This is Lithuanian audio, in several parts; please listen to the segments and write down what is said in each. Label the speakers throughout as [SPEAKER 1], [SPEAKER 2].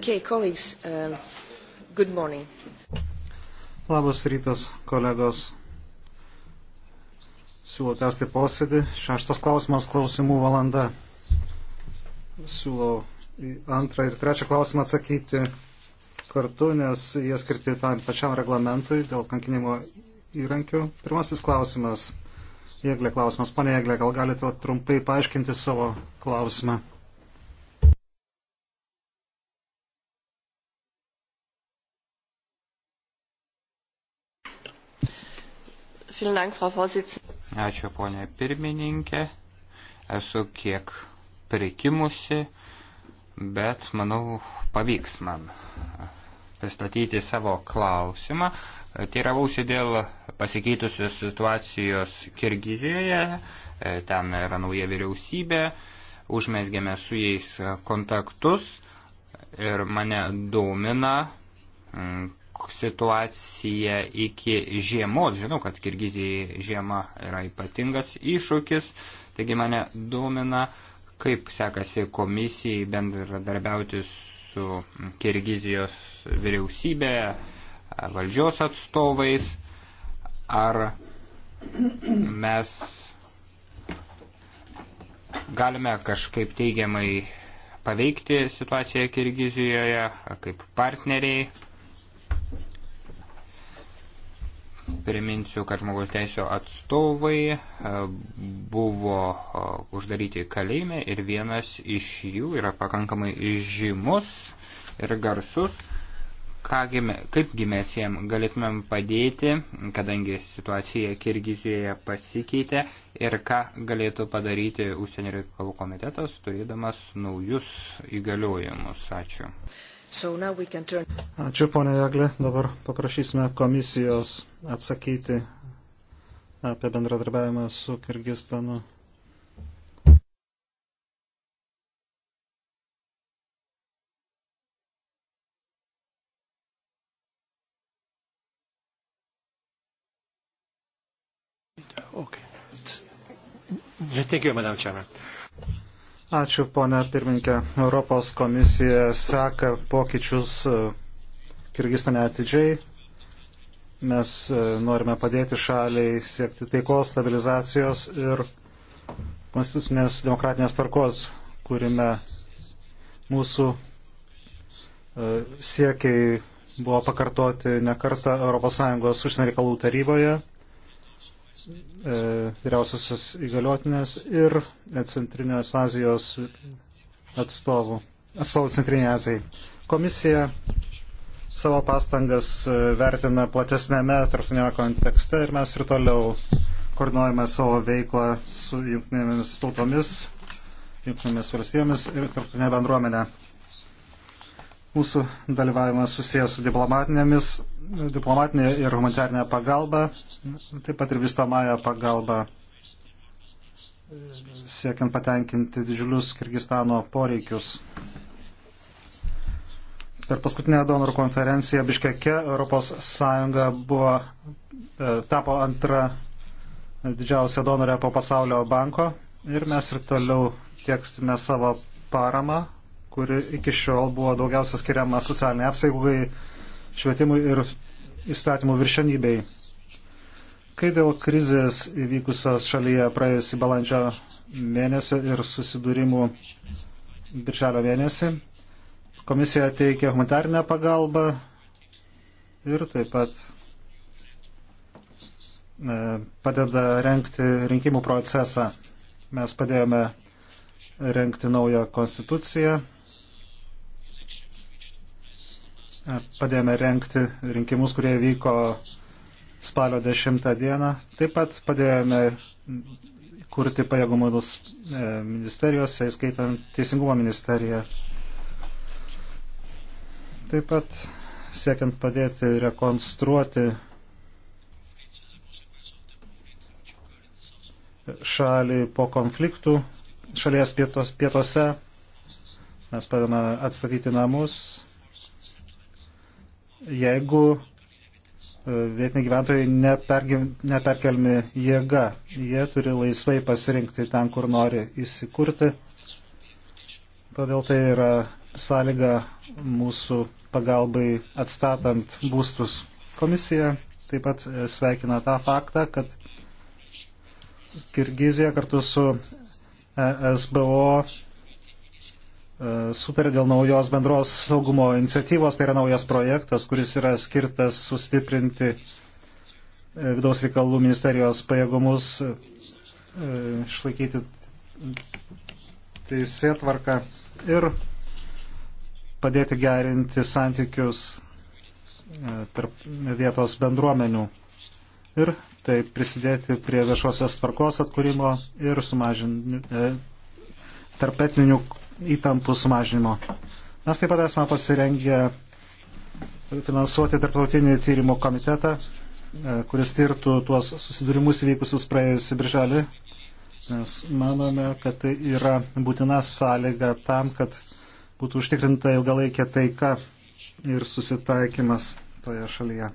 [SPEAKER 1] Okay, colleagues, um, good morning.
[SPEAKER 2] Labas rytas, kolegos. Siūlau tęsti posėdį. Šeštas klausimas klausimų valanda. Siūlau antrą ir trečią klausimą atsakyti kartu, nes jie skirti tam pačiam reglamentui dėl kankinimo įrankių. Pirmasis klausimas. Jėglė klausimas. Pane Jėglė, gal galite trumpai paaiškinti savo klausimą?
[SPEAKER 3] Ačiū, ponė pirmininkė. Esu kiek prikimusi, bet manau pavyks man pristatyti savo klausimą. Teiravausi dėl pasikeitusios situacijos Kirgizijoje, ten yra nauja vyriausybė, užmesgėme su jais kontaktus ir mane domina, situacija iki žiemos. Žinau, kad Kirgizijai žiema yra ypatingas iššūkis, taigi mane domina, kaip sekasi komisijai bendradarbiauti su Kirgizijos vyriausybė, valdžios atstovais, ar mes galime kažkaip teigiamai paveikti situaciją Kirgizijoje kaip partneriai Priminsiu, kad žmogaus teisio atstovai e, buvo e, uždaryti kalėjime ir vienas iš jų yra pakankamai žymus ir garsus. Kągi, kaipgi mes jiem galėtumėm padėti, kadangi situacija Kirgizijoje pasikeitė ir ką galėtų padaryti užsienio reikalų komitetas, turėdamas naujus įgaliojimus. Ačiū.
[SPEAKER 1] So turn...
[SPEAKER 2] Ačiū, ponė Jaglė. Dabar paprašysime komisijos atsakyti apie bendradarbiavimą su Kirgistanu.
[SPEAKER 3] Okay. Thank you, Madam Chairman.
[SPEAKER 2] Ačiū, ponia pirminkė. Europos komisija seka pokyčius e, Kirgistane atidžiai. Mes e, norime padėti šaliai siekti taikos, stabilizacijos ir konstitucinės demokratinės tvarkos, kurime mūsų e, siekiai buvo pakartoti ne kartą ES užsienio reikalų taryboje E, vyriausiasis įgaliotinės ir e, Centrinės Azijos atstovų, atstovų Centrinėje Azijai. Komisija savo pastangas e, vertina platesnėme tarptautinėme kontekste ir mes ir toliau koordinuojame savo veiklą su jungtinėmis tautomis, jungtinėmis valstybėmis ir tarptautinė bendruomenė. Mūsų dalyvavimas susijęs su diplomatinė ir humanitarinė pagalba, taip pat ir vystamąją pagalbą siekiant patenkinti didžiulius Kirgistano poreikius. Per paskutinę donorų konferenciją Biškeke ES buvo, e, tapo antra didžiausia donorė po pasaulio banko ir mes ir toliau tieksime savo paramą kuri iki šiol buvo daugiausia skiriama socialiniai apsaugai, švietimui ir įstatymų viršenybei. Kai dėl krizės įvykusios šalyje praėjusį balandžio mėnesį ir susidūrimų birželio mėnesį, komisija teikia humanitarinę pagalbą ir taip pat e, padeda renkti rinkimų procesą. Mes padėjome renkti naują konstituciją padėjome renkti rinkimus, kurie vyko spalio 10 dieną. Taip pat padėjome kurti pajėgumus e, ministerijose, įskaitant Teisingumo ministeriją. Taip pat siekiant padėti rekonstruoti šalį po konfliktų šalies pietos, pietose. Mes padame atstatyti namus, jeigu e, vietiniai gyventojai neperkelmi jėga. Jie turi laisvai pasirinkti ten, kur nori įsikurti. Todėl tai yra sąlyga mūsų pagalbai atstatant būstus. Komisija taip pat e, sveikina tą faktą, kad Kirgizija kartu su e SBO E, sutarė dėl naujos bendros saugumo iniciatyvos, tai yra naujas projektas, kuris yra skirtas sustiprinti e, vidaus reikalų ministerijos pajėgumus, e, išlaikyti teisėtvarką ir padėti gerinti santykius tarp vietos bendruomenių ir tai prisidėti prie viešosios tvarkos atkūrimo ir sumažinti tarpetninių įtampų sumažinimo. Mes taip pat esame pasirengę finansuoti tarptautinį tyrimų komitetą, e, kuris tirtų tuos susidūrimus įvykusius praėjusį birželį, nes manome, kad tai yra būtina sąlyga tam, kad būtų užtikrinta ilgalaikė taika ir susitaikymas toje šalyje.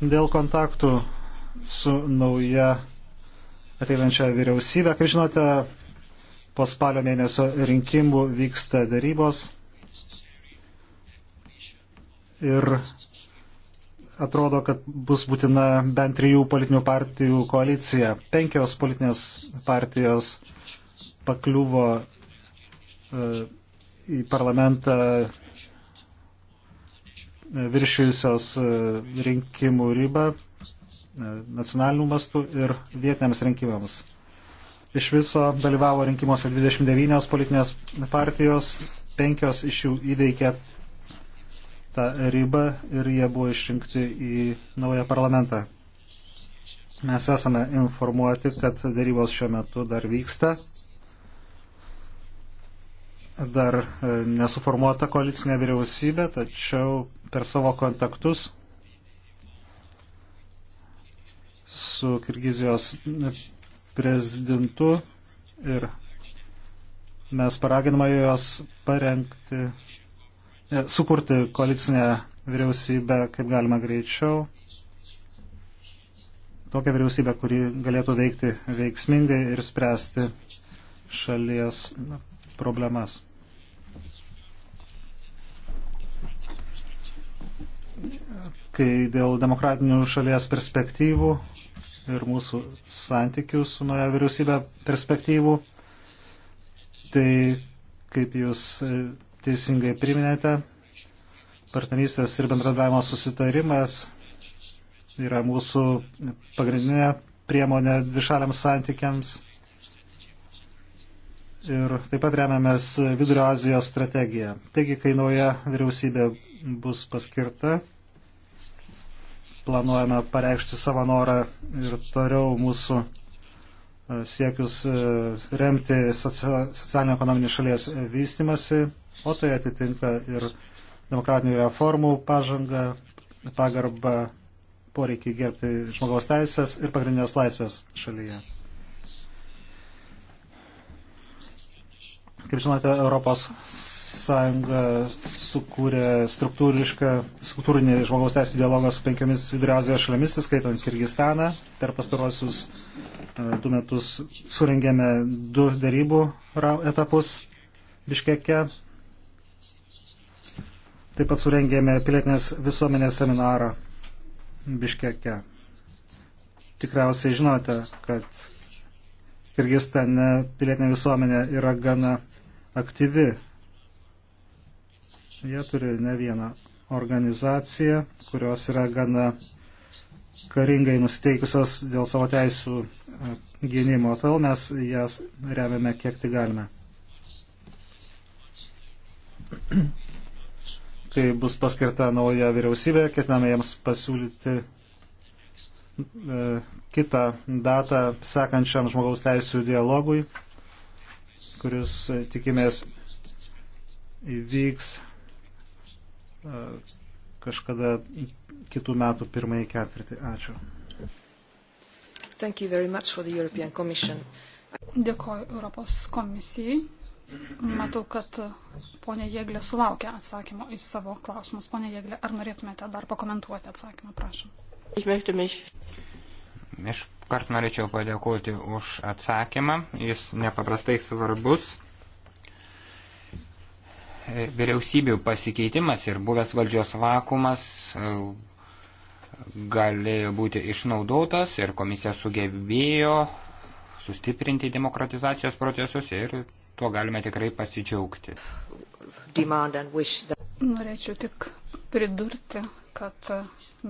[SPEAKER 2] Dėl kontaktų su nauja ateinančia vyriausybė, kaip žinote, po spalio mėnesio rinkimų vyksta darybos ir atrodo, kad bus būtina bent trijų politinių partijų koalicija. Penkios politinės partijos pakliuvo uh, į parlamentą e, viršijusios uh, e, rinkimų ribą uh, nacionalinių mastų ir vietiniams rinkimams. Iš viso dalyvavo rinkimuose 29 politinės partijos, penkios iš jų įveikė tą ribą ir jie buvo išrinkti į naują parlamentą. Mes esame informuoti, kad darybos šiuo metu dar vyksta. Dar e, nesuformuota koalicinė vyriausybė, tačiau per savo kontaktus su Kirgizijos prezidentu ir mes paraginame juos parengti, e, sukurti koalicinę vyriausybę kaip galima greičiau. Tokią vyriausybę, kuri galėtų veikti veiksmingai ir spręsti šalies problemas. Kai dėl demokratinių šalies perspektyvų ir mūsų santykių su nauja vyriausybė perspektyvų. Tai, kaip jūs e, teisingai priminėte, partnerystės ir bendradavimo susitarimas yra mūsų pagrindinė priemonė dvišaliams santykiams. Ir taip pat remiamės Vidurio Azijos strategiją. Taigi, kai nauja vyriausybė bus paskirta, planuojame pareikšti savo norą ir toliau mūsų e, siekius e, remti socialinio ekonominį šalies e, vystimasi, o tai atitinka ir demokratinių reformų pažangą, pagarbą, poreikį gerbti žmogaus teisės ir pagrindinės laisvės šalyje. Kaip žinote, Europos Sąjunga sukūrė struktūrinį žmogaus teisų dialogą su penkiamis Vidurio Azijos šalimis, įskaitant Kirgistaną. Per pastarosius e, du metus surengėme du darybų etapus Biškeke. Taip pat surengėme pilietinės visuomenės seminarą Biškeke. Tikriausiai žinote, kad Kirgistane pilietinė visuomenė yra gana aktyvi. Jie turi ne vieną organizaciją, kurios yra gana karingai nusteikusios dėl savo teisų e, gynimo. Todėl mes jas remiame kiek tik galime. Kai bus paskirta nauja vyriausybė, ketiname jiems pasiūlyti e, kitą datą sekančiam žmogaus teisų dialogui kuris e, tikimės įvyks e, kažkada kitų metų pirmąjį ketvirtį. Ačiū.
[SPEAKER 1] Dėkoju Europos komisijai. Matau, kad ponė Jėglė sulaukia atsakymo į savo klausimus. Ponė Jėglė, ar norėtumėte dar pakomentuoti atsakymą, prašom.
[SPEAKER 3] Iškart norėčiau padėkoti už atsakymą. Jis nepaprastai svarbus. E, vyriausybių pasikeitimas ir buvęs valdžios vakumas e, galėjo būti išnaudotas ir komisija sugebėjo sustiprinti demokratizacijos procesus ir tuo galime tikrai pasidžiaugti. Norėčiau
[SPEAKER 1] tik pridurti, kad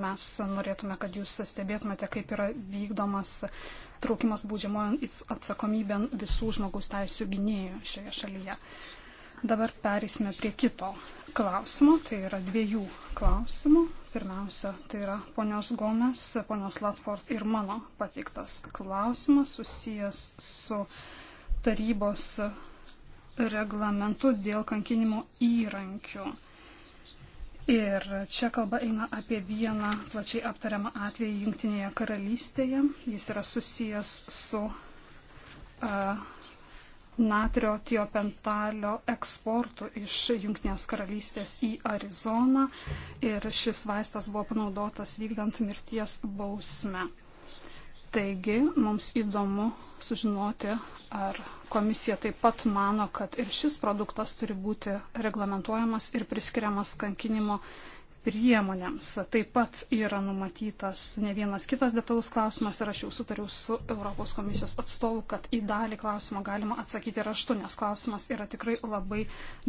[SPEAKER 1] mes norėtume, kad jūs stebėtumėte, kaip yra vykdomas traukimas baudžiamojant atsakomybę visų žmogaus teisų gynėjų šioje šalyje. Dabar perėsime prie kito klausimo, tai yra dviejų klausimų. Pirmiausia, tai yra ponios Gomes, ponios Latford ir mano pateiktas klausimas susijęs su tarybos reglamentu dėl kankinimo įrankių. Ir čia kalba eina apie vieną plačiai aptariamą atvejį Junktinėje karalystėje. Jis yra susijęs su uh, natrio tiopentalio eksportu iš Junktinės karalystės į Arizoną. Ir šis vaistas buvo panaudotas vykdant mirties bausmę. Taigi mums įdomu sužinoti, ar komisija taip pat mano, kad ir šis produktas turi būti reglamentuojamas ir priskiriamas kankinimo priemonėms. Taip pat yra numatytas ne vienas kitas detalus klausimas ir aš jau sutariau su Europos komisijos atstovu, kad į dalį klausimo galima atsakyti raštu, nes klausimas yra tikrai labai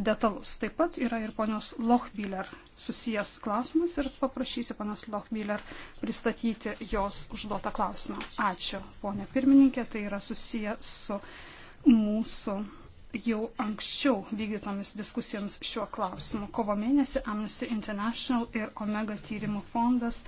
[SPEAKER 1] detalus. Taip pat yra ir ponios Lochbiller susijęs klausimas ir paprašysiu ponios Lochbiller pristatyti jos užduotą klausimą. Ačiū, ponė pirmininkė, tai yra susiję su mūsų jau anksčiau vykdytomis diskusijomis šiuo klausimu. Kovo mėnesį Amnesty International ir Omega tyrimų fondas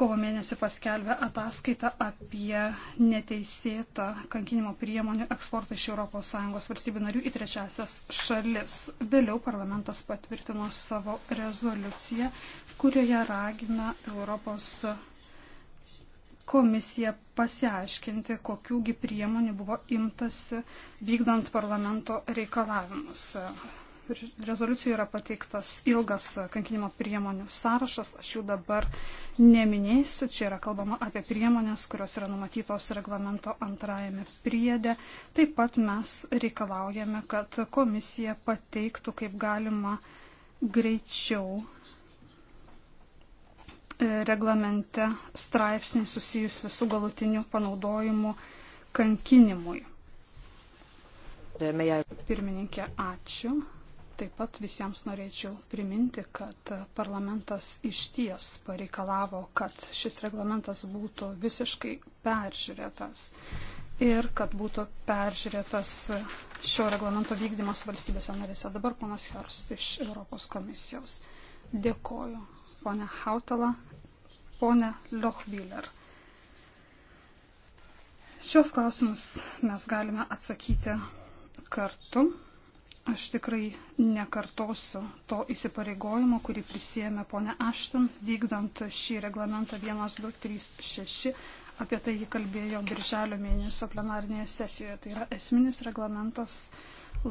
[SPEAKER 1] kovo mėnesį paskelbė ataskaitą apie neteisėtą kankinimo priemonių eksportą iš ES valstybių narių į trečiasias šalis. Vėliau parlamentas patvirtino savo rezoliuciją, kurioje ragina Europos komisiją pasiaiškinti, kokiųgi priemonių buvo imtasi vykdant parlamento reikalavimus. Rezoliucijoje yra pateiktas ilgas kankinimo priemonių sąrašas, aš jų dabar neminėsiu, čia yra kalbama apie priemonės, kurios yra numatytos reglamento antrajame priedė. Taip pat mes reikalaujame, kad komisija pateiktų kaip galima greičiau reglamente straipsnį susijusi su galutiniu panaudojimu kankinimui. Pirmininkė, ačiū. Taip pat visiems norėčiau priminti, kad parlamentas iš ties pareikalavo, kad šis reglamentas būtų visiškai peržiūrėtas ir kad būtų peržiūrėtas šio reglamento vykdymas valstybėse narėse. Dabar ponas Herst iš Europos komisijos. Dėkoju, ponia Hautala ponę Lochbiller. Šios klausimus mes galime atsakyti kartu. Aš tikrai nekartosiu to įsipareigojimo, kurį prisėmė ponė Ašten, vykdant šį reglamentą 1236. Apie tai jį kalbėjo birželio mėnesio plenarnėje sesijoje. Tai yra esminis reglamentas,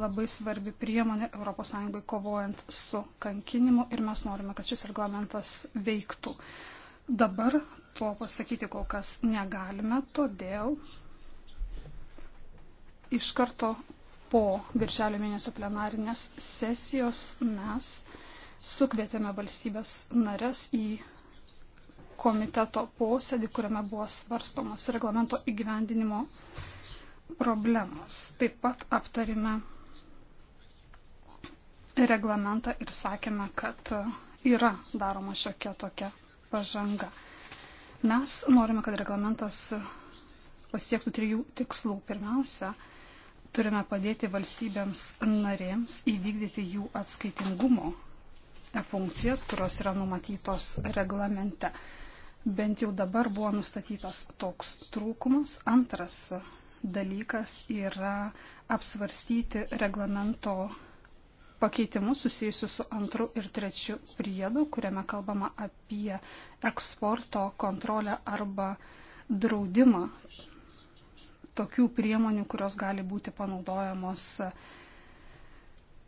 [SPEAKER 1] labai svarbi priemonė ES kovojant su kankinimu ir mes norime, kad šis reglamentas veiktų. Dabar to pasakyti kol kas negalime, todėl iš karto po viršelio mėnesio plenarinės sesijos mes sukvietėme valstybės narės į komiteto posėdį, kuriame buvo svarstomas reglamento įgyvendinimo problemos. Taip pat aptarime reglamentą ir sakėme, kad yra daroma šiokia tokia pažanga. Mes norime, kad reglamentas pasiektų trijų tikslų. Pirmiausia, turime padėti valstybėms narėms įvykdyti jų atskaitingumo funkcijas, kurios yra numatytos reglamente. Bent jau dabar buvo nustatytas toks trūkumas. Antras dalykas yra apsvarstyti reglamento pakeitimus susijusius su antru ir trečiu priedu, kuriame kalbama apie eksporto kontrolę arba draudimą tokių priemonių, kurios gali būti panaudojamos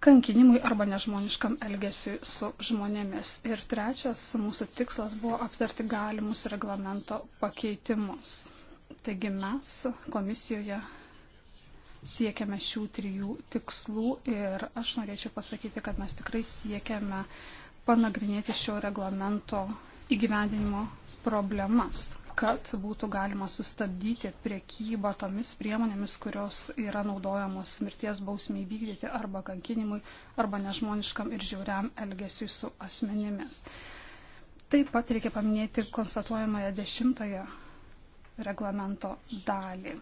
[SPEAKER 1] kankinimui arba nežmoniškam elgesiui su žmonėmis. Ir trečias mūsų tikslas buvo aptarti galimus reglamento pakeitimus. Taigi mes komisijoje siekiame šių trijų tikslų ir aš norėčiau pasakyti, kad mes tikrai siekiame panagrinėti šio reglamento įgyvendinimo problemas kad būtų galima sustabdyti priekybą tomis priemonėmis, kurios yra naudojamos mirties bausmiai vykdyti arba kankinimui, arba nežmoniškam ir žiauriam elgesiui su asmenimis. Taip pat reikia paminėti konstatuojamąją dešimtąją reglamento dalį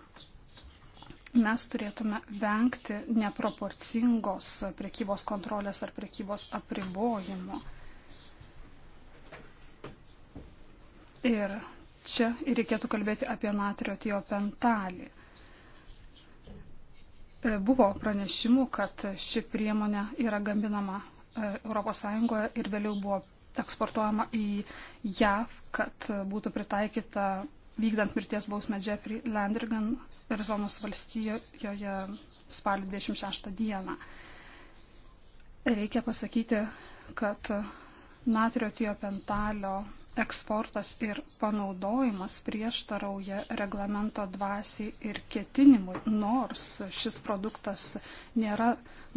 [SPEAKER 1] mes turėtume vengti neproporcingos prekybos kontrolės ar prekybos apribojimo. Ir čia reikėtų kalbėti apie natrio tiopentalį. E, buvo pranešimų, kad ši priemonė yra gaminama ES ir vėliau buvo eksportuojama į JAV, kad būtų pritaikyta vykdant mirties bausmę Jeffrey Landrigan Arizonos valstijoje spalio 26 dieną. Reikia pasakyti, kad natrio tiopentalio eksportas ir panaudojimas prieštarauja reglamento dvasiai ir ketinimui, nors šis produktas nėra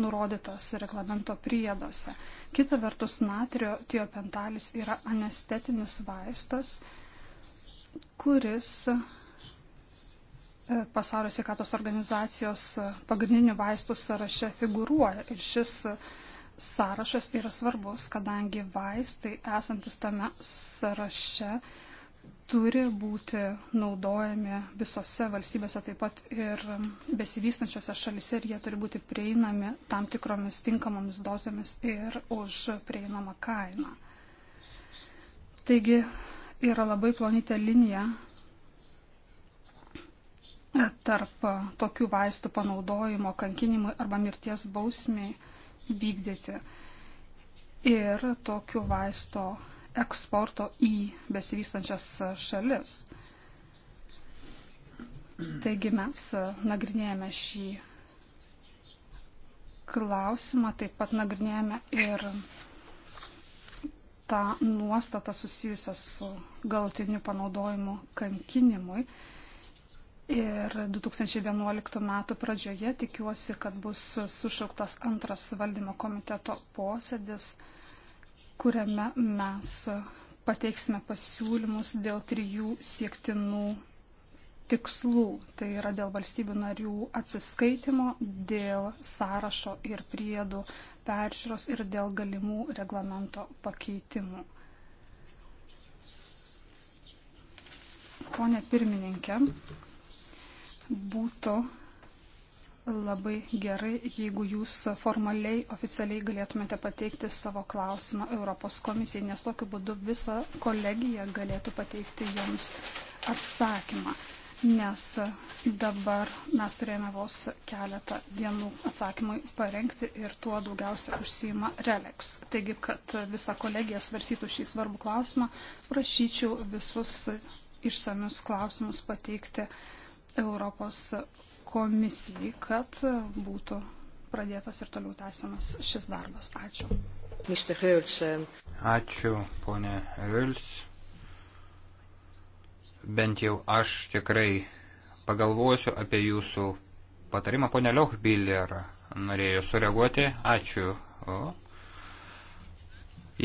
[SPEAKER 1] nurodytas reglamento prieduose. Kita vertus, natrio tiopentalis yra anestetinis vaistas, kuris E, pasaulio sveikatos organizacijos e, pagrindinių vaistų sąraše figuruoja. Ir šis e, sąrašas yra svarbus, kadangi vaistai esantis tame sąraše turi būti naudojami visose valstybėse, taip pat ir besivystančiose šalise ir jie turi būti prieinami tam tikromis tinkamomis dozėmis ir už prieinamą kainą. Taigi yra labai plonytė linija tarp tokių vaistų panaudojimo kankinimui arba mirties bausmiai vykdyti ir tokių vaisto eksporto į besivystančias šalis. Taigi mes nagrinėjame šį klausimą, taip pat nagrinėjame ir tą nuostatą susijusią su galutiniu panaudojimu kankinimui Ir 2011 metų pradžioje tikiuosi, kad bus sušauktas antras valdymo komiteto posėdis, kuriame mes pateiksime pasiūlymus dėl trijų siektinų tikslų. Tai yra dėl valstybių narių atsiskaitimo, dėl sąrašo ir priedų peržiūros ir dėl galimų reglamento pakeitimų. Pone pirmininkė, būtų labai gerai, jeigu jūs formaliai, oficialiai galėtumėte pateikti savo klausimą Europos komisijai, nes tokiu būdu visa kolegija galėtų pateikti jums atsakymą. Nes dabar mes turėjome vos keletą dienų atsakymui parengti ir tuo daugiausia užsijima Relex. Taigi, kad visa kolegija svarsytų šį svarbų klausimą, prašyčiau visus išsamius klausimus pateikti uh, Europos komisijai, kad būtų pradėtas ir toliau tęsiamas šis darbas.
[SPEAKER 3] Ačiū. Ačiū, ponė Rils. Bent jau aš tikrai pagalvosiu apie jūsų patarimą. Pone Liochbiller norėjo sureaguoti. Ačiū. O.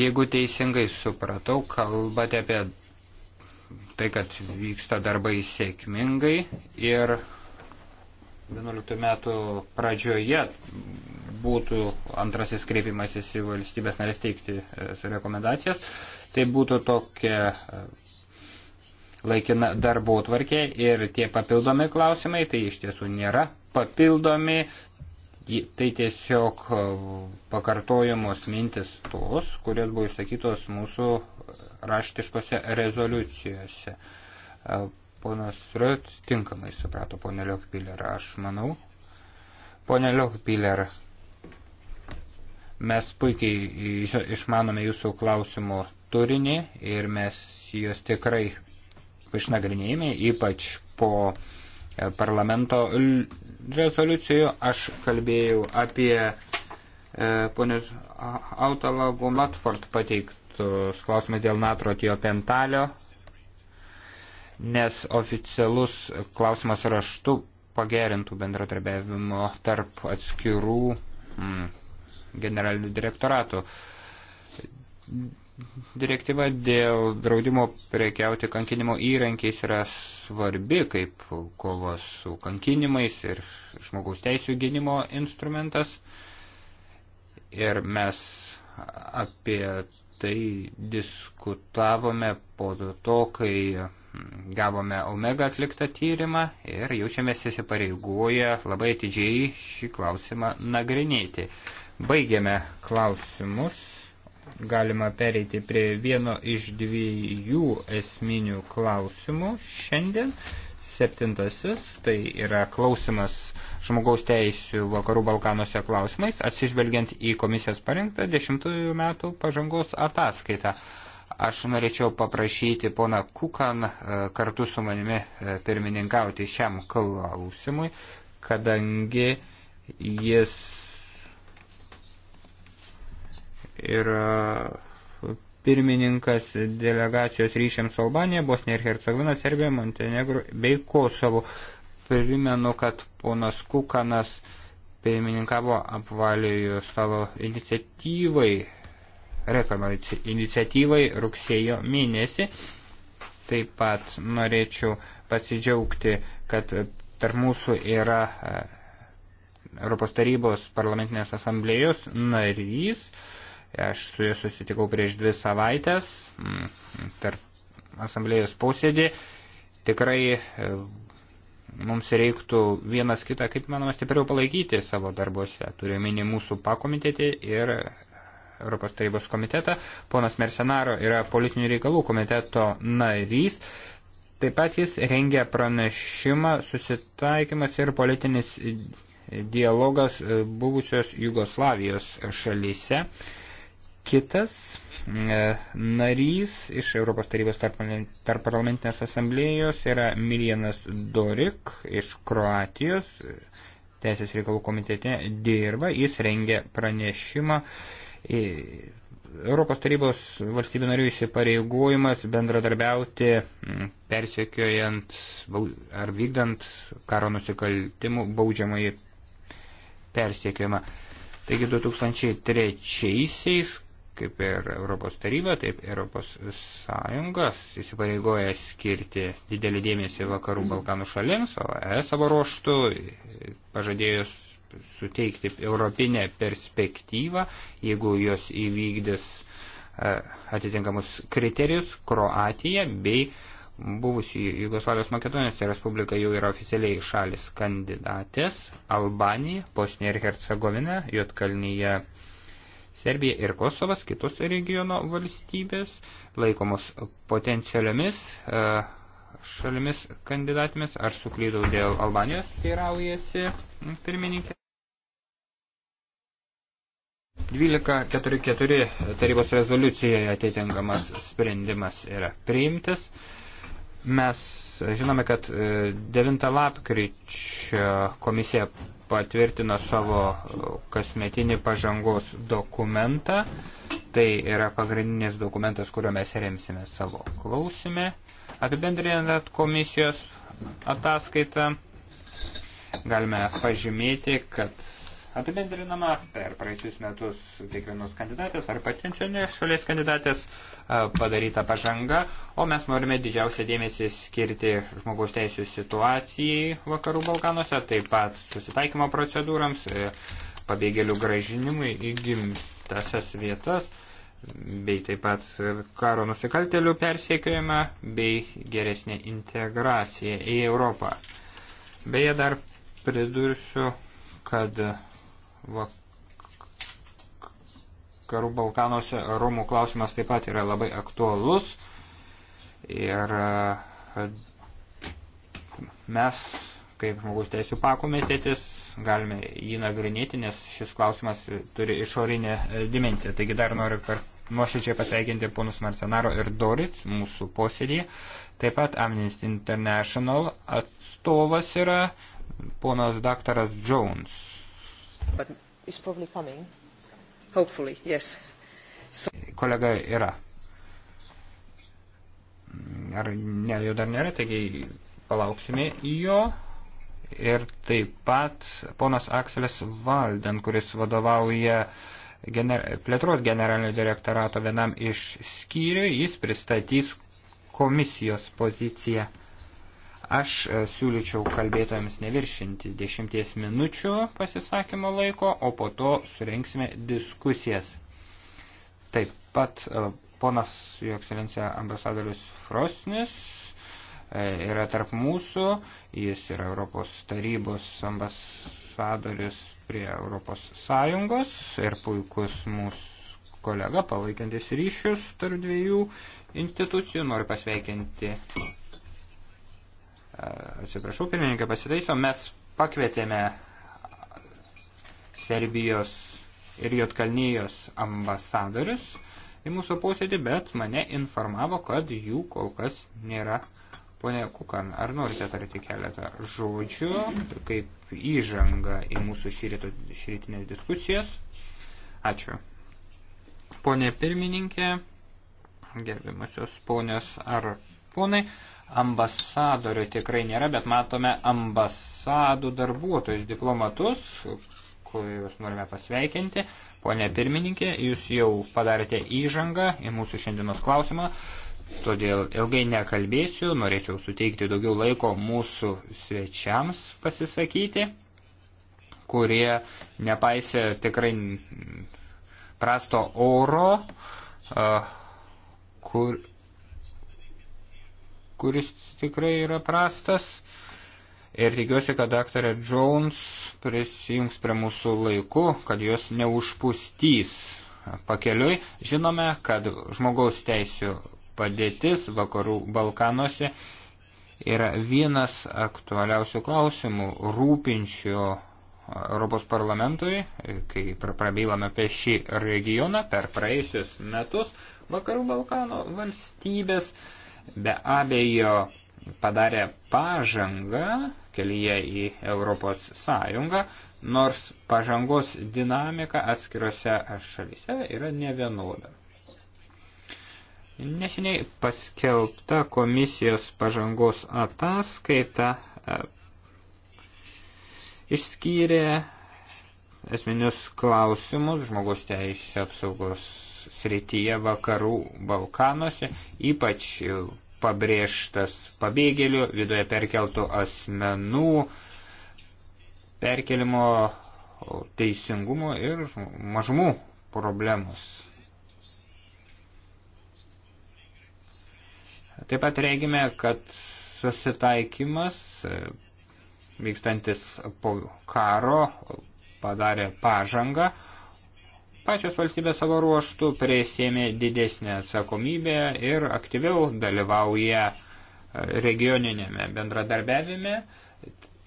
[SPEAKER 3] Jeigu teisingai supratau, kalbate apie tai, kad vyksta darbai sėkmingai ir 11 metų pradžioje būtų antrasis kreipimasis į valstybės narės teikti e, rekomendacijas. Tai būtų tokia e, laikina darbo tvarkė ir tie papildomi klausimai, tai iš tiesų nėra papildomi, tai tiesiog e, pakartojamos mintis tos, kurios buvo išsakytos mūsų raštiškose rezoliucijose. E, ponas Rut tinkamai suprato ponę Liokpilerą, aš manau. Pone Liokpiler, mes puikiai išmanome jūsų klausimo turinį ir mes juos tikrai išnagrinėjame, ypač po e, parlamento rezoliucijų. Aš kalbėjau apie e, ponius Autala Gumatford pateiktus klausimus dėl natrio pentalio, nes oficialus klausimas raštu pagerintų bendradarbiavimo tarp atskirų mm, generalinių direktoratų. Direktyva dėl draudimo prekiauti kankinimo įrankiais yra svarbi kaip kovos su kankinimais ir žmogaus teisų gynimo instrumentas. Ir mes apie tai diskutavome po to, kai gavome Omega atliktą tyrimą ir jaučiamės įsipareigoję labai atidžiai šį klausimą nagrinėti. Baigėme klausimus galima pereiti prie vieno iš dviejų esminių klausimų šiandien. Septintasis, tai yra klausimas žmogaus teisų vakarų Balkanuose klausimais, atsižvelgiant į komisijos parinktą dešimtųjų metų pažangos ataskaitą. Aš norėčiau paprašyti pona Kukan e, kartu su manimi e, pirmininkauti šiam klausimui, kadangi jis ir e, pirmininkas delegacijos ryšiams su Albanija, Bosnija ir Hercegovina, Serbija, Montenegro bei Kosovo. Primenu, kad ponas Kukanas pirmininkavo apvaliojo stalo iniciatyvai, reklamo iniciatyvai rugsėjo mėnesį. Taip pat norėčiau pasidžiaugti, kad tarp mūsų yra e, Europos tarybos parlamentinės asamblėjos narys. Uh, Aš su juo susitikau prieš dvi savaitės mm, per asamblėjos posėdį. Tikrai e, mums reiktų vienas kitą, kaip manoma, stipriau palaikyti savo darbuose. Turiu mini mūsų pakomitetį ir Europos tarybos komitetą. Ponas Mersenaro yra politinių reikalų komiteto narys. Taip pat jis rengia pranešimą susitaikymas ir politinis dialogas e, buvusios Jugoslavijos šalyse. Kitas e, narys iš Europos tarybos tarp parlamentinės asamblėjos yra Miljanas Dorik iš Kroatijos. Teisės reikalų komitete dirba, jis rengia pranešimą. E, Europos tarybos valstybių narių įsipareigojimas bendradarbiauti persiekiojant ar vykdant karo nusikaltimų baudžiamąjį persiekiojimą. Taigi 2003-aisiais kaip ir Europos taryba, taip Europos sąjungas įsipareigoja skirti didelį dėmesį vakarų Balkanų šalims, o ES savo ruoštų pažadėjus suteikti europinę perspektyvą, jeigu jos įvykdys e, atitinkamus kriterijus, Kroatija bei buvusi Jugoslavijos Makedonijos Respublika jau yra oficialiai šalis kandidatės, Albanija, Bosnija ir Hercegovina, Jotkalnyje Serbija ir Kosovas, kitos regiono valstybės, laikomos potencialiomis e, šalimis kandidatėmis. Ar suklydau dėl Albanijos, teiraujasi pirmininkė. 1244 tarybos rezoliucijoje atitinkamas sprendimas yra priimtas. Mes žinome, kad 9 e, lapkričio komisija patvirtino savo uh, kasmetinį pažangos dokumentą. Tai yra pagrindinis dokumentas, kuriuo mes remsime savo klausime. Apibendrinant komisijos ataskaitą, galime pažymėti, kad apibendrinama per praeisius metus kiekvienos kandidatės ar patinčionės šalies kandidatės padaryta pažanga, o mes norime didžiausią dėmesį skirti žmogaus teisų situacijai Vakarų Balkanuose, taip pat susitaikymo procedūrams, e, pabėgėlių gražinimui į gimtasias vietas bei taip pat karo nusikaltelių persiekiojimą bei geresnė integracija į Europą. Beje, dar pridursiu, kad vakarų Balkanuose Romų klausimas taip pat yra labai aktualus. Ir e, mes, kaip žmogus teisų pakomitėtis, galime jį nagrinėti, nes šis klausimas turi išorinę e, dimenciją. Taigi dar noriu per nuoširdžiai pasveikinti ponus Marcenaro ir Dorit mūsų posėdėje. Taip pat Amnesty International atstovas yra ponas daktaras Jones.
[SPEAKER 1] But it's probably coming. Hopefully, yes.
[SPEAKER 3] So... Kolega yra. Ar ne, jo dar nėra, taigi palauksime jo. Ir taip pat ponas Akselis Valden, kuris vadovauja gener plėtros generalinio direktorato vienam iš skyrių, jis pristatys komisijos poziciją. Aš e, siūlyčiau kalbėtojams neviršinti dešimties minučių pasisakymo laiko, o po to surenksime diskusijas. Taip pat e, ponas, jo ekscelencija, ambasadorius Frosnis e, yra tarp mūsų, jis yra Europos tarybos ambasadorius prie Europos Sąjungos ir puikus mūsų kolega palaikantis ryšius tarp dviejų institucijų. Noriu pasveikinti atsiprašau, pirmininkai pasitaiso, mes pakvietėme Serbijos ir Jotkalnyjos ambasadorius į mūsų posėdį, bet mane informavo, kad jų kol kas nėra. Pone Kukan, ar norite tarti keletą žodžių, kaip įžanga į mūsų šyrytinės diskusijas? Ačiū. Pone pirmininkė, gerbiamasios ponios, ar ponai. Ambasadorių tikrai nėra, bet matome ambasadų darbuotojus, diplomatus, kuriuos norime pasveikinti. Pone pirmininkė, jūs jau padarėte įžangą į mūsų šiandienos klausimą, todėl ilgai nekalbėsiu, norėčiau suteikti daugiau laiko mūsų svečiams pasisakyti, kurie nepaisė tikrai prasto oro, kur, kuris tikrai yra prastas. Ir tikiuosi, kad daktarė Jones prisijungs prie mūsų laiku, kad jos neužpūstys pakeliui. Žinome, kad žmogaus teisų padėtis vakarų Balkanuose yra vienas aktualiausių klausimų rūpinčio Europos parlamentui, kai prabylame apie šį regioną per praėjusius metus vakarų Balkano valstybės be abejo padarė pažangą kelyje į Europos Sąjungą, nors pažangos dinamika atskirose šalyse yra nevienoda. Neseniai paskelbta komisijos pažangos ataskaita e, išskyrė esminius klausimus žmogaus teisų apsaugos srityje vakarų Balkanuose, ypač pabrėžtas pabėgėlių, viduje perkeltų asmenų, perkelimo teisingumo ir mažumų problemos. Taip pat reikime, kad susitaikymas vykstantis po karo padarė pažangą, Pačios valstybės savo ruoštų prisėmė didesnę atsakomybę ir aktyviau dalyvauja e, regioninėme bendradarbiavime.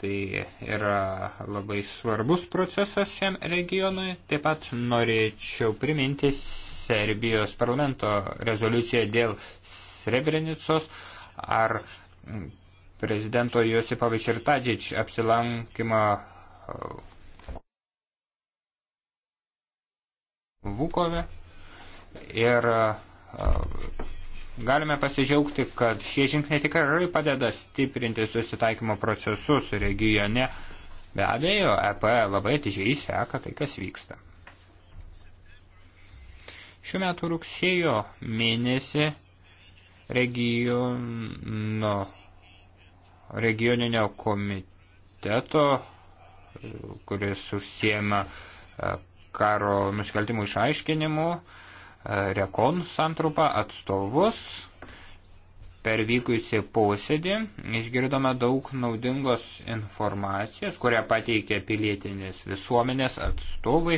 [SPEAKER 3] Tai yra labai svarbus procesas šiam regionui. Taip pat norėčiau priminti Serbijos parlamento rezoliuciją dėl Srebrenicos ar prezidento Josipa Vičirtadžič apsilankimą e, Vukove ir galime pasidžiaugti, kad šie žingsniai tikrai padeda stiprinti susitaikymo procesus regione. Be abejo, EP labai atidžiai seka tai, kas vyksta. Šiuo metu rugsėjo mėnesį regiono, regioninio komiteto, kuris užsiema karo nusikaltimų išaiškinimu, e, Rekon santrupą atstovus. Per vykusi posėdį išgirdome daug naudingos informacijos, kurią pateikė pilietinės visuomenės atstovai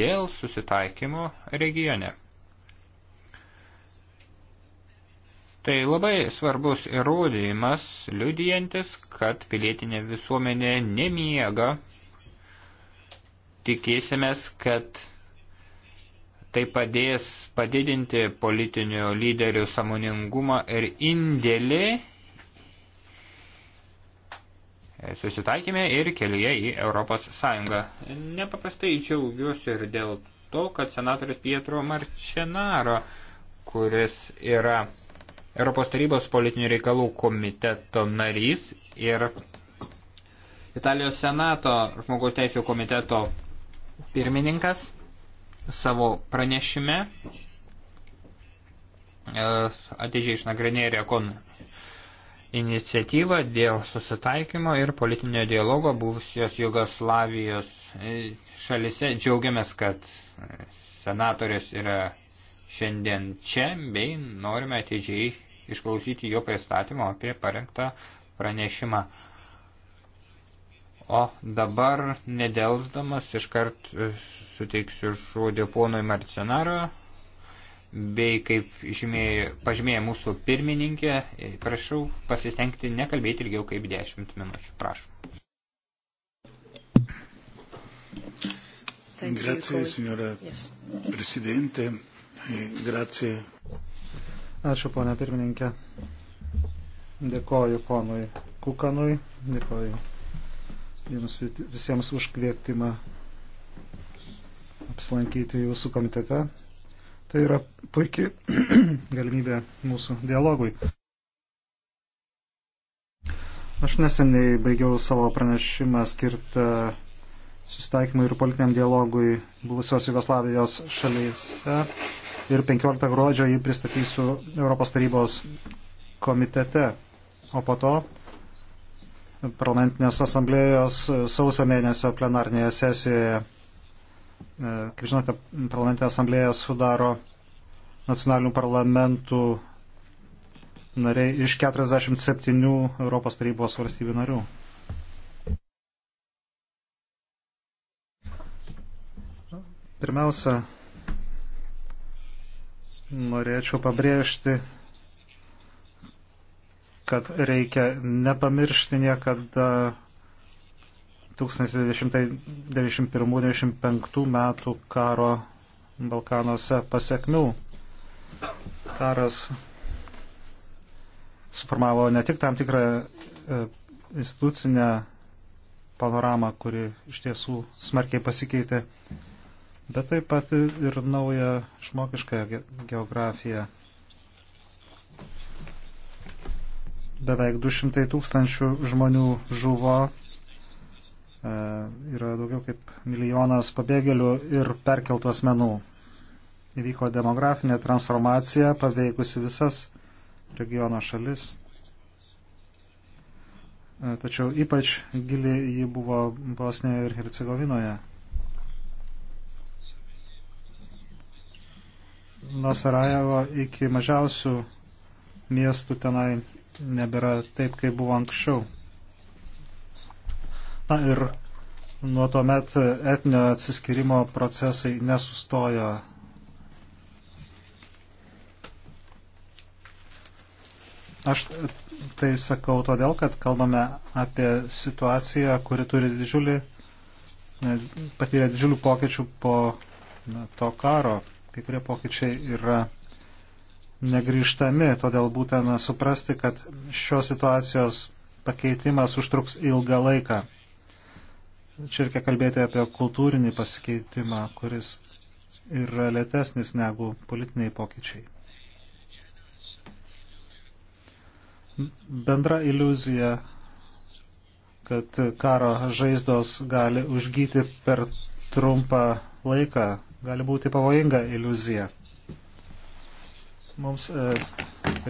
[SPEAKER 3] dėl susitaikymo regione. Tai labai svarbus įrodymas, liudijantis, kad pilietinė visuomenė nemiega tikėsimės, kad tai padės padidinti politinių lyderių samoningumą ir indėlį susitaikymė ir kelyje į Europos Sąjungą. Nepaprastai džiaugiuosi ir dėl to, kad senatorius Pietro Marčenaro, kuris yra Europos tarybos politinių reikalų komiteto narys ir Italijos senato žmogaus teisų komiteto pirmininkas savo pranešime e, atidžiai išnagrinėjo Rekon iniciatyvą dėl susitaikymo ir politinio dialogo buvusios Jugoslavijos e, šalise. Džiaugiamės, kad e, senatorius yra šiandien čia, bei norime atidžiai išklausyti jo pristatymo apie parengtą pranešimą. O dabar, nedelsdamas, iškart e, suteiksiu žodį ponui Marcenaro, bei kaip žymėjo, pažymėjo mūsų pirmininkė, e, prašau pasistengti nekalbėti ilgiau kaip 10 minučių. Prašom.
[SPEAKER 2] Grazie, signora yes. Presidente. E grazie. Ačiū, ponia pirmininkė. Dėkoju ponui Kukanui. Dėkoju jums visiems už kvietimą apsilankyti jūsų komitete. Tai yra puikia galimybė mūsų dialogui. Aš neseniai baigiau savo pranešimą skirtą susitaikymui ir politiniam dialogui buvusios Jugoslavijos šalyse ir 15 gruodžio jį pristatysiu Europos tarybos komitete, o po to parlamentinės asamblėjos e, sausio mėnesio plenarnėje sesijoje. E, kaip žinote, parlamentinė asamblėja sudaro nacionalinių parlamentų nariai iš 47 Europos tarybos valstybių narių. Pirmiausia, norėčiau pabrėžti kad reikia nepamiršti niekada 1991-1995 metų karo Balkanuose pasiekmių. Karas suformavo ne tik tam tikrą e, institucinę panoramą, kuri iš tiesų smarkiai pasikeitė, bet taip pat ir naują žmogišką geografiją. beveik 200 tūkstančių žmonių žuvo, e, yra daugiau kaip milijonas pabėgėlių ir perkeltų asmenų. Įvyko demografinė transformacija, paveikusi visas regiono šalis. E, tačiau ypač gili ji buvo Bosnijoje ir Hercegovinoje. Nuo Sarajevo iki mažiausių miestų tenai nebėra taip, kaip buvo anksčiau. Na ir nuo to met etnio atsiskirimo procesai nesustojo. Aš tai sakau todėl, kad kalbame apie situaciją, kuri turi didžiulį, patyrė didžiulių pokyčių po to karo. Kai kurie pokyčiai yra negryžtami, todėl būtina suprasti, kad šios situacijos pakeitimas užtruks ilgą laiką. Čia reikia kalbėti apie kultūrinį pasikeitimą, kuris yra lėtesnis negu politiniai pokyčiai. Bendra iliuzija, kad karo žaizdos gali užgyti per trumpą laiką, gali būti pavojinga iliuzija. Mums e,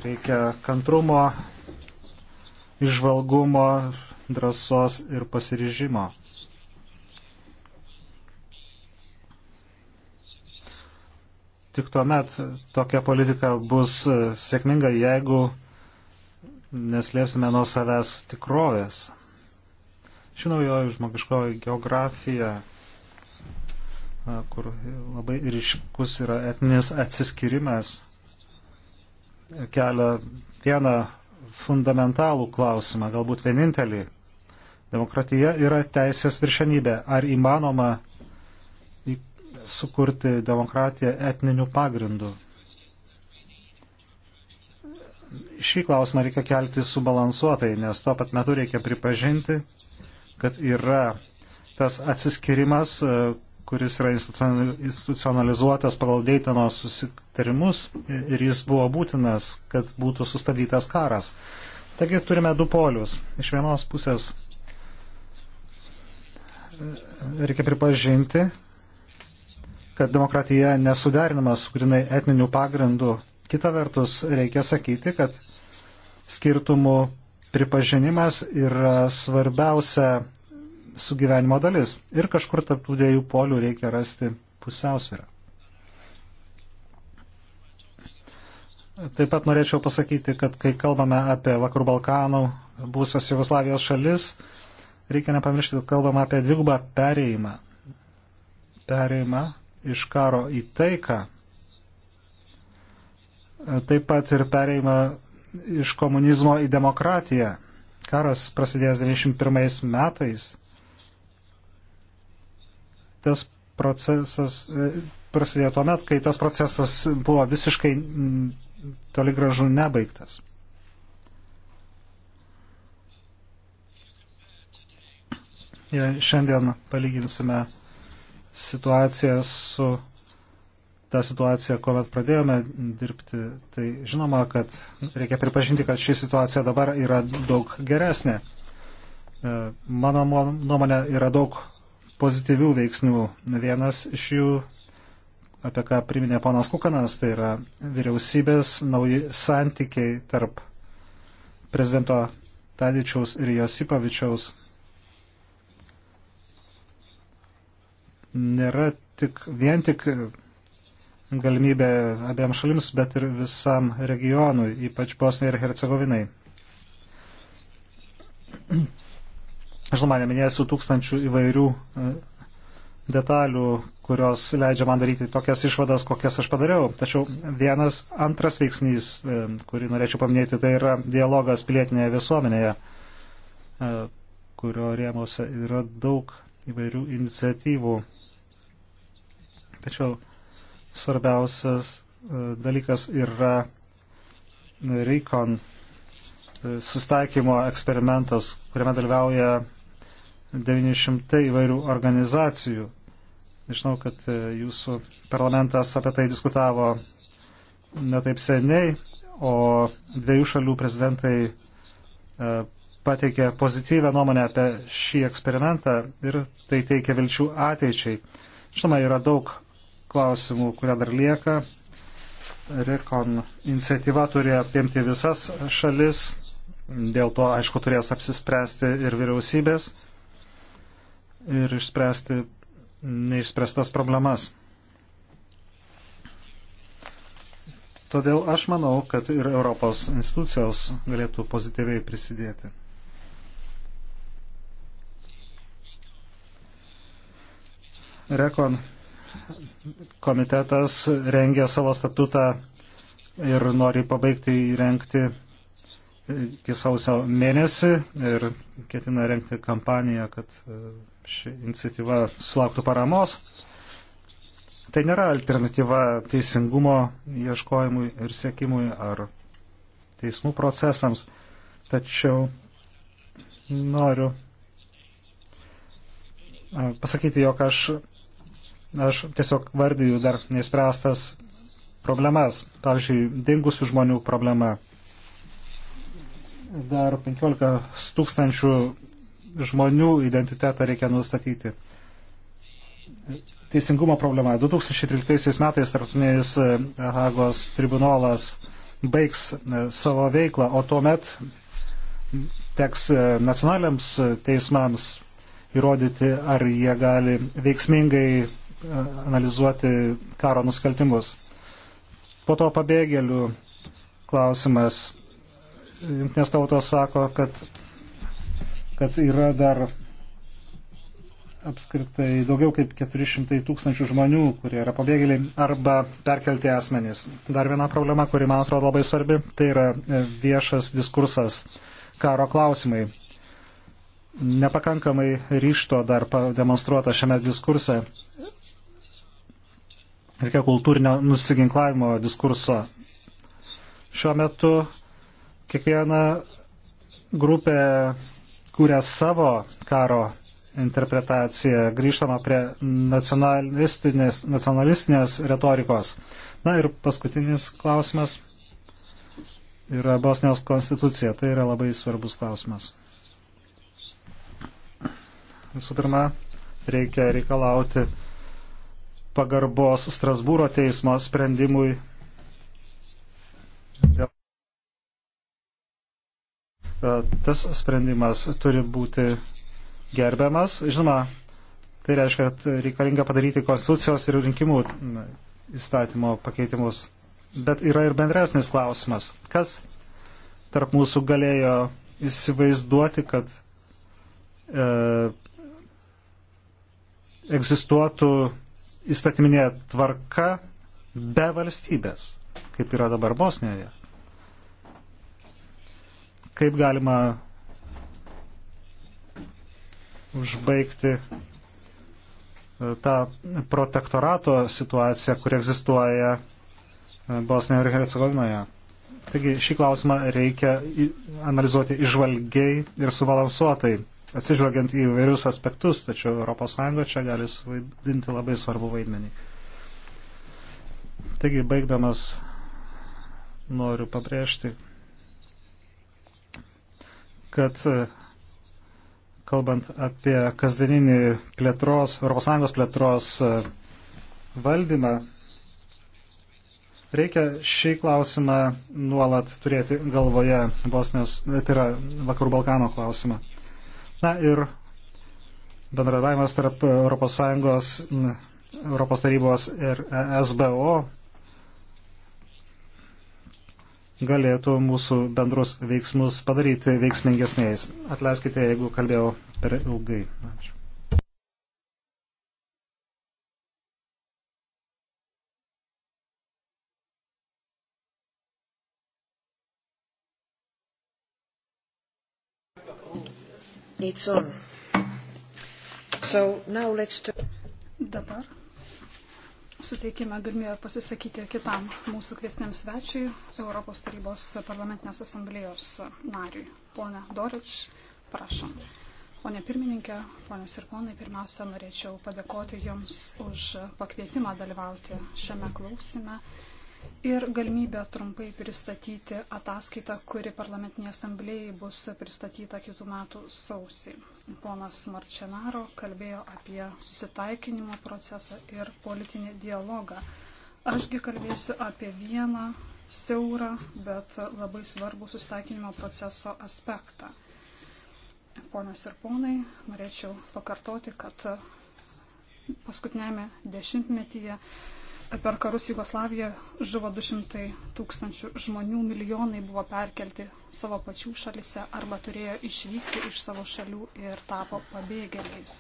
[SPEAKER 2] reikia kantrumo, išvalgumo, drąsos ir pasiryžimo. Tik tuomet tokia politika bus e, sėkminga, jeigu neslėpsime nuo savęs tikrovės. Ši naujoji žmogiškoji geografija, e, kur labai ryškus yra etninis atsiskirimas, kelia vieną fundamentalų klausimą, galbūt vienintelį. Demokratija yra teisės viršenybė. Ar įmanoma sukurti demokratiją etniniu pagrindu? Šį klausimą reikia kelti subalansuotai, nes tuo pat metu reikia pripažinti, kad yra tas atsiskirimas, kuris yra institucionalizuotas pagal Deitino susitarimus ir jis buvo būtinas, kad būtų sustabdytas karas. Taigi turime du polius. Iš vienos pusės e, reikia pripažinti, kad demokratija nesuderinama su grinai etniniu pagrindu. Kita vertus, reikia sakyti, kad skirtumų pripažinimas yra svarbiausia sugyvenimo dalis. Ir kažkur tarptų dviejų polių reikia rasti pusiausvyrą. Taip pat norėčiau pasakyti, kad kai kalbame apie Vakarų Balkanų, būsios Jugoslavijos šalis, reikia nepamiršti, kad kalbame apie dvigubą pereimą. Pereimą iš karo į taiką. Taip pat ir pereimą iš komunizmo į demokratiją. Karas prasidėjęs 91 metais tas procesas e, prasidėjo tuo met, kai tas procesas buvo visiškai toli gražu nebaigtas. Jei šiandien palyginsime situaciją su tą situaciją, kuomet pradėjome dirbti, tai žinoma, kad reikia pripažinti, kad ši situacija dabar yra daug geresnė. E, mano nuomonė yra daug pozityvių veiksnių. Vienas iš jų, apie ką priminė ponas Kukanas, tai yra vyriausybės nauji santykiai tarp prezidento Tadičiaus ir Josipavičiaus. Nėra tik, vien tik galimybė abiem šalims, bet ir visam regionui, ypač Bosnai ir Hercegovinai. Žinoma, neminėsiu tūkstančių įvairių e, detalių, kurios leidžia man daryti tokias išvadas, kokias aš padariau. Tačiau vienas antras veiksnys, e, kurį norėčiau paminėti, tai yra dialogas pilietinėje visuomenėje, e, kurio rėmose yra daug įvairių iniciatyvų. Tačiau svarbiausias dalykas yra Rikon sustaikymo eksperimentas, kuriame dalyvauja 900 įvairių organizacijų. Žinau, kad e, jūsų parlamentas apie tai diskutavo netaip seniai, o dviejų šalių prezidentai e, pateikė pozityvę nuomonę apie šį eksperimentą ir tai teikia vilčių ateičiai. Žinoma, yra daug klausimų, kurie dar lieka. Rekon iniciatyva turi apimti visas šalis, dėl to, aišku, turės apsispręsti ir vyriausybės ir išspręsti neišspręstas problemas. Todėl aš manau, kad ir Europos institucijos galėtų pozityviai prisidėti. Rekon komitetas rengia savo statutą ir nori pabaigti įrengti iki sausio mėnesį ir ketina renkti kampaniją, kad e, ši iniciatyva sulauktų paramos. Tai nėra alternatyva teisingumo ieškojimui ir siekimui ar teismų procesams, tačiau noriu e, pasakyti, jog aš, aš tiesiog vardiju dar neįspręstas problemas, pavyzdžiui, dingusių žmonių problema dar 15 tūkstančių žmonių identitetą reikia nustatyti. Teisingumo problema. 2013 metais tarptautinis e, Hagos tribunolas baigs e, savo veiklą, o tuomet teks e, nacionaliams teismams įrodyti, ar jie gali veiksmingai analizuoti karo nusikaltimus. Po to pabėgėlių klausimas Junktinės tautos sako, kad, kad yra dar apskritai daugiau kaip 400 tūkstančių žmonių, kurie yra pabėgėliai arba perkelti asmenys. Dar viena problema, kuri man atrodo labai svarbi, tai yra e, viešas diskursas karo klausimai. Nepakankamai ryšto dar demonstruota šiame diskurse. Reikia kultūrinio nusiginklavimo diskurso. Šiuo metu Kiekviena grupė kūrė savo karo interpretaciją, grįžtama prie nacionalistinės, nacionalistinės retorikos. Na ir paskutinis klausimas yra Bosnijos konstitucija. Tai yra labai svarbus klausimas. Visų pirma, reikia reikalauti pagarbos Strasbūro teismo sprendimui dėl E, tas sprendimas turi būti gerbiamas. Žinoma, tai reiškia, kad reikalinga padaryti konstitucijos ir rinkimų įstatymo pakeitimus. Bet yra ir bendresnis klausimas. Kas tarp mūsų galėjo įsivaizduoti, kad e, egzistuotų įstatyminė tvarka be valstybės, kaip yra dabar Bosnijoje? kaip galima užbaigti e, tą protektorato situaciją, kur egzistuoja e, Bosnijoje ir Hercegovinoje. Taigi šį klausimą reikia analizuoti išvalgiai ir subalansuotai, atsižvelgiant į vairius aspektus, tačiau ES čia gali suvaidinti labai svarbu vaidmenį. Taigi, baigdamas, noriu pabrėžti, kad e, kalbant apie kasdieninį plėtros, ES plėtros e, valdymą, reikia šį klausimą nuolat turėti galvoje, Bosnijos, e, tai yra Vakarų Balkano klausimą. Na ir bendradavimas tarp ES, Europos tarybos ir ESBO galėtų mūsų bendrus veiksmus padaryti veiksmingesniais. Atleiskite, jeigu kalbėjau per ilgai. Ačiū. It's on.
[SPEAKER 1] So now let's... Dabar suteikime galimybę pasisakyti kitam mūsų kviesniam svečiui, Europos tarybos parlamentinės asamblėjos nariui. Pone Dorič, prašom. Pone pirmininkė, ponės ir ponai, pirmiausia, norėčiau padėkoti Jums už pakvietimą dalyvauti šiame klausime ir galimybę trumpai pristatyti ataskaitą, kuri parlamentinėje asamblėjai bus pristatyta kitų metų sausį ponas Marčenaro kalbėjo apie susitaikinimo procesą ir politinį dialogą. Ašgi kalbėsiu apie vieną siaurą, bet labai svarbų susitaikinimo proceso aspektą. Ponios ir ponai, norėčiau pakartoti, kad paskutinėme dešimtmetyje Per karus Jugoslavija žuvo 200 tūkstančių žmonių, milijonai buvo perkelti savo pačių šalise arba turėjo išvykti iš savo šalių ir tapo pabėgėliais.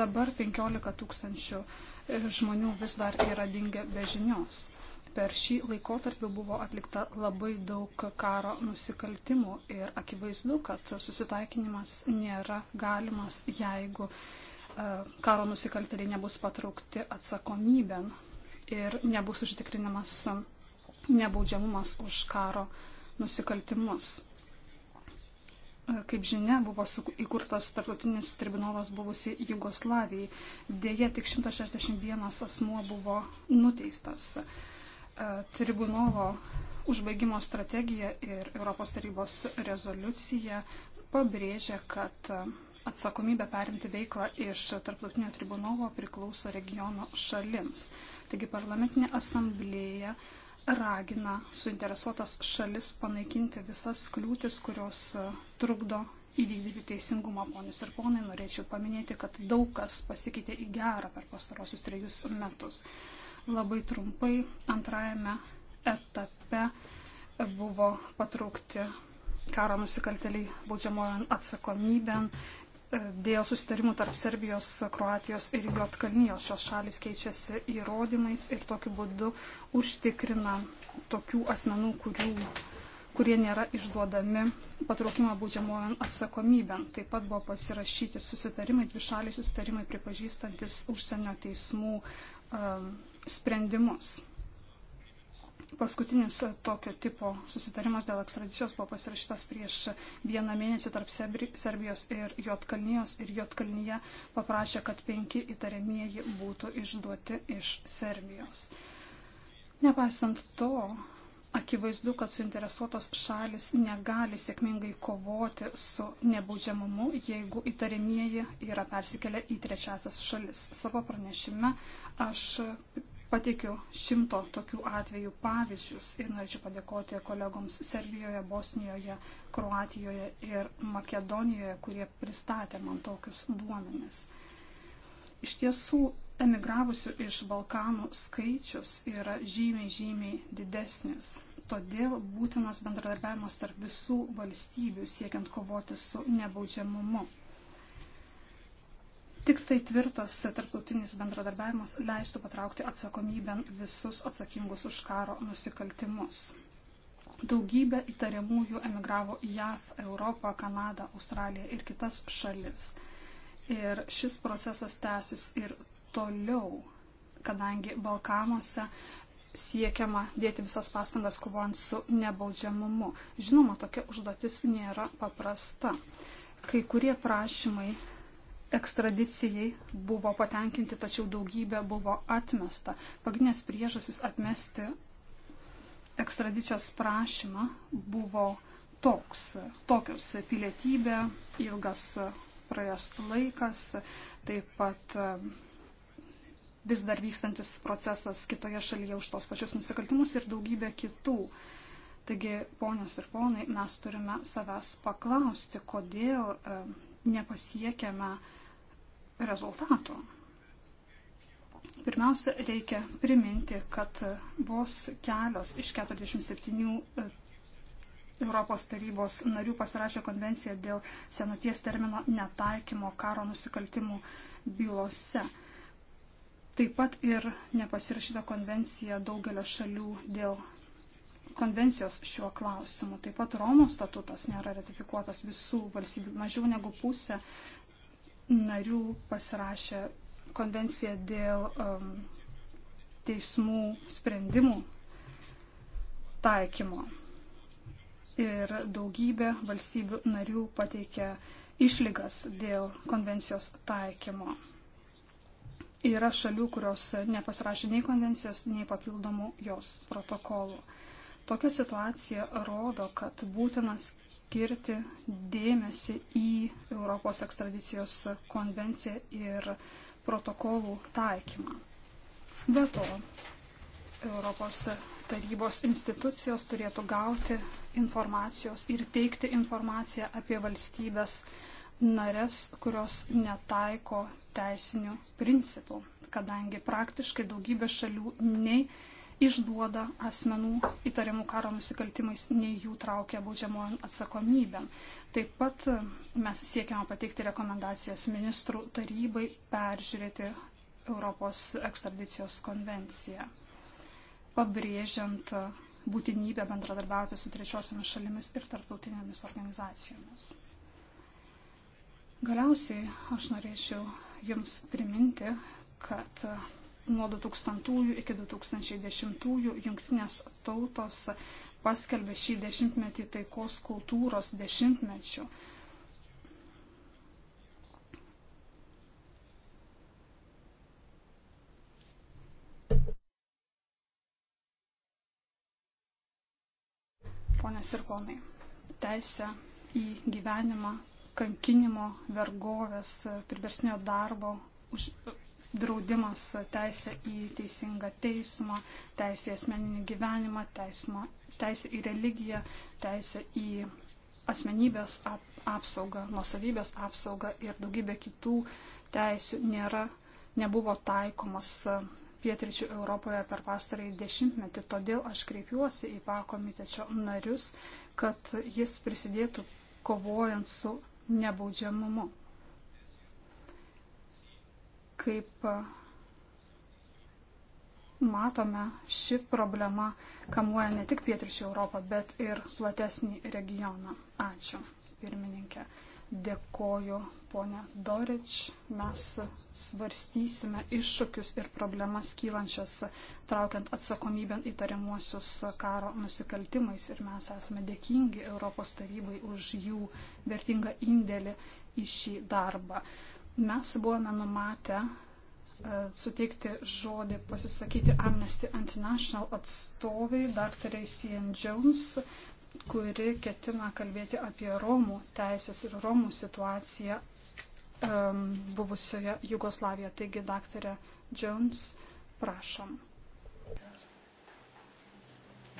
[SPEAKER 1] Dabar 15 tūkstančių e, žmonių vis dar yra dingę be žinios. Per šį laikotarpį buvo atlikta labai daug karo nusikaltimų ir akivaizdu, kad susitaikinimas nėra galimas, jeigu e, karo nusikaltėliai nebus patraukti atsakomybėn ir nebus užtikrinamas nebaudžiamumas už karo nusikaltimus. Kaip žinia, buvo įkurtas tarptautinis tribunolas buvusi Jugoslavijai. Deja, tik 161 asmuo buvo nuteistas. E, tribunolo užbaigimo strategija ir Europos tarybos rezoliucija pabrėžia, kad atsakomybę perimti veiklą iš tarptautinio tribunolo priklauso regiono šalims. Taigi parlamentinė asamblėja ragina suinteresuotas šalis panaikinti visas kliūtis, kurios e, trukdo įvykdyti teisingumą, ponius ir ponai. Norėčiau paminėti, kad daug kas pasikeitė į gerą per pastarosius trejus metus. Labai trumpai antrajame etape buvo patraukti karo nusikaltėliai baudžiamojon atsakomybėn dėl susitarimų tarp Serbijos, Kroatijos ir Jotkalnijos. Šios šalis keičiasi įrodymais ir tokiu būdu užtikrina tokių asmenų, kurių, kurie nėra išduodami patraukimą būdžiamojon atsakomybėn. Taip pat buvo pasirašyti susitarimai, dvišaliai susitarimai pripažįstantis užsienio teismų um, sprendimus. Paskutinis tokio tipo susitarimas dėl ekstradicijos buvo pasirašytas prieš vieną mėnesį tarp Serbijos ir Jotkalnijos ir Jotkalnyje paprašė, kad penki įtariamieji būtų išduoti iš Serbijos. Nepaisant to, akivaizdu, kad suinteresuotos šalis negali sėkmingai kovoti su nebaudžiamumu, jeigu įtariamieji yra persikelę į trečiasias šalis. Savo pranešime aš Pateikiau šimto tokių atvejų pavyzdžius ir norėčiau padėkoti kolegoms Serbijoje, Bosnijoje, Kroatijoje ir Makedonijoje, kurie pristatė man tokius duomenis. Iš tiesų, emigravusių iš Balkanų skaičius yra žymiai, žymiai didesnis. Todėl būtinas bendradarbiavimas tarp visų valstybių siekiant kovoti su nebaudžiamumu. Tik tai tvirtas tarptautinis bendradarbiavimas leistų patraukti atsakomybę visus atsakingus už karo nusikaltimus. Daugybė įtariamųjų emigravo į JAV, Europą, Kanadą, Australiją ir kitas šalis. Ir šis procesas tęsis ir toliau, kadangi Balkanuose siekiama dėti visas pastangas kovojant su nebaudžiamumu. Žinoma, tokia užduotis nėra paprasta. Kai kurie prašymai ekstradicijai buvo patenkinti, tačiau daugybė buvo atmesta. Pagrindinės priežasis atmesti ekstradicijos prašymą buvo toks, tokios pilietybė, ilgas praėjęs laikas, taip pat e, vis dar vykstantis procesas kitoje šalyje už tos pačius nusikaltimus ir daugybė kitų. Taigi, ponios ir ponai, mes turime savęs paklausti, kodėl e, nepasiekiame rezultato. Pirmiausia, reikia priminti, kad vos kelios iš 47 e, Europos tarybos narių pasirašė konvenciją dėl senaties termino netaikymo karo nusikaltimų bylose. Taip pat ir nepasirašyta konvencija daugelio šalių dėl konvencijos šiuo klausimu. Taip pat Romos statutas nėra ratifikuotas visų valstybių, mažiau negu pusė narių pasirašė konvenciją dėl um, teismų sprendimų taikymo. Ir daugybė valstybių narių pateikė išlygas dėl konvencijos taikymo. Yra šalių, kurios nepasirašė nei konvencijos, nei papildomų jos protokolų. Tokia situacija rodo, kad būtinas skirti dėmesį į Europos ekstradicijos konvenciją ir protokolų taikymą. Be to, Europos tarybos institucijos turėtų gauti informacijos ir teikti informaciją apie valstybės narės, kurios netaiko teisinių principų, kadangi praktiškai daugybė šalių nei išduoda asmenų įtariamų karo nusikaltimais, nei jų traukia baudžiamojant atsakomybėm. Taip pat mes siekiame pateikti rekomendacijas ministrų tarybai peržiūrėti Europos ekstradicijos konvenciją, pabrėžiant būtinybę bendradarbiauti su trečiosiomis šalimis ir tarptautinėmis organizacijomis. Galiausiai aš norėčiau Jums priminti, kad nuo 2000 iki 2010 jungtinės tautos paskelbė šį dešimtmetį taikos kultūros dešimtmečių. Ponės ir ponai, teisė į gyvenimą, kankinimo, vergovės, priversnio darbo, už, draudimas teisė į teisingą teismą, teisė į asmeninį gyvenimą, teismą, teisė į religiją, teisė į asmenybės ap, apsaugą, nusavybės apsaugą ir daugybė kitų teisių nėra, nebuvo taikomas pietričių Europoje per pastarąjį dešimtmetį. Todėl aš kreipiuosi į pakomitečio narius, kad jis prisidėtų kovojant su nebaudžiamumu. Kaip matome, ši problema kamuoja ne tik pietričių Europą, bet ir platesnį regioną. Ačiū, pirmininkė. Dėkoju, ponė Dorič. Mes svarstysime iššūkius ir problemas kylančias, traukiant atsakomybę įtariamuosius karo nusikaltimais. Ir mes esame dėkingi Europos tarybai už jų vertingą indėlį į šį darbą. Mes buvome numatę e, suteikti žodį pasisakyti Amnesty International atstoviai, daktariai Sian Jones, kuri ketina kalbėti apie Romų teisės ir Romų situaciją um, buvusioje Jugoslavijoje. Taigi, daktarė Jones, prašom.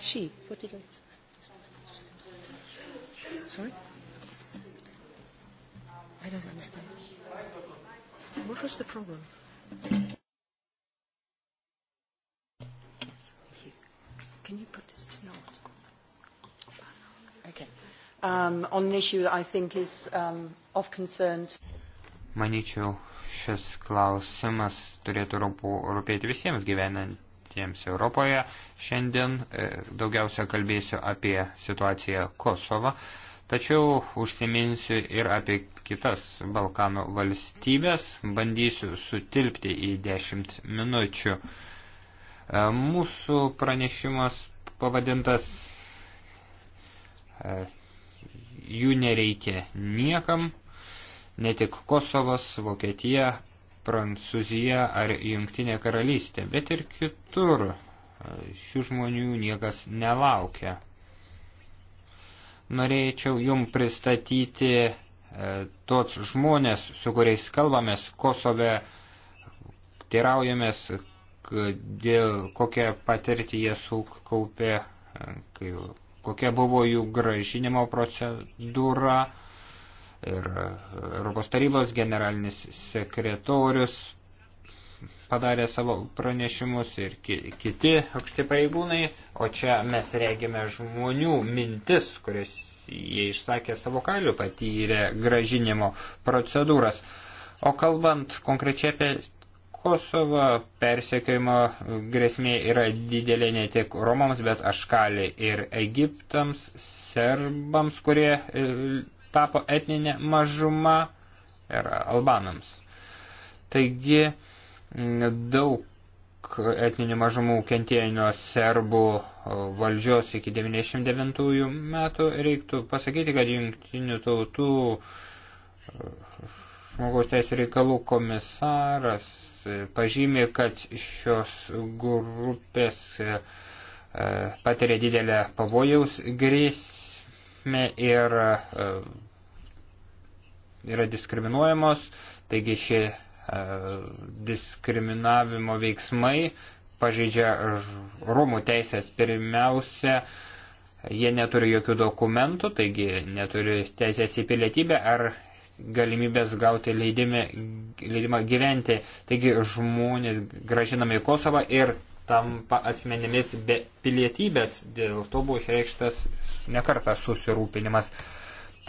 [SPEAKER 1] She, what did I... Sorry? I don't understand. What was the problem? Yes, here. Can you put this to note? Okay. Um, on an issue that I think is um, of concern.
[SPEAKER 3] Maničiau, šis klausimas turėtų rūpėti visiems gyvenantiems Europoje. Šiandien e, daugiausia kalbėsiu apie situaciją Kosovą. Uh, Tačiau užsiminsiu ir apie kitas Balkanų valstybės, bandysiu sutilpti į 10 minučių. E, mūsų pranešimas pavadintas e, Jų nereikia niekam, ne tik Kosovas, Vokietija, Prancūzija ar Jungtinė karalystė, bet ir kitur e, šių žmonių niekas nelaukia norėčiau jum pristatyti e, tos žmonės, su kuriais kalbamės Kosove, teiraujamės, dėl kokią patirtį jie sukaupė, e, kai, kokia buvo jų gražinimo procedūra. Ir e, Europos tarybos generalinis sekretorius padarė savo pranešimus ir ki kiti aukšti pareigūnai, o čia mes regime žmonių mintis, kuris jie išsakė savo kailių, patyrė gražinimo procedūras. O kalbant konkrečiai apie Kosovo persekiojimo grėsmė yra didelė ne tik Romams, bet Aškaliai ir Egiptams, serbams, kurie e, tapo etninė mažuma ir albanams. Taigi Daug etninių mažumų kentėjo nuo serbų valdžios iki 99 metų. Reiktų pasakyti, kad jungtinių tautų žmogaus teisų reikalų komisaras e, pažymė, kad šios grupės e, e, patiria didelę pavojaus grėsmę ir yra diskriminuojamos, taigi šie diskriminavimo veiksmai pažeidžia rūmų teisės. Pirmiausia, jie neturi jokių dokumentų, taigi neturi teisės į pilietybę ar galimybės gauti leidimį, leidimą gyventi. Taigi žmonės gražinami į Kosovą ir tampa asmenimis be pilietybės. Dėl to buvo išreikštas nekartas susirūpinimas.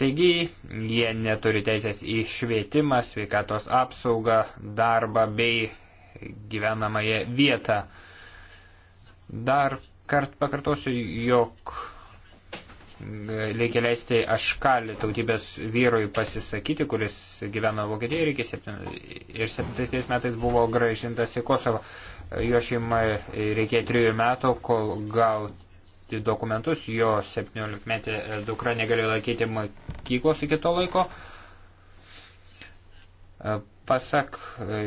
[SPEAKER 3] Taigi, jie neturi teisės į švietimą, sveikatos apsaugą, darbą bei gyvenamąją vietą. Dar kart pakartosiu, jog reikia leisti aškalį tautybės vyrui pasisakyti, kuris gyveno Vokietijoje ir iki 70 metais buvo gražintas į Kosovą. Jo šeimai reikėjo trijų metų, kol gauti gauti dokumentus, jo 17-metė dukra negalėjo laikyti mokyklos iki to laiko. E, pasak e,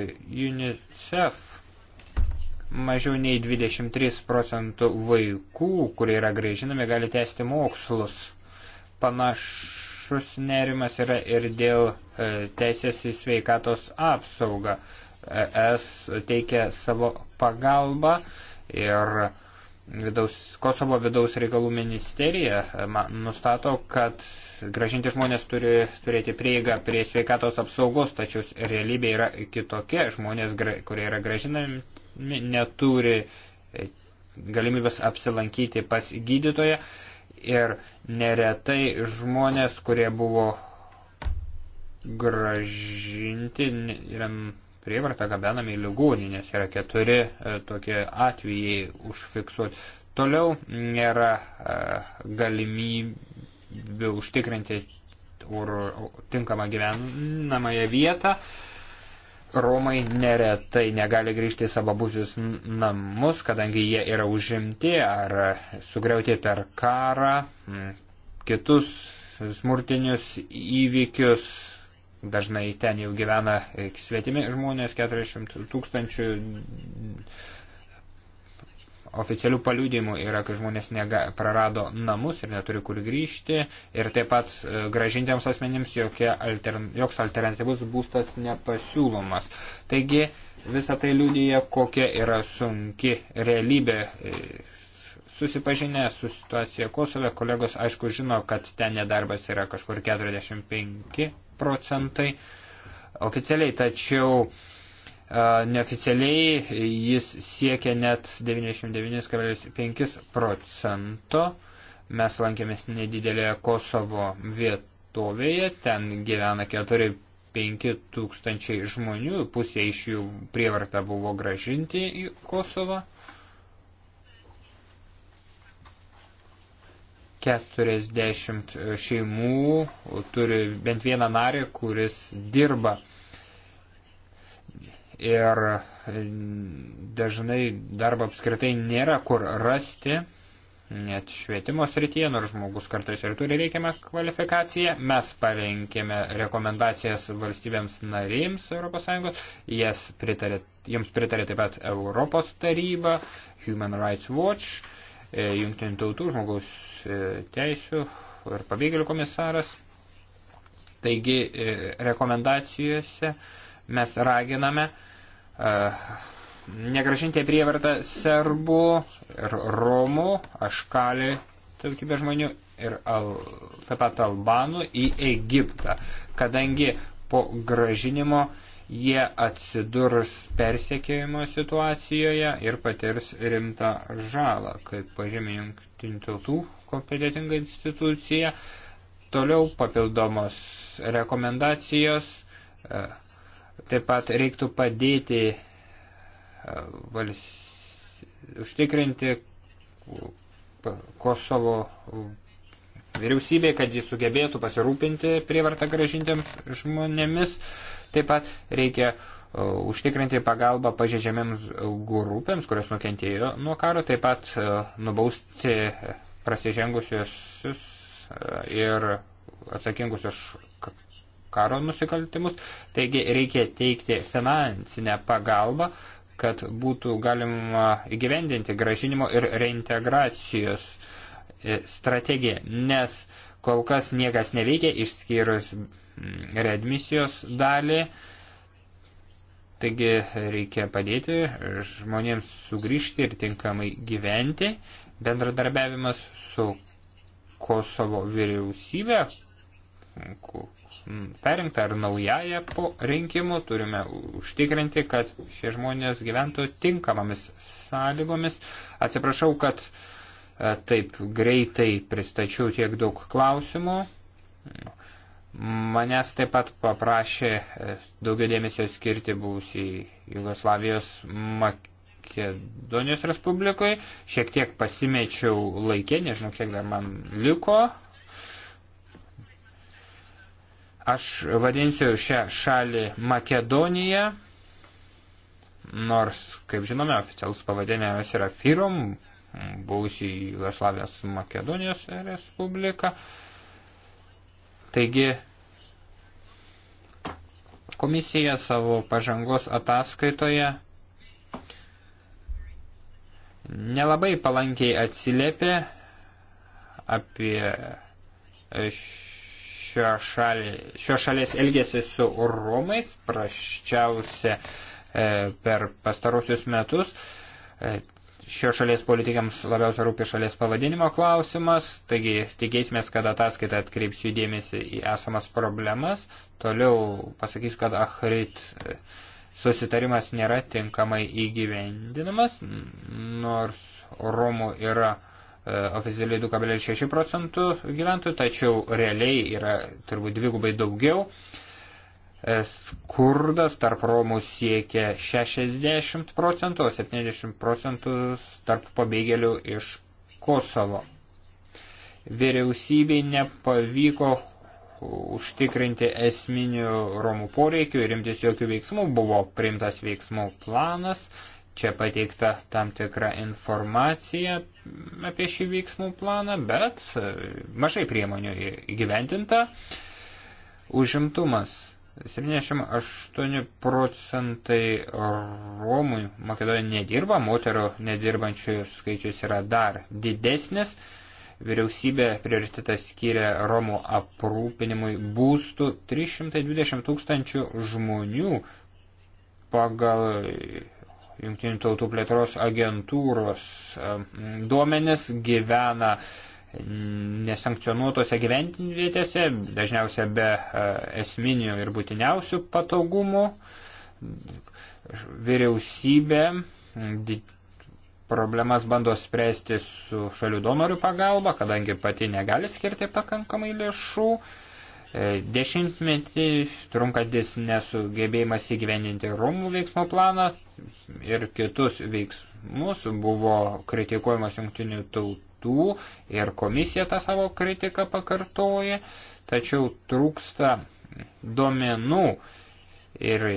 [SPEAKER 3] UNICEF, mažiau nei 23 procentų vaikų, kurie yra grėžinami, gali tęsti mokslus. Panašus nerimas yra ir dėl e, teisės į sveikatos apsaugą. ES teikia savo pagalbą ir vidaus, Kosovo vidaus reikalų ministerija e, man, nustato, kad gražinti žmonės turi turėti prieigą prie sveikatos apsaugos, tačiau realybė yra kitokia. Žmonės, kurie yra gražinami, neturi e, galimybės apsilankyti pas gydytoją ir neretai žmonės, kurie buvo gražinti, yra prievartą gabenami į ligoninės. Yra keturi e, tokie atvejai užfiksuoti. Toliau nėra e, galimybių užtikrinti ur, tinkamą gyvenamąją vietą. Romai neretai negali grįžti į savo būsius namus, kadangi jie yra užimti ar sugriauti per karą, kitus smurtinius įvykius, dažnai ten jau gyvena svetimi e, žmonės, 40 tūkstančių mm, oficialių paliūdimų yra, kai žmonės nega, prarado namus ir neturi kur grįžti ir taip pat e, gražintiems asmenims jokie altern, joks alternatyvus būstas nepasiūlomas. Taigi visą tai liūdėja, kokia yra sunki realybė. E, susipažinę su situacija Kosove, kolegos aišku žino, kad ten nedarbas yra kažkur 45 procentai oficialiai, tačiau e, neoficialiai jis siekia net 99,5 procento. Mes lankėmės nedidelėje Kosovo vietovėje, ten gyvena 4-5 tūkstančiai žmonių, pusė iš jų prievarta buvo gražinti į Kosovą. 40 šeimų turi bent vieną narį, kuris dirba. Ir dažnai darbą apskritai nėra kur rasti, net švietimo srityje, nors žmogus kartais ir turi reikiamą kvalifikaciją. Mes parinkėme rekomendacijas valstybėms narėms ES, jas pritarė, jums pritarė taip pat Europos taryba, Human Rights Watch E, jungtinių tautų žmogaus e, teisų ir pabėgėlių komisaras. Taigi e, rekomendacijose mes raginame negražinti prievartą serbų ir romų, aškalį, tarkime žmonių ir al, taip pat albanų į Egiptą, kadangi po gražinimo uh, jie atsidurs persekėjimo situacijoje ir patirs rimtą žalą, kaip pažymė jungtinių tautų kompetitinga institucija. Toliau papildomos rekomendacijos. E, Taip pat reiktų padėti e, vals... užtikrinti Kosovo vyriausybei, kad jis sugebėtų pasirūpinti prievartą gražintiems žmonėmis. Taip pat reikia e, užtikrinti pagalbą pažeidžiamiems grupėms, kurios nukentėjo nuo karo, taip pat e, nubausti prasižengusius e, ir atsakingus už karo nusikaltimus. Taigi reikia teikti finansinę pagalbą, kad būtų galima įgyvendinti gražinimo ir reintegracijos uh, E, strategija, nes kol kas niekas neveikia išskyrus mm, readmisijos dalį, taigi reikia padėti žmonėms sugrįžti ir tinkamai gyventi. Bendradarbiavimas su Kosovo vyriausybė, mm, perimta ar naujaja po rinkimų, turime užtikrinti, kad šie žmonės gyventų tinkamomis sąlygomis. Atsiprašau, kad uh, E, taip greitai pristačiau tiek daug klausimų. Manęs taip pat paprašė e, daugiau dėmesio skirti buvusiai Jugoslavijos Makedonijos Respublikoje. Šiek tiek pasimečiau laikė, nežinau, kiek dar man liko. Aš vadinsiu šią šalį Makedoniją, nors, kaip žinome, oficialus pavadinimas yra Firom, buvusi Jugoslavijos Makedonijos Respublika. Taigi komisija savo pažangos ataskaitoje nelabai palankiai atsiliepė apie šio, šalį, šio šalies elgesį su Romais, praščiausia e, per pastarosius metus. E, šio šalies politikams labiausia rūpi šalies pavadinimo klausimas, taigi tikėsime, kad ataskaita atkreips jų dėmesį į esamas problemas. Toliau pasakysiu, kad Ahrit e, susitarimas nėra tinkamai įgyvendinamas, nors Romų yra e, oficialiai 2,6 procentų gyventojų, tačiau realiai yra turbūt dvigubai daugiau. E, skurdas tarp Romų siekia 60 procentų, o 70 procentų tarp pabėgėlių iš Kosovo. Vyriausybei nepavyko užtikrinti esminių Romų poreikių ir imtis jokių veiksmų. Buvo priimtas veiksmų planas, čia pateikta tam tikra informacija apie šį veiksmų planą, bet mažai priemonių įgyventinta. Užimtumas 78 procentai Romų Makedonijoje nedirba, moterų nedirbančių skaičius yra dar didesnis. Vyriausybė prioritetas skiria Romų aprūpinimui būstų 320 tūkstančių žmonių pagal Junktinių tautų plėtros agentūros duomenis gyvena uh, nesankcionuotose gyventinvietėse, dažniausia be e, esminių ir būtiniausių patogumų. Vyriausybė problemas bando spręsti su šalių donorių pagalba, kadangi pati negali skirti pakankamai lėšų. E, dešimtmetį trunkantis nesugebėjimas įgyveninti Romų veiksmo planą ir kitus veiksmus buvo kritikuojamas jungtinių tautų kitų ir komisija tą savo kritiką pakartoja, tačiau trūksta duomenų ir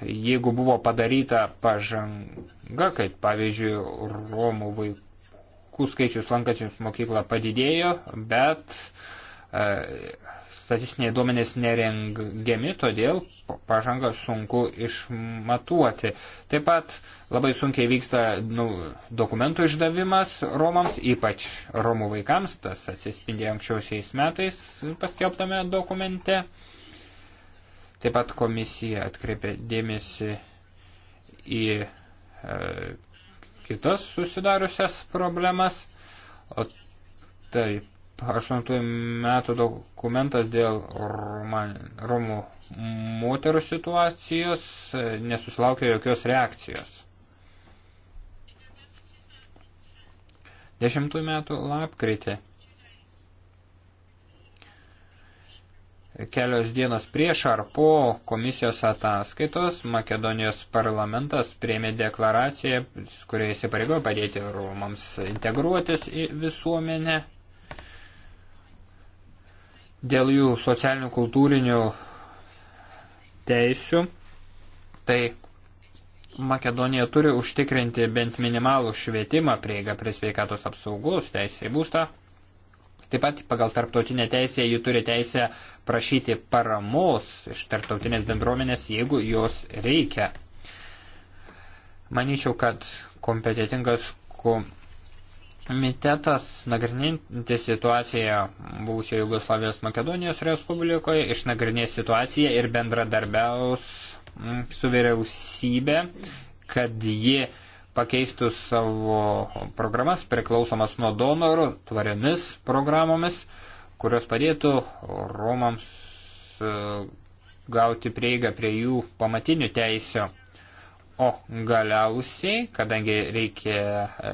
[SPEAKER 3] jeigu buvo padaryta pažanga, kaip pavyzdžiui, Romų vaikų skaičius lankančius mokyklą padidėjo, bet e, statistiniai duomenys nerengiami, todėl pažangą sunku išmatuoti. Taip pat labai sunkiai vyksta nu, dokumentų išdavimas Romams, ypač Romų vaikams, tas atsispindėjo anksčiausiais metais paskelbtame dokumente. Taip pat komisija atkreipė dėmesį į e, kitas susidariusias problemas, o taip 88 metų dokumentas dėl Romų moterų situacijos e, nesusilaukė jokios reakcijos. 10 metų lapkritį. Kelios dienos prieš ar po komisijos ataskaitos Makedonijos parlamentas priėmė deklaraciją, kurioje įsipareigojo padėti Romams integruotis į visuomenę dėl jų socialinių kultūrinių teisių, tai Makedonija turi užtikrinti bent minimalų švietimą prieigą prie sveikatos apsaugos, teisę į būstą. Taip pat pagal tarptautinę teisę ji turi teisę prašyti paramos iš tarptautinės bendruomenės, jeigu jos reikia. Manyčiau, kad kompetitingas Komitetas nagrinėti situaciją buvusioje Jugoslavijos Makedonijos Respublikoje išnagrinės situaciją ir bendradarbiaus mm, su vyriausybė, kad ji pakeistų savo programas priklausomas nuo donorų tvariomis programomis, kurios padėtų Romams e, gauti prieigą prie jų pamatinių teisių. O galiausiai, kadangi reikia e,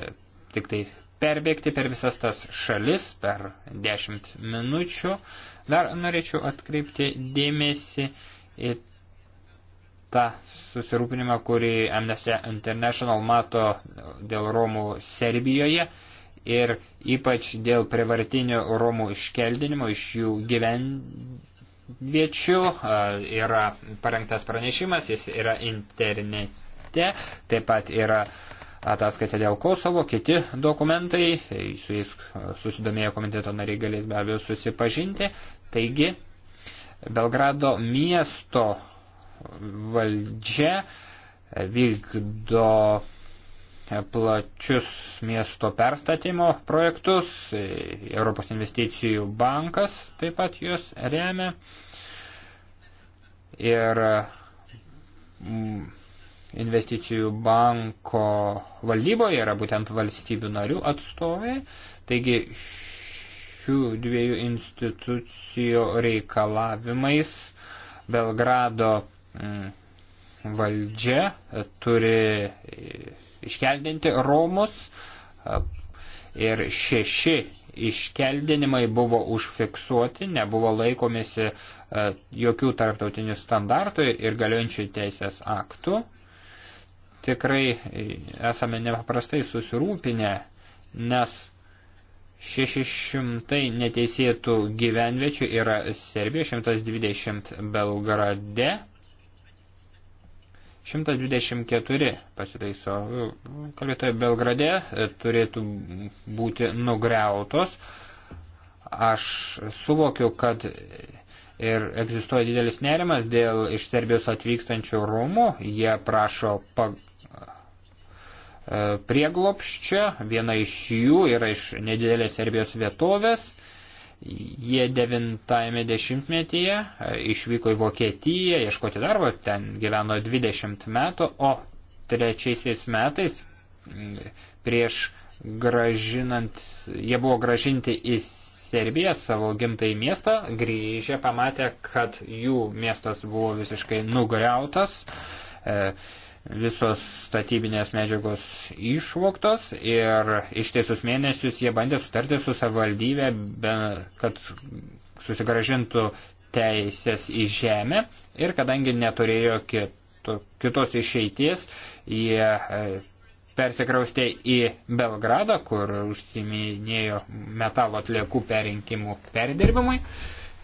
[SPEAKER 3] tik tai perbėgti per visas tas šalis per 10 minučių. Dar norėčiau atkreipti dėmesį į tą susirūpinimą, kurį Amnesty International mato dėl Romų Serbijoje ir ypač dėl privartinių Romų iškeldinimo iš jų gyvenviečių. Yra parengtas pranešimas, jis yra internete, taip pat yra uh, ataskaita dėl Kosovo, kiti dokumentai, tai su jais susidomėjo komiteto nariai galės be abejo susipažinti. Taigi, Belgrado miesto valdžia vykdo plačius miesto perstatymo projektus, Europos investicijų bankas taip pat juos remia. Ir mm, investicijų banko valdyboje yra būtent valstybių narių atstovai, taigi šių dviejų institucijų reikalavimais Belgrado mm, valdžia turi iškeldinti Romus ir šeši iškeldinimai buvo užfiksuoti, nebuvo laikomisi e, jokių tarptautinių standartų ir galiojančių teisės aktų tikrai esame nepaprastai susirūpinę, nes 600 neteisėtų gyvenviečių yra Serbija, 120 Belgrade, 124 pasitaiso kalbėtoje Belgrade turėtų būti nugriautos. Aš suvokiu, kad ir egzistuoja didelis nerimas dėl iš Serbijos atvykstančių rūmų. Jie prašo pag E, prieglopščio, viena iš jų yra iš nedidelės Serbijos vietovės. Jie 90-ame dešimtmetyje e, išvyko į Vokietiją ieškoti darbo, ten gyveno 20 metų, o trečiaisiais metais prieš gražinant, jie buvo gražinti į Serbiją, savo gimtąjį miestą, grįžę pamatė, kad jų miestas buvo visiškai nugriautas. E, visos statybinės medžiagos išvoktos ir ištiesus mėnesius jie bandė sutarti su savivaldybė, kad susigražintų teisės į žemę ir kadangi neturėjo kito, kitos išeities, jie e, persikraustė į Belgradą, kur užsiminėjo metalo atliekų perinkimų perdirbimui.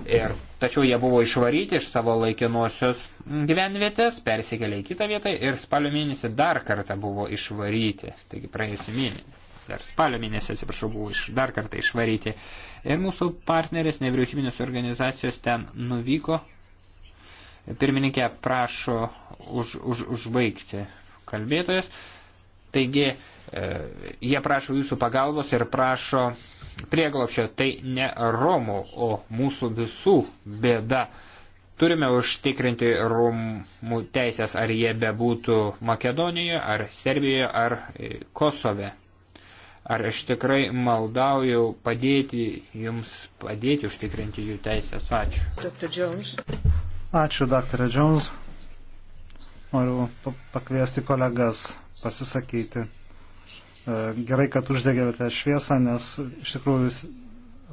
[SPEAKER 3] Ir, tačiau jie buvo išvaryti iš savo laikinosios gyvenvietės, persikėlė į kitą vietą ir spalio mėnesį dar kartą buvo išvaryti. Taigi praėjusį mėnesį. Dar spalio mėnesį, atsiprašau, buvo iš, dar kartą išvaryti. Ir mūsų partneris, nevyriausybinės organizacijos ten nuvyko. Pirmininkė prašo už, už, užbaigti kalbėtojas. Taigi e, jie prašo jūsų pagalbos ir prašo prieglopščio. Tai ne Romų, o mūsų visų bėda. Turime užtikrinti Romų teisės, ar jie bebūtų Makedonijoje, ar Serbijoje, ar e, Kosove. Ar aš tikrai maldauju padėti jums, padėti užtikrinti jų teisės. Ačiū. Dr. Jones.
[SPEAKER 2] Ačiū, dr. Jones. Noriu pakviesti kolegas pasisakyti. E, gerai, kad uždegėte šviesą, nes iš tikrųjų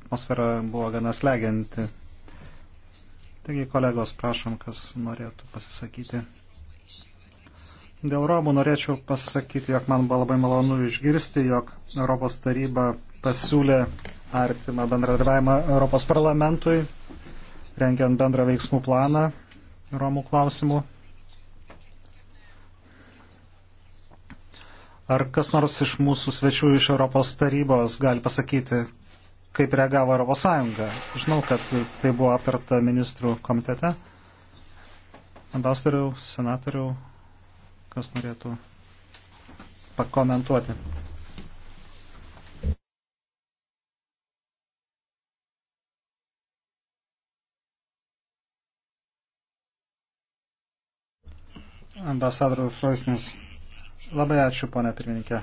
[SPEAKER 2] atmosfera buvo gana slegianti. Taigi, kolegos, prašom, kas norėtų pasisakyti. Dėl Romų norėčiau pasakyti, jog man buvo labai malonu išgirsti, jog Europos taryba pasiūlė artimą bendradarbiavimą Europos parlamentui, rengiant bendrą veiksmų planą Romų klausimų. Ar kas nors iš mūsų svečių iš Europos tarybos gali pasakyti, kaip reagavo Europos Sąjunga? Žinau, kad tai buvo aptarta ministrų komitete. Ambasadoriau, senatoriau, kas norėtų pakomentuoti? Ambasadorius Roisnis. Labai ačiū, ponė pirmininkė.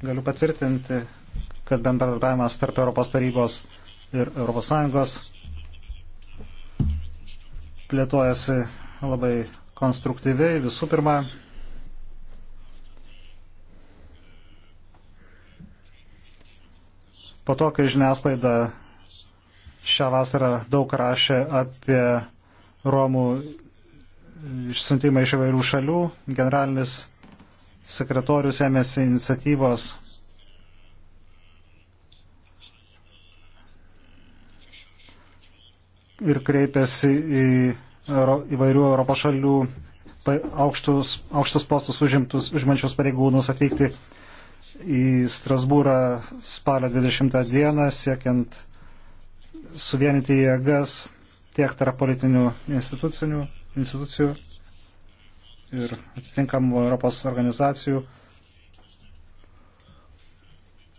[SPEAKER 2] Galiu patvirtinti, kad bendradarbiavimas tarp Europos tarybos ir Europos Sąjungos plėtojasi labai konstruktyviai. Visų pirma, po to, kai žiniasklaida šią vasarą daug rašė apie Romų išsiuntimą iš įvairių šalių, generalinis sekretorius ėmėsi iniciatyvos ir kreipėsi į įvairių Europos šalių aukštus, aukštus postus užimtus, užimančius pareigūnus atvykti į Strasbūrą spalio 20 dieną, siekiant suvienyti jėgas tiek tarp politinių institucijų ir atitinkamų Europos organizacijų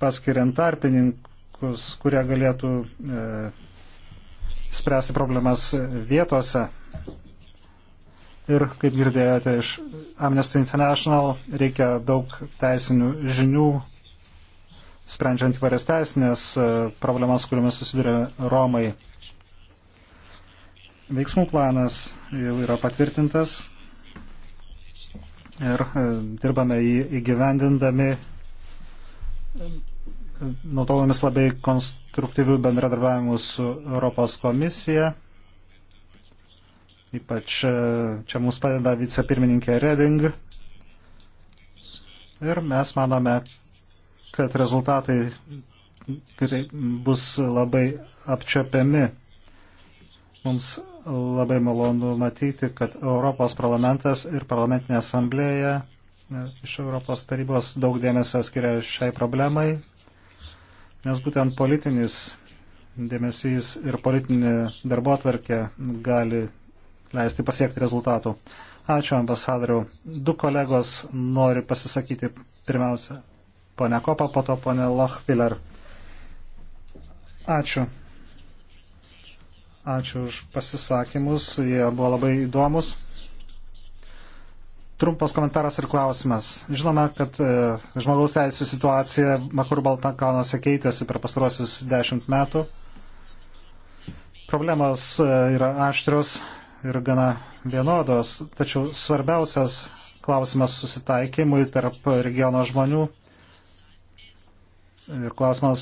[SPEAKER 2] paskiriant tarpininkus, kurie galėtų e, spręsti problemas vietose. Ir kaip girdėjote iš Amnesty International, reikia daug teisinių žinių, sprendžiant įvairias teisinės e, problemas, kuriomis susiduria Romai. Veiksmų planas jau yra patvirtintas ir e, dirbame jį įgyvendindami, naudojomis labai konstruktyvių bendradarbiavimų su Europos komisija. Ypač e, čia mums padeda vicepirmininkė Reding. Ir mes manome, kad rezultatai bus labai apčiopiami. Mums labai malonu matyti, kad Europos parlamentas ir parlamentinė asamblėja e, iš Europos tarybos daug dėmesio skiria šiai problemai, nes būtent politinis dėmesys ir politinė darbo atverkė gali leisti pasiekti rezultatų. Ačiū ambasadoriu. Du kolegos nori pasisakyti pirmiausia. Pone Kopa, po to pone Lochviller. Ačiū. Ačiū už pasisakymus, jie buvo labai įdomus. Trumpas komentaras ir klausimas. Žinome, kad e, žmogaus teisų situacija Makur Baltakanuose keitėsi per pastarosius dešimt metų. Problemas e, yra aštrios ir gana vienodos, tačiau svarbiausias klausimas susitaikymui tarp regiono žmonių Ir klausimas,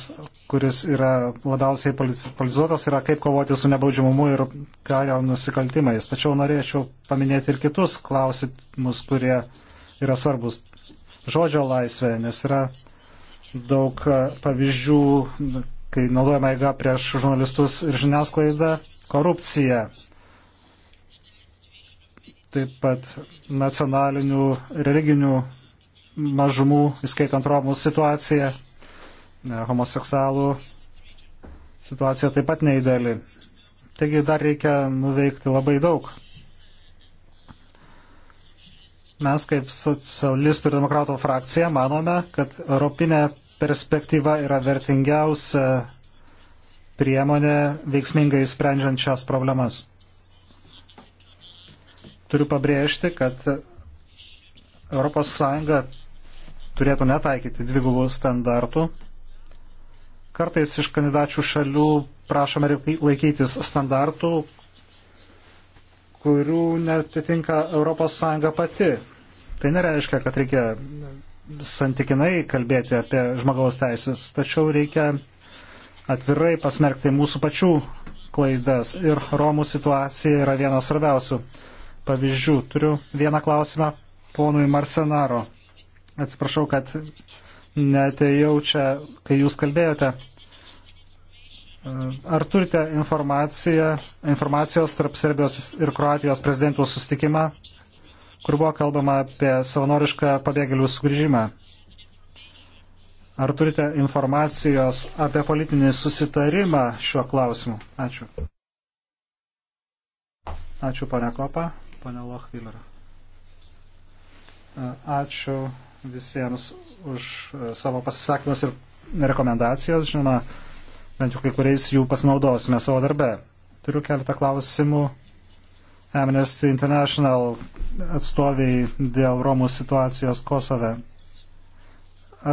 [SPEAKER 2] kuris yra labiausiai politizuotas, yra kaip kovoti su nebaudžiamumu ir kario nusikaltimais. Tačiau norėčiau paminėti ir kitus klausimus, kurie yra svarbus. Žodžio laisvė, nes yra daug e, pavyzdžių, kai naudojama jėga prieš žurnalistus ir žiniasklaidą, korupcija, taip pat nacionalinių religinių mažumų, įskaitant Romų situaciją E, homoseksualų situacija taip pat neįdėli. Taigi dar reikia nuveikti labai daug. Mes kaip socialistų ir demokratų frakcija manome, kad europinė perspektyva yra vertingiausia priemonė veiksmingai sprendžiant šias problemas. Turiu pabrėžti, kad ES turėtų netaikyti dvigubų standartų Kartais iš kandidačių šalių prašome laikytis standartų, kurių netitinka ES pati. Tai nereiškia, kad reikia santykinai kalbėti apie žmogaus teisės, tačiau reikia atvirai pasmerkti mūsų pačių klaidas. Ir Romų situacija yra vienas svarbiausių pavyzdžių. Turiu vieną klausimą ponui Marsenaro. Atsiprašau, kad netėjau čia, kai jūs kalbėjote. Ar turite informacijos tarp Serbijos ir Kroatijos prezidentų sustikimą, kur buvo kalbama apie savanorišką pabėgėlių sugrįžimą? Ar turite informacijos apie politinį susitarimą šiuo klausimu? Ačiū. Ačiū, ponia Kopa, ponia Lochvilera. Ačiū visiems už e, savo pasisakymus ir rekomendacijas. Žinoma, bent jau kai kuriais jų pasinaudosime savo darbe. Turiu keletą klausimų Amnesty International atstoviai dėl Romų situacijos Kosove.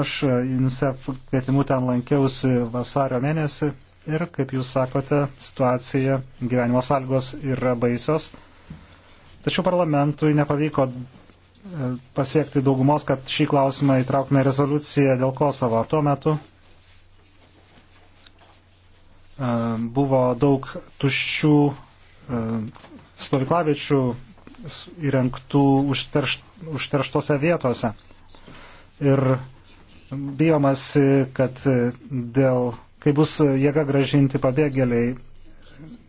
[SPEAKER 2] Aš e, UNICEF kvietimu ten lankiausi vasario mėnesį ir, kaip jūs sakote, situacija gyvenimo sąlygos yra baisios. Tačiau parlamentui nepavyko pasiekti daugumos, kad šį klausimą įtraukime rezoliuciją dėl Kosovo. Tuo metu e, buvo daug tuščių e, stovyklavičių įrengtų užterš, užterštose vietose. Ir bijomas, kad dėl, kai bus jėga gražinti pabėgėliai,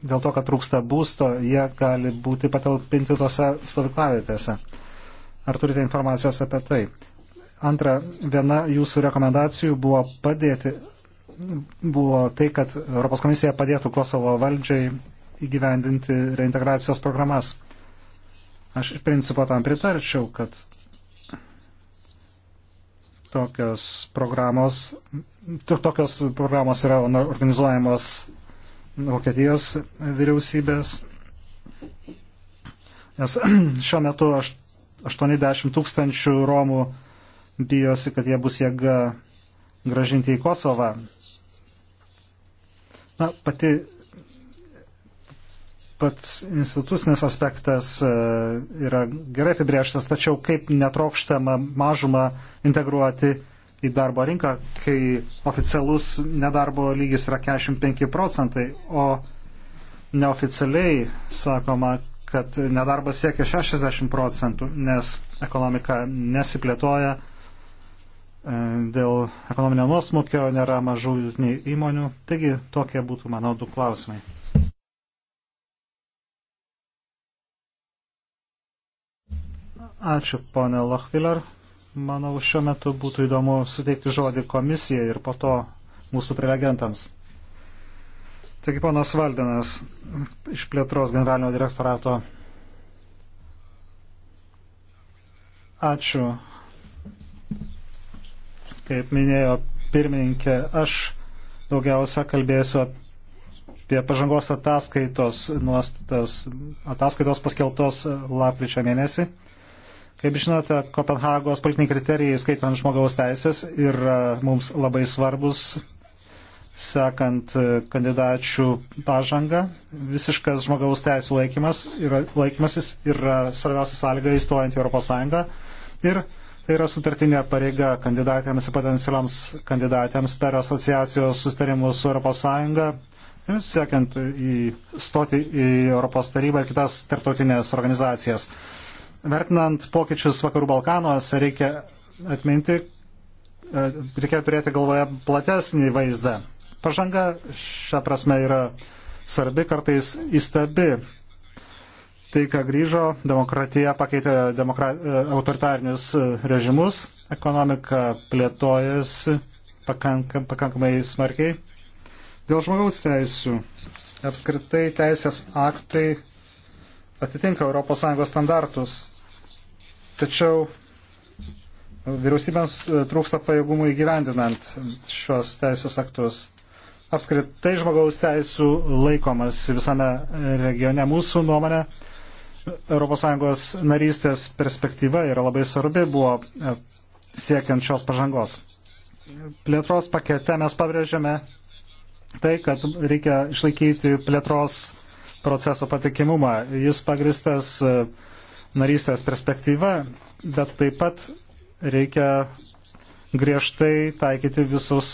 [SPEAKER 2] dėl to, kad trūksta būsto, jie gali būti patalpinti tose stovyklavietėse. Ar turite informacijos apie tai? Antra, viena jūsų rekomendacijų buvo padėti, buvo tai, kad Europos komisija padėtų Kosovo valdžiai įgyvendinti reintegracijos programas. Aš iš principo tam pritarčiau, kad tokios programos, to, tokios programos yra organizuojamos Vokietijos vyriausybės. Nes šiuo metu aš 80 tūkstančių Romų bijosi, kad jie bus jėga gražinti į Kosovą. Na, pati pats institucinis aspektas e, yra gerai apibrieštas, tačiau kaip netrokštama mažumą integruoti į darbo rinką, kai oficialus nedarbo lygis yra 45 procentai, o neoficialiai sakoma, kad nedarbas siekia 60 procentų, nes ekonomika nesiplėtoja e, dėl ekonominio nuosmukio, nėra mažų vidutinių įmonių. Taigi tokie būtų, manau, du klausimai. Ačiū, ponė Lochviller. Manau, šiuo metu būtų įdomu suteikti žodį komisijai ir po to mūsų prelegentams. Taigi ponas Valdinas iš plėtros generalinio direktorato. Ačiū. Kaip minėjo pirmininkė, aš daugiausia kalbėsiu apie pažangos ataskaitos nuostatas, ataskaitos paskeltos lapkričio mėnesį. Kaip žinote, Kopenhagos politiniai kriterijai, skaitant žmogaus teisės, yra mums labai svarbus sekant e, kandidačių pažangą. Visiškas žmogaus teisų laikymas yra, laikymasis yra svarbiausia sąlyga įstojant į Europos Sąjungą. Ir tai yra sutartinė pareiga kandidatėms ir potencialiams kandidatėms per asociacijos sustarimus su Europos Sąjunga ir siekiant įstoti į Europos tarybą ir kitas tarptautinės organizacijas. Vertinant pokyčius Vakarų Balkanuose, reikia atminti, e, reikia turėti galvoje platesnį vaizdą. Pažanga šią prasme yra svarbi, kartais įstabi. Tai, ką grįžo, demokratija pakeitė demokra... autoritarinius režimus, ekonomika plėtojasi pakankam, pakankamai smarkiai. Dėl žmogaus teisų apskritai teisės aktai atitinka ES standartus. Tačiau vyriausybėms trūksta pajėgumų įgyvendinant šios teisės aktus apskritai žmogaus teisų laikomas visame regione. Mūsų nuomonė, ES narystės perspektyva yra labai svarbi, buvo e, siekiant šios pažangos. Plėtros pakete mes pabrėžiame tai, kad reikia išlaikyti plėtros proceso patikimumą. Jis pagristas e, narystės perspektyva, bet taip pat reikia griežtai taikyti visus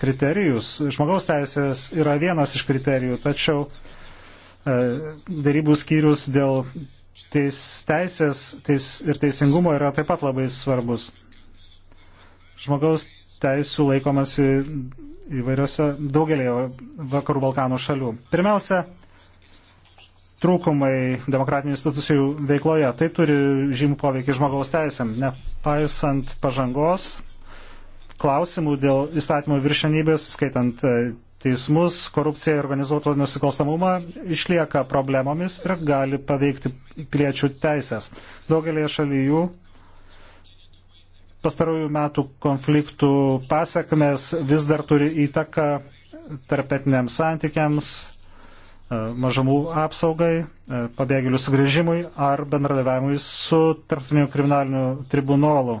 [SPEAKER 2] kriterijus. Žmogaus teisės yra vienas iš kriterijų, tačiau e, darybų skyrius dėl teis, teisės teis, ir teisingumo yra taip pat labai svarbus. Žmogaus teisų laikomasi įvairiose daugelėje vakarų Balkanų šalių. Pirmiausia, trūkumai demokratinių institucijų veikloje. Tai turi žymų poveikį žmogaus teisėm. Nepaisant pažangos, klausimų dėl įstatymų viršenybės, skaitant e, teismus, korupciją ir organizuoto nusikalstamumą, išlieka problemomis ir gali paveikti piliečių teisės. Daugelėje šalyjų pastarųjų metų konfliktų pasiekmes vis dar turi įtaką tarpetiniams santykiams, e, mažamų apsaugai, e, pabėgėlių sugrįžimui ar bendradaviamui su tarptautiniu kriminaliniu tribunolu.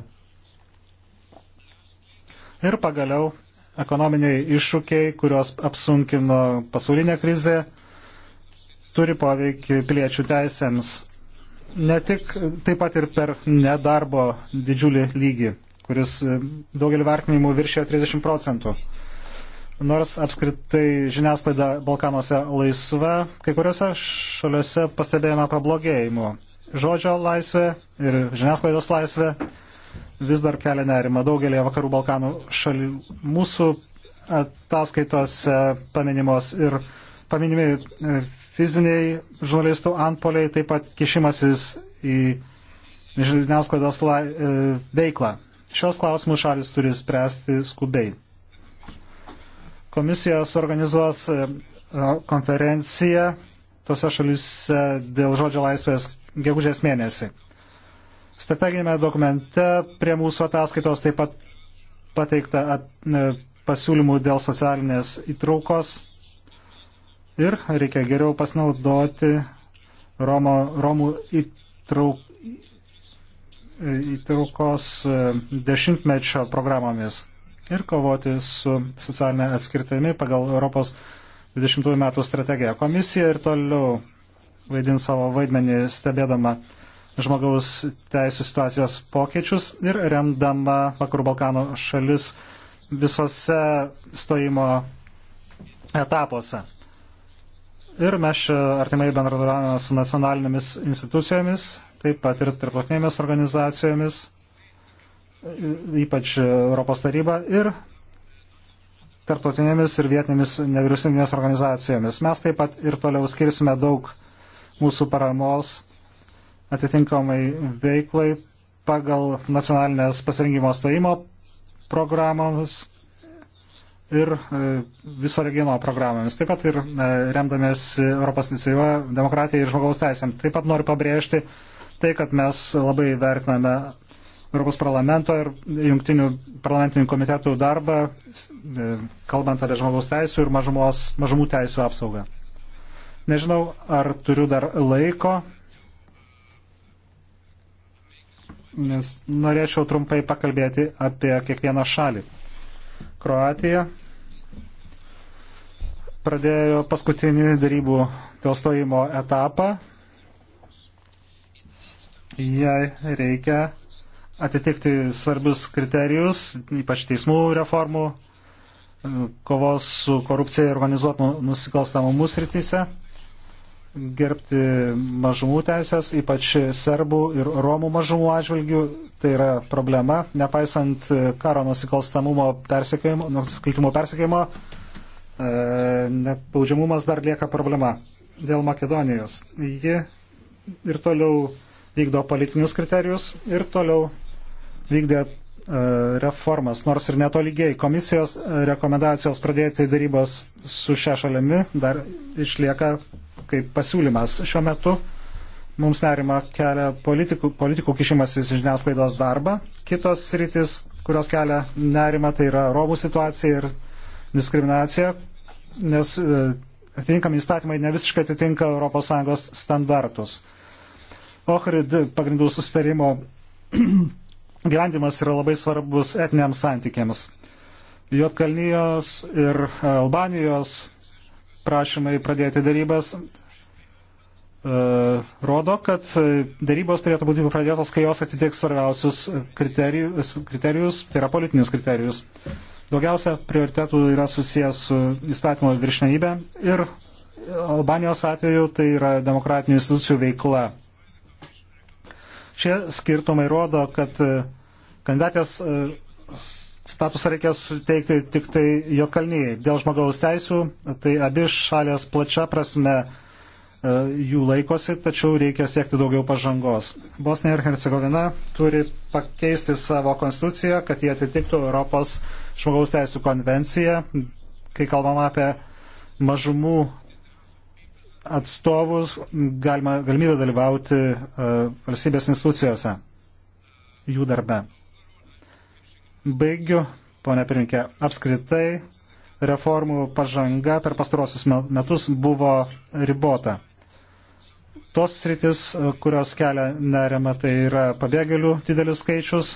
[SPEAKER 2] Ir pagaliau ekonominiai iššūkiai, kuriuos apsunkino pasaulinė krizė, turi poveikį piliečių teisėms. Ne tik taip pat ir per nedarbo didžiulį lygį, kuris daugelį vertinimų viršė 30 procentų. Nors apskritai žiniasklaida Balkanuose laisva, kai kuriuose šaliuose pastebėjome pablogėjimų. Žodžio laisvė ir žiniasklaidos laisvė vis dar kelia nerima daugelį vakarų Balkanų šalių. Mūsų ataskaitose paminimos ir paminimi e, fiziniai žurnalistų antpoliai, taip pat kišimasis į žiniasklaidos e, veiklą. Šios klausimus šalis turi spręsti skubiai. Komisija suorganizuos e, konferenciją tose šalise dėl žodžio laisvės gegužės mėnesį. Strateginėme dokumente prie mūsų ataskaitos taip pat pateikta at, ne, pasiūlymų dėl socialinės įtraukos ir reikia geriau pasinaudoti Romo, Romų įtrauk, e, įtraukos e, dešimtmečio programomis ir kovoti su socialinė atskirtimi pagal Europos 20 metų strategiją. Komisija ir toliau vaidins savo vaidmenį stebėdama uh, žmogaus teisų situacijos pokyčius ir remdama Vakarų Balkanų šalis visose stojimo etapuose. Ir mes čia artimai bendradarbiavame su nacionalinėmis institucijomis, taip pat ir tarptautinėmis organizacijomis, ypač Europos taryba ir tarptautinėmis ir vietinėmis nevyriausybinėmis organizacijomis. Mes taip pat ir toliau skirsime daug mūsų paramos atitinkamai veiklai pagal nacionalinės pasirinkimo stojimo programomis ir e, viso regiono programomis. Taip pat ir e, remdamės Europos iniciatyva demokratijai ir žmogaus teisėm. Taip pat noriu pabrėžti tai, kad mes labai vertiname Europos parlamento ir jungtinių parlamentinių komitetų darbą, e, kalbant apie žmogaus teisų ir mažumos, mažumų teisų apsaugą. Nežinau, ar turiu dar laiko nes norėčiau trumpai pakalbėti apie kiekvieną šalį. Kroatija pradėjo paskutinį darybų dėl stojimo etapą. Jai reikia atitikti svarbius kriterijus, ypač teismų reformų, kovos su korupcija ir organizuotų nusikalstamumų srityse gerbti mažumų teisės, ypač serbų ir romų mažumų atžvilgių. Tai yra problema, nepaisant karo nusikalstamumo persekėjimo, nusikaltimo persekėjimo, e, nepaudžiamumas dar lieka problema dėl Makedonijos. Ji ir toliau vykdo politinius kriterijus ir toliau vykdė e, reformas, nors ir netolygiai. Komisijos rekomendacijos pradėti darybas su šia šalimi dar išlieka kaip pasiūlymas šiuo metu. Mums nerima kelia politikų, politikų kišimasis į žiniasklaidos darbą. Kitos rytis, kurios kelia nerima, tai yra robų situacija ir diskriminacija, nes e, atitinkami įstatymai ne visiškai atitinka ES standartus. Ohrid pagrindų sustarimo gyvendimas yra labai svarbus etiniams santykiams. Jotkalnyjos ir Albanijos prašymai pradėti darybas e, rodo, kad darybos turėtų būti pradėtos, kai jos atitiks svarbiausius kriterijus, kriterijus, tai yra politinius kriterijus. Daugiausia prioritetų yra susijęs su įstatymo viršnenybe ir Albanijos atveju tai yra demokratinių institucijų veikla. Šie skirtumai rodo, kad kandidatės e, statusą reikia suteikti tik tai Jotkalnyje. Dėl žmogaus teisų, tai abi šalės plačia prasme e, jų laikosi, tačiau reikia siekti daugiau pažangos. Bosnija ir Hercegovina turi pakeisti savo konstituciją, kad jie atitiktų Europos žmogaus teisų konvenciją, kai kalbam apie mažumų atstovus, galima, galimybę dalyvauti uh, valstybės institucijose, jų darbe. Baigiu, ponė pirminkė, apskritai reformų pažanga per pastarosius metus buvo ribota. Tos sritis, kurios kelia nerima, tai yra pabėgėlių didelis skaičius,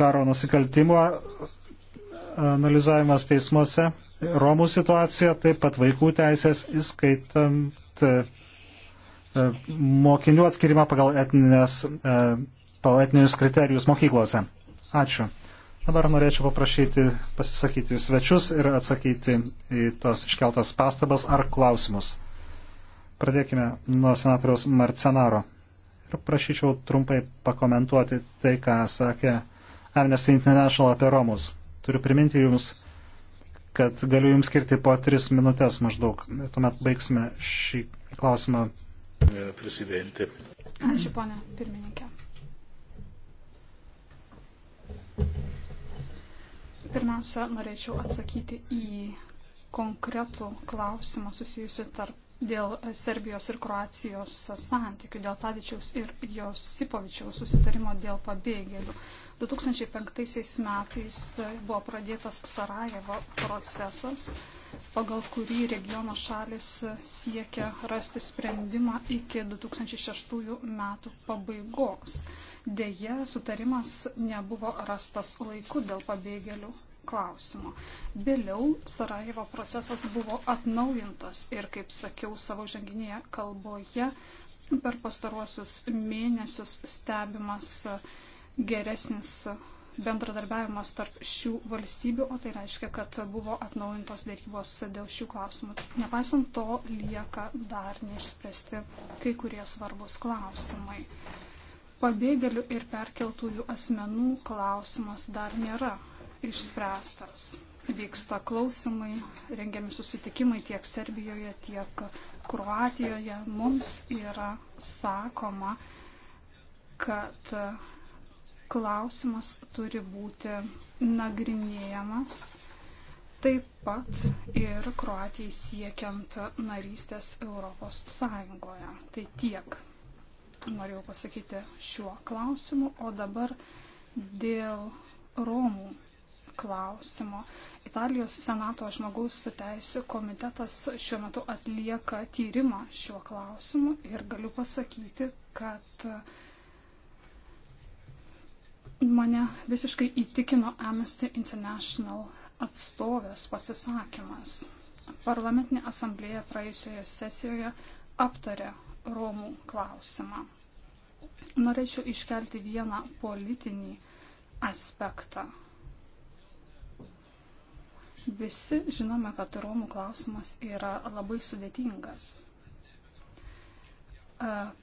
[SPEAKER 2] karo nusikaltimo analizavimas teismuose, Romų situacija, taip pat vaikų teisės, įskaitant e, mokinių atskirimą pagal, etninės, e, pagal etninius kriterijus mokyklose. Ačiū. Dabar norėčiau paprašyti pasisakyti svečius ir atsakyti į tos iškeltas pastabas ar klausimus. Pradėkime nuo senatoriaus Marcenaro. Ir prašyčiau trumpai pakomentuoti tai, ką sakė Amnesty International apie Romus. Turiu priminti Jums, kad galiu Jums skirti po tris minutės maždaug. Tuomet baigsime šį klausimą. Presidente.
[SPEAKER 1] Ačiū, ponia pirmininkė. Pirmiausia, norėčiau atsakyti į konkretų klausimą susijusiu tarp dėl Serbijos ir Kroacijos santykių, dėl Tadičiaus ir Josipovičiaus susitarimo dėl pabėgėlių. 2005 metais buvo pradėtas Sarajevo procesas, pagal kurį regiono šalis siekia rasti sprendimą iki 2006 metų pabaigos. Deja, sutarimas nebuvo rastas laiku dėl pabėgėlių klausimo. Vėliau Sarajevo procesas buvo atnaujintas ir, kaip sakiau savo žanginėje kalboje, per pastaruosius mėnesius stebimas geresnis bendradarbiavimas tarp šių valstybių, o tai reiškia, kad buvo atnaujintos dėrybos dėl šių klausimų. Nepaisant to, lieka dar neišspręsti kai kurie svarbus klausimai. Pabėgėlių ir perkeltųjų asmenų klausimas dar nėra išspręstas. Vyksta klausimai, rengiami susitikimai tiek Serbijoje, tiek Kroatijoje. Mums yra sakoma, kad klausimas turi būti nagrinėjamas taip pat ir Kroatijai siekiant narystės Europos Sąjungoje. Tai tiek norėjau pasakyti šiuo klausimu, o dabar dėl Romų klausimo. Italijos Senato žmogaus teisų komitetas šiuo metu atlieka tyrimą šiuo klausimu ir galiu pasakyti, kad mane visiškai įtikino Amnesty International atstovės pasisakymas. Parlamentinė asamblėja praėjusioje sesijoje aptarė Romų klausimą. Norėčiau iškelti vieną politinį aspektą. Visi žinome, kad Romų klausimas yra labai sudėtingas. E,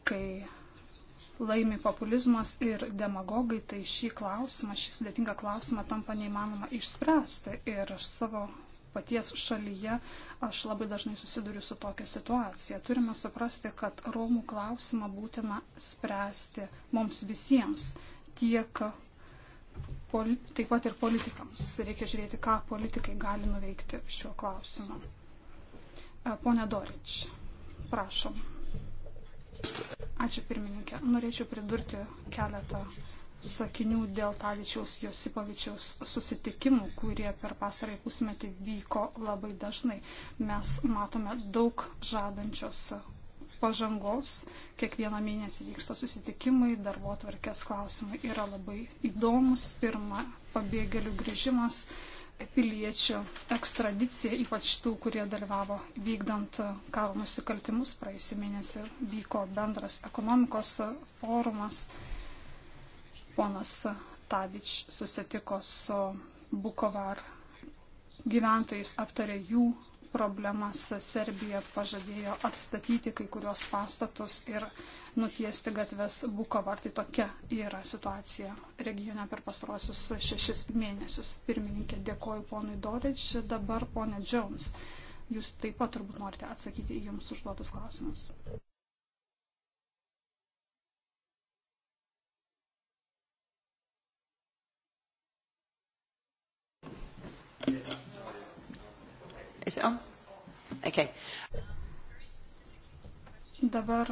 [SPEAKER 1] kai laimi populizmas ir demagogai, tai šį klausimą, šį sudėtingą klausimą tampa neįmanoma išspręsti. Ir aš savo paties šalyje aš labai dažnai susiduriu su tokia situacija. Turime suprasti, kad Romų klausimą būtina spręsti mums visiems, tiek taip pat ir politikams. Reikia žiūrėti, ką politikai gali nuveikti šiuo klausimu. E, pone Dorič, prašom. Ačiū pirmininkė. Norėčiau pridurti keletą sakinių dėl Taličiaus Josipovičiaus susitikimų, kurie per pastarąjį pusmetį vyko labai dažnai. Mes matome daug žadančios pažangos, kiekvieną mėnesį vyksta susitikimai, darbo tvarkės klausimai yra labai įdomus. Pirma, pabėgėlių grįžimas, piliečių ekstradicija, ypač tų, kurie dalyvavo vykdant karo nusikaltimus. Praėjusį mėnesį vyko bendras ekonomikos forumas Ponas Tavič susitiko su Bukovar gyventojais, aptarė jų problemas. Serbija pažadėjo atstatyti kai kurios pastatus ir nutiesti gatves Bukovar. Tai tokia yra situacija regione per pastarosius šešis mėnesius. Pirmininkė, dėkoju ponui Dorič. Dabar ponė Jones. Jūs taip pat turbūt norite atsakyti į jums užduotus klausimus.
[SPEAKER 3] Is it on? Okay.
[SPEAKER 1] Dabar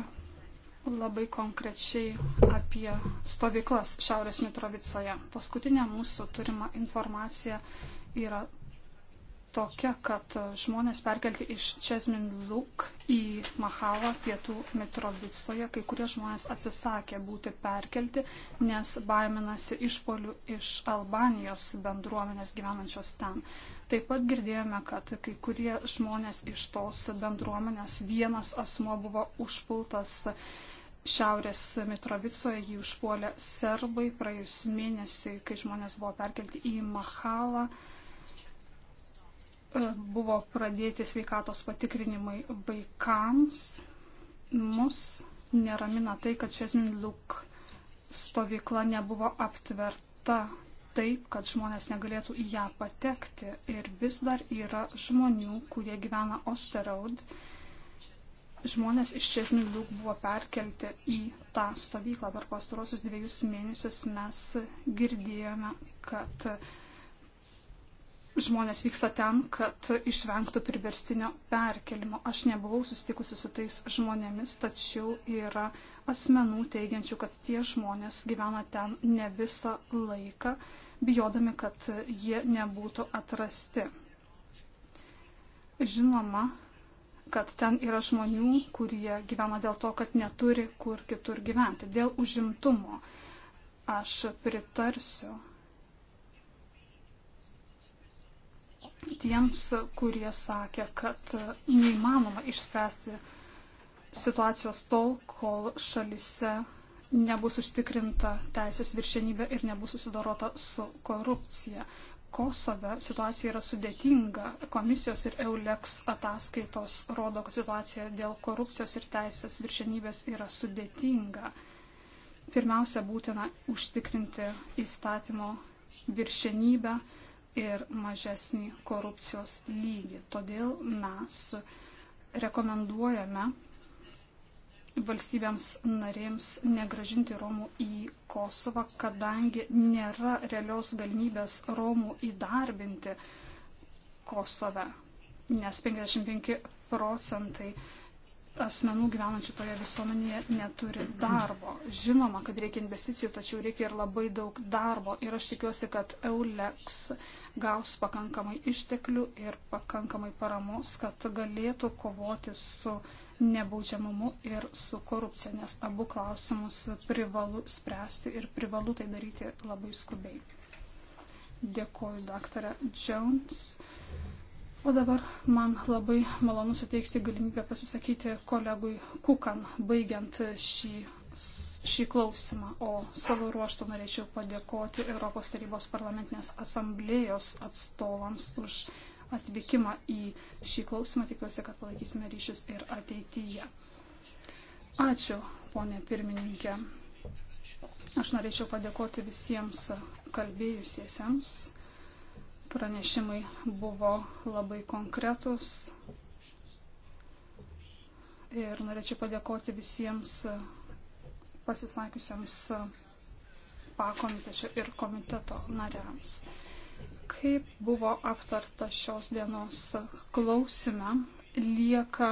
[SPEAKER 1] labai konkrečiai apie stovyklas Šiaurės Mitrovicoje. Paskutinė mūsų turima informacija yra tokia, kad žmonės perkelti iš Česmin Luk į Mahalą pietų Mitrovicoje, kai kurie žmonės atsisakė būti perkelti, nes baiminasi išpolių iš Albanijos bendruomenės gyvenančios ten. Taip pat girdėjome, kad kai kurie žmonės iš tos bendruomenės, vienas asmo buvo užpultas Šiaurės Mitrovicoje, jį užpuolė serbai praėjus mėnesiui, kai žmonės buvo perkelti į Mahalą e, buvo pradėti sveikatos patikrinimai vaikams. Mus neramina tai, kad Česmin Luk stovykla nebuvo aptverta taip, kad žmonės negalėtų į ją patekti. Ir vis dar yra žmonių, kurie gyvena Osteraud. Žmonės iš Česniuk buvo perkelti į tą stovyklą. Per pastarosius dviejus mėnesius mes girdėjome, kad žmonės vyksta ten, kad išvengtų priverstinio perkelimo. Aš nebuvau susitikusi su tais žmonėmis, tačiau yra asmenų teigiančių, kad tie žmonės gyvena ten ne visą laiką bijodami, kad jie nebūtų atrasti. Žinoma, kad ten yra žmonių, kurie gyvena dėl to, kad neturi kur kitur gyventi. Dėl užimtumo aš pritarsiu tiems, kurie sakė, kad neįmanoma išspręsti situacijos tol, kol šalise nebus užtikrinta teisės viršenybė ir nebus susidorota su korupcija. Kosove situacija yra sudėtinga. Komisijos ir EULEX ataskaitos rodo, kad situacija dėl korupcijos ir teisės viršenybės yra sudėtinga. Pirmiausia, būtina užtikrinti įstatymo viršenybę ir mažesnį korupcijos lygį. Todėl mes rekomenduojame valstybėms narėms negražinti Romų į Kosovą, kadangi nėra realios galimybės Romų įdarbinti Kosove, nes 55 procentai asmenų gyvenančių toje visuomenėje neturi darbo. Žinoma, kad reikia investicijų, tačiau reikia ir labai daug darbo. Ir aš tikiuosi, kad EULEX gaus pakankamai išteklių ir pakankamai paramos, kad galėtų kovoti su uh, nebaudžiamumu ir su korupcija, nes abu klausimus privalu spręsti ir privalu tai daryti labai skubiai. Dėkoju, daktarė Jones. O dabar man labai malonu suteikti galimybę pasisakyti kolegui Kukan, baigiant šį, šį klausimą. O savo ruoštų norėčiau padėkoti Europos tarybos parlamentinės asamblėjos atstovams už atvykimą į šį klausimą. Tikiuosi, kad palaikysime ryšius ir ateityje. Ačiū, ponė pirmininkė. Aš norėčiau padėkoti visiems kalbėjusiesiems. Pranešimai buvo labai konkretus. Ir norėčiau padėkoti visiems pasisakiusiems pakomitečio ir komiteto nariams. Kaip buvo aptarta šios dienos klausime, lieka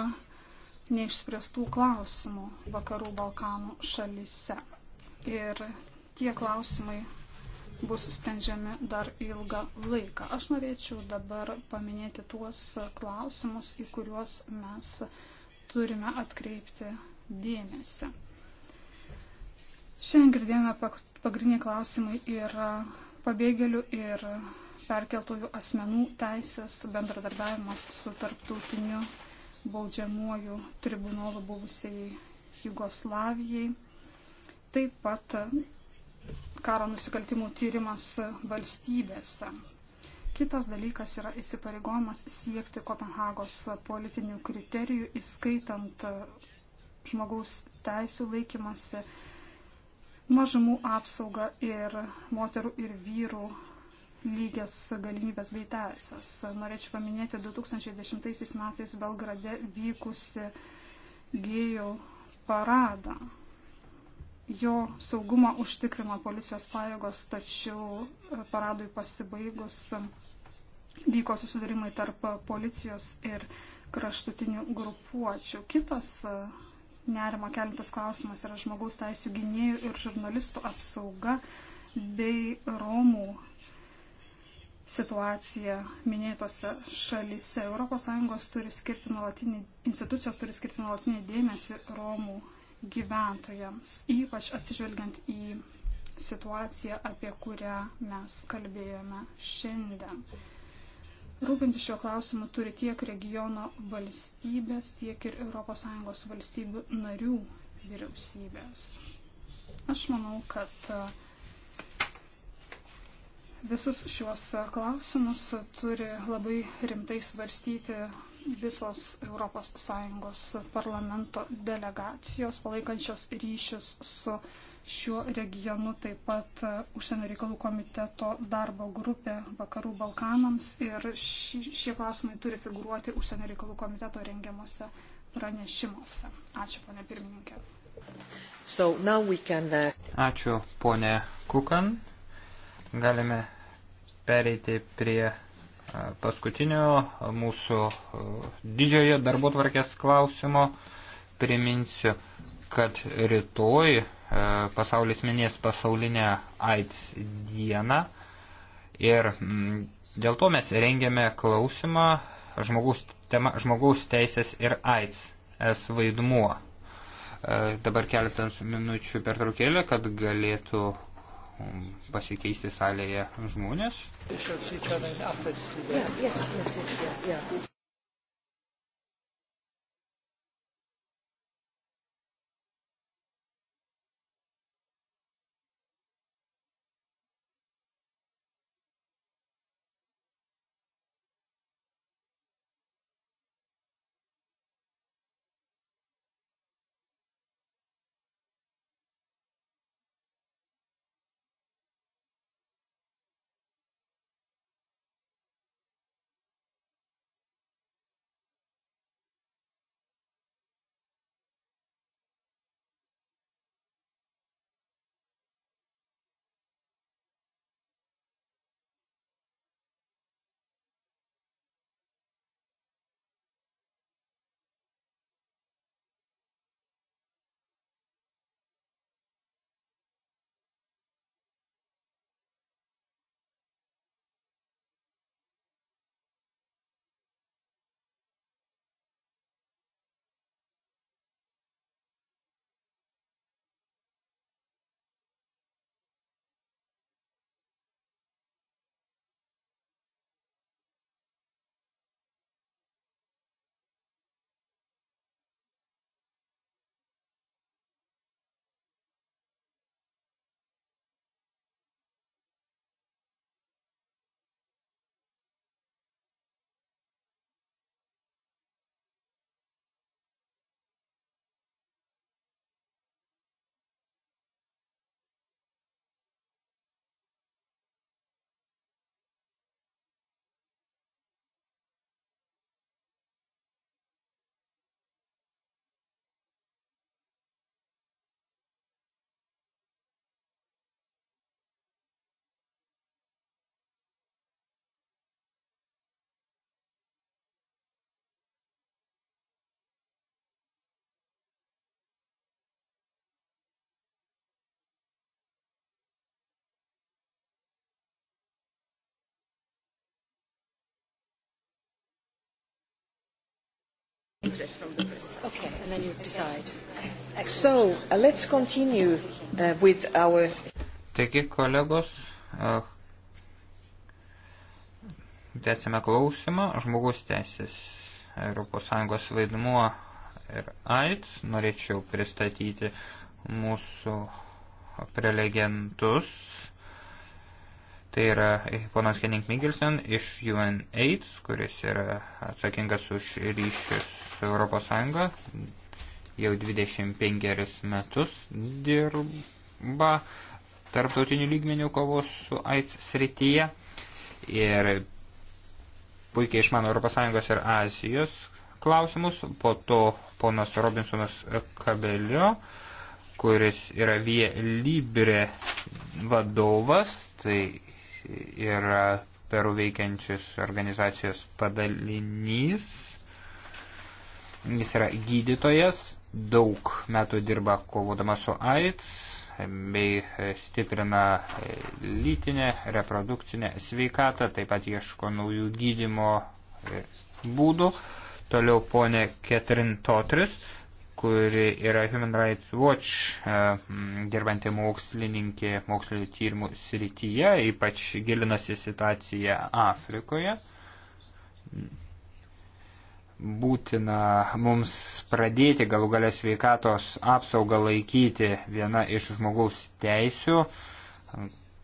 [SPEAKER 1] neišspręstų klausimų vakarų Balkanų šalyse. Ir tie klausimai bus sprendžiami dar ilgą laiką. Aš norėčiau dabar paminėti tuos klausimus, į kuriuos mes turime atkreipti dėmesį. Šiandien girdėjome pagrindiniai klausimai yra pabėgėlių ir perkeltųjų asmenų teisės, bendradarbiavimas su tarptautiniu baudžiamuoju tribunolu buvusiai Jugoslavijai, taip pat karo nusikaltimų tyrimas valstybėse. Kitas dalykas yra įsipareigojimas siekti Kopenhagos politinių kriterijų, įskaitant žmogaus teisų laikymasi, mažumų apsaugą ir moterų ir vyrų lygias galimybės bei teisės. Norėčiau paminėti 2010 metais Belgrade vykusi gėjų paradą. Jo saugumą užtikrino policijos pajėgos, tačiau e, paradui pasibaigus vyko susidarimai tarp policijos ir kraštutinių grupuočių. Kitas e, nerima kelintas klausimas yra žmogaus teisų gynėjų ir žurnalistų apsauga bei Romų situaciją minėtose šalyse. ES turi skirti nuolatinį, institucijos turi skirti nuolatinį dėmesį Romų gyventojams, ypač atsižvelgiant į situaciją, apie kurią mes kalbėjome šiandien. Rūpinti šiuo klausimu turi tiek regiono valstybės, tiek ir ES valstybių narių vyriausybės. Aš manau, kad Visus šiuos klausimus turi labai rimtai svarstyti visos ES parlamento delegacijos, palaikančios ryšius su šiuo regionu, taip pat užsienio reikalų komiteto darbo grupė Vakarų Balkanams ir šie klausimai turi figuruoti užsienio reikalų komiteto rengiamuose pranešimuose. Ačiū, ponė pirmininkė.
[SPEAKER 3] So can... Uh, Ačiū, ponė Kukan. Galime pereiti prie paskutinio mūsų didžiojo darbo tvarkės klausimo. Priminsiu, kad rytoj pasaulis minės pasaulinę AIDS dieną ir mm, dėl to mes rengiame klausimą žmogaus, tema, žmogaus teisės ir AIDS es vaidmuo. Dabar keletas minučių pertraukėlė, kad galėtų pasikeisti salėje žmonės.
[SPEAKER 2] interest from the press. Okay, and then you decide. Okay.
[SPEAKER 1] Excellent. So, uh, let's continue uh, with our...
[SPEAKER 3] Taigi, kolegos, uh, tęsime klausimą. Žmogus teisės ES vaidmuo ir AIDS. Norėčiau pristatyti mūsų prelegentus. Tai yra ponas Henning Mikkelsen iš UNAIDS, kuris yra atsakingas už ryšius su Europos Sąjunga. Jau 25 metus dirba tarptautinių lygmenių kovos su AIDS srityje. Ir puikiai išmano Europos Sąjungos ir Azijos klausimus. Po to ponas Robinsonas Kabelio, kuris yra Vie Libre vadovas, tai yra Peru veikiančios organizacijos padalinys. Jis yra gydytojas, daug metų dirba kovodama su AIDS bei stiprina lytinę, reprodukcinę sveikatą, taip pat ieško naujų gydimo būdų. Toliau ponė Ketrin Totris, kuri yra Human Rights Watch e, dirbanti mokslininkė mokslinio tyrimų srityje, ypač gilinasi situaciją Afrikoje. Būtina mums pradėti galų galę sveikatos apsaugą laikyti viena iš žmogaus teisių.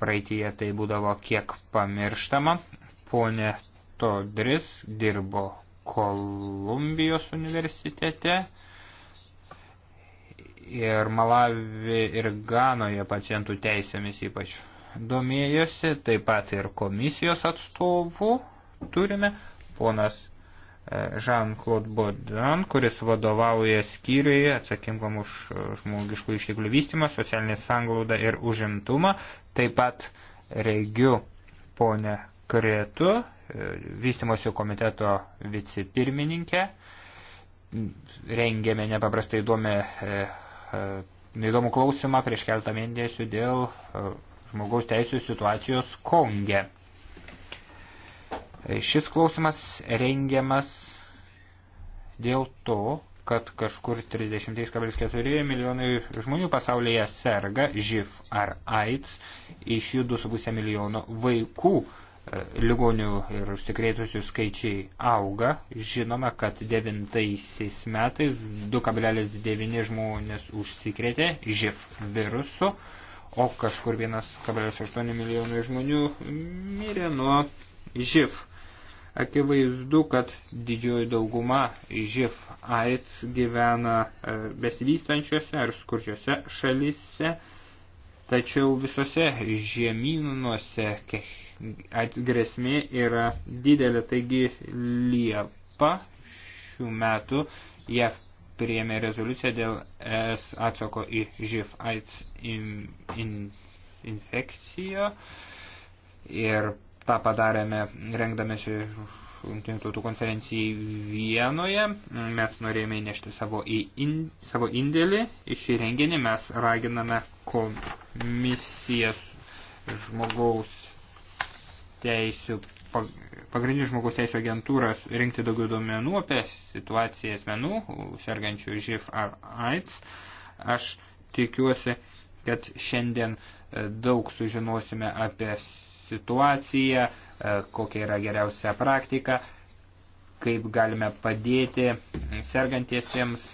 [SPEAKER 3] Praeitie tai būdavo kiek pamirštama. Pone Todris dirbo Kolumbijos universitete ir Malavi ir Ganoje pacientų teisėmis ypač domėjosi, taip pat ir komisijos atstovų turime, ponas e, Jean-Claude Baudin, kuris vadovauja skyriui atsakingam už e, žmogiškų išteklių vystymą, socialinį sanglaudą ir užimtumą, taip pat regiu ponę Kretu, e, vystimosi komiteto vicepirmininkę, rengėme nepaprastai įdomią E, įdomų klausimą prieš keltą mėnesių dėl e, žmogaus teisų situacijos Konge. E, šis klausimas rengiamas dėl to, kad kažkur 30,4 milijonai žmonių pasaulyje serga živ ar AIDS, iš jų 2,5 milijono vaikų ligonių ir užsikrėtusių skaičiai auga. Žinoma, kad 9 metais 2,9 žmonės užsikrėtė živ virusu, o kažkur 1,8 milijonų žmonių mirė nuo živ. Akivaizdu, kad didžioji dauguma živ AIDS gyvena e, besivystančiose ar skurdžiose šalise Tačiau visose žemynuose grėsmė yra didelė, taigi Liepa šių metų JAV priėmė rezoliuciją dėl ES atsako į živ AIDS in, in, infekciją ir tą padarėme rengdamėsi Junktinių tautų konferencijai Vienoje. Mes norėjome įnešti savo, į in, savo indėlį į šį renginį. Mes raginame komisijas žmogaus teisių, pagrindinių žmogaus teisų agentūras rinkti daugiau duomenų apie situaciją asmenų, sergančių živ ar AIDS. Aš tikiuosi, kad šiandien e, daug sužinosime apie situaciją, E, kokia yra geriausia praktika, kaip galime padėti sergantiesiems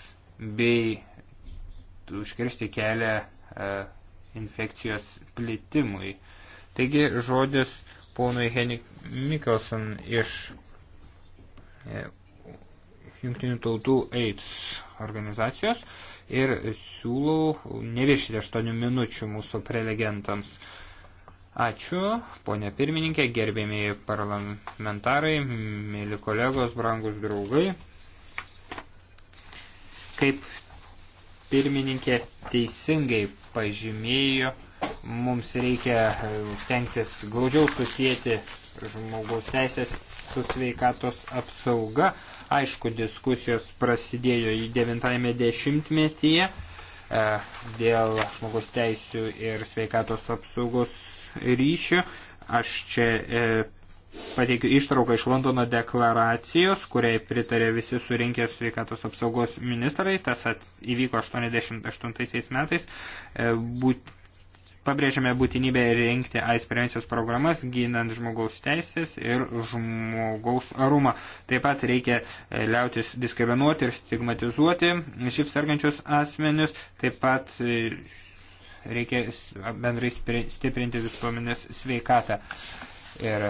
[SPEAKER 3] bei užkirsti kelią e, infekcijos plitimui. Taigi žodis ponui Henik Mikkelson iš e, Junktinių tautų AIDS organizacijos ir siūlau neviršyti 8 minučių mūsų prelegentams. Ačiū, ponė pirmininkė, gerbėmiai parlamentarai, mėly kolegos, brangus draugai. Kaip pirmininkė teisingai pažymėjo, mums reikia tenktis glaudžiau susijęti žmogaus teisės su sveikatos apsauga. Aišku, diskusijos prasidėjo į 90-metyje e, dėl žmogaus teisų ir sveikatos apsaugos ryšį. Aš čia e, pateikiu ištrauką iš Londono deklaracijos, kuriai pritarė visi surinkę sveikatos apsaugos ministrai. Tas at, įvyko 88 metais. E, būt, pabrėžiame būtinybę rinkti AIDS prevencijos programas, ginant žmogaus teisės ir žmogaus arumą. Taip pat reikia e, liautis diskriminuoti ir stigmatizuoti živ sergančius asmenius, taip pat e, reikia bendrai stiprinti visuomenės sveikatą. Ir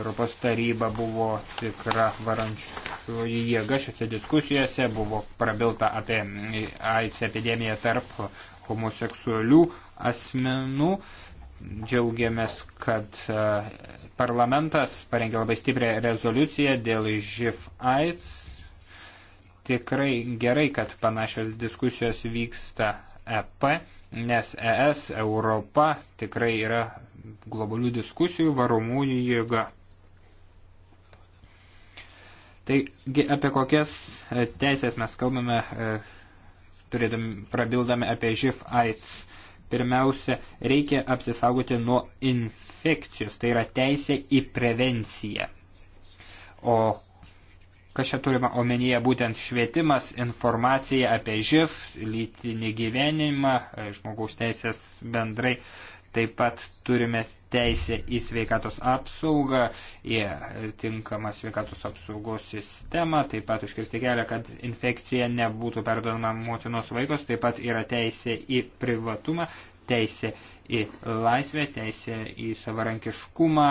[SPEAKER 3] Europos taryba buvo tikra varančioji jėga šiuose diskusijose, buvo prabilta apie AIDS epidemiją tarp homoseksualių asmenų. Džiaugiamės, kad e, parlamentas parengė labai stiprią rezoliuciją dėl živ AIDS tikrai gerai, kad panašios diskusijos vyksta EP, nes ES Europa tikrai yra globalių diskusijų varomųjų jėga. Taigi apie kokias e, teisės mes kalbame, e, turėdami, prabildami apie živ AIDS. Pirmiausia, reikia apsisaugoti nuo infekcijos, tai yra teisė į prevenciją. O kas čia turime omenyje, būtent švietimas, informacija apie živ, lytinį gyvenimą, e, žmogaus teisės bendrai. Taip pat turime teisę į sveikatos apsaugą, į e, tinkamą sveikatos apsaugos sistemą, taip pat užkirsti kelią, kad infekcija nebūtų perdodama motinos vaikos, taip pat yra teisė į privatumą, teisė į laisvę, teisė į savarankiškumą,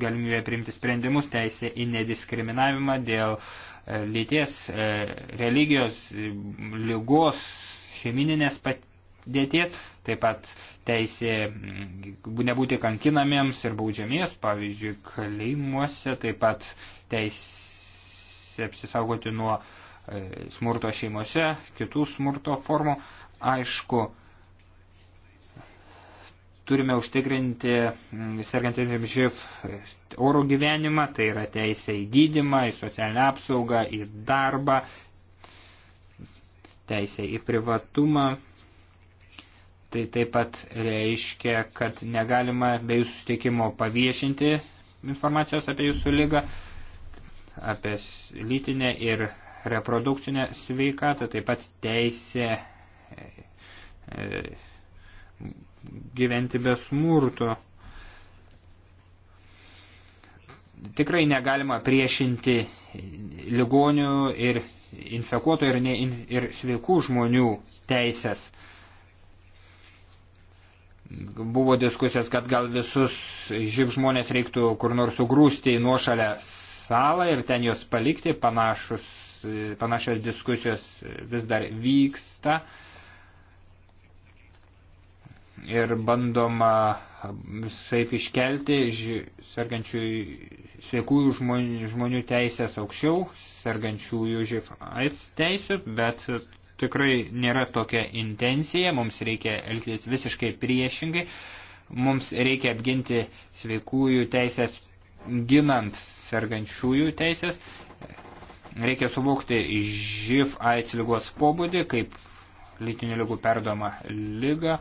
[SPEAKER 3] galimybė priimti sprendimus, teisė į nediskriminavimą dėl e, lyties, e, religijos, e, lygos, šeimininės padėties, taip pat teisė nebūti kankinamiems ir baudžiamies, pavyzdžiui, kalėjimuose, taip pat teisė apsisaugoti nuo smurto šeimose, kitų smurto formų. Aišku, turime užtikrinti mm, sergantiems živ orų gyvenimą, tai yra teisė į gydimą, į socialinę apsaugą, į darbą, teisė į privatumą. Tai taip pat reiškia, kad negalima be jūsų sutikimo paviešinti informacijos apie jūsų lygą, apie lytinę ir reprodukcinę sveikatą, taip pat teisė e, e, gyventi be smurto. Tikrai negalima priešinti ligonių ir infekuotų ir, ne, ir sveikų žmonių teisės. Buvo diskusijos, kad gal visus živ žmonės reiktų kur nors sugrūsti į nuošalę salą ir ten juos palikti, panašus, panašios diskusijos vis dar vyksta. Uh, ir bandoma visai iškelti sergančių sveikųjų žmonių, žmonių teisės aukščiau, sergančiųjų živ AIDS teisų, bet tikrai nėra tokia intencija, mums reikia elgtis visiškai priešingai, mums reikia apginti sveikųjų teisės, ginant sergančiųjų teisės, reikia suvokti živ AIDS lygos pobūdį kaip lytinių lygų perdoma lyga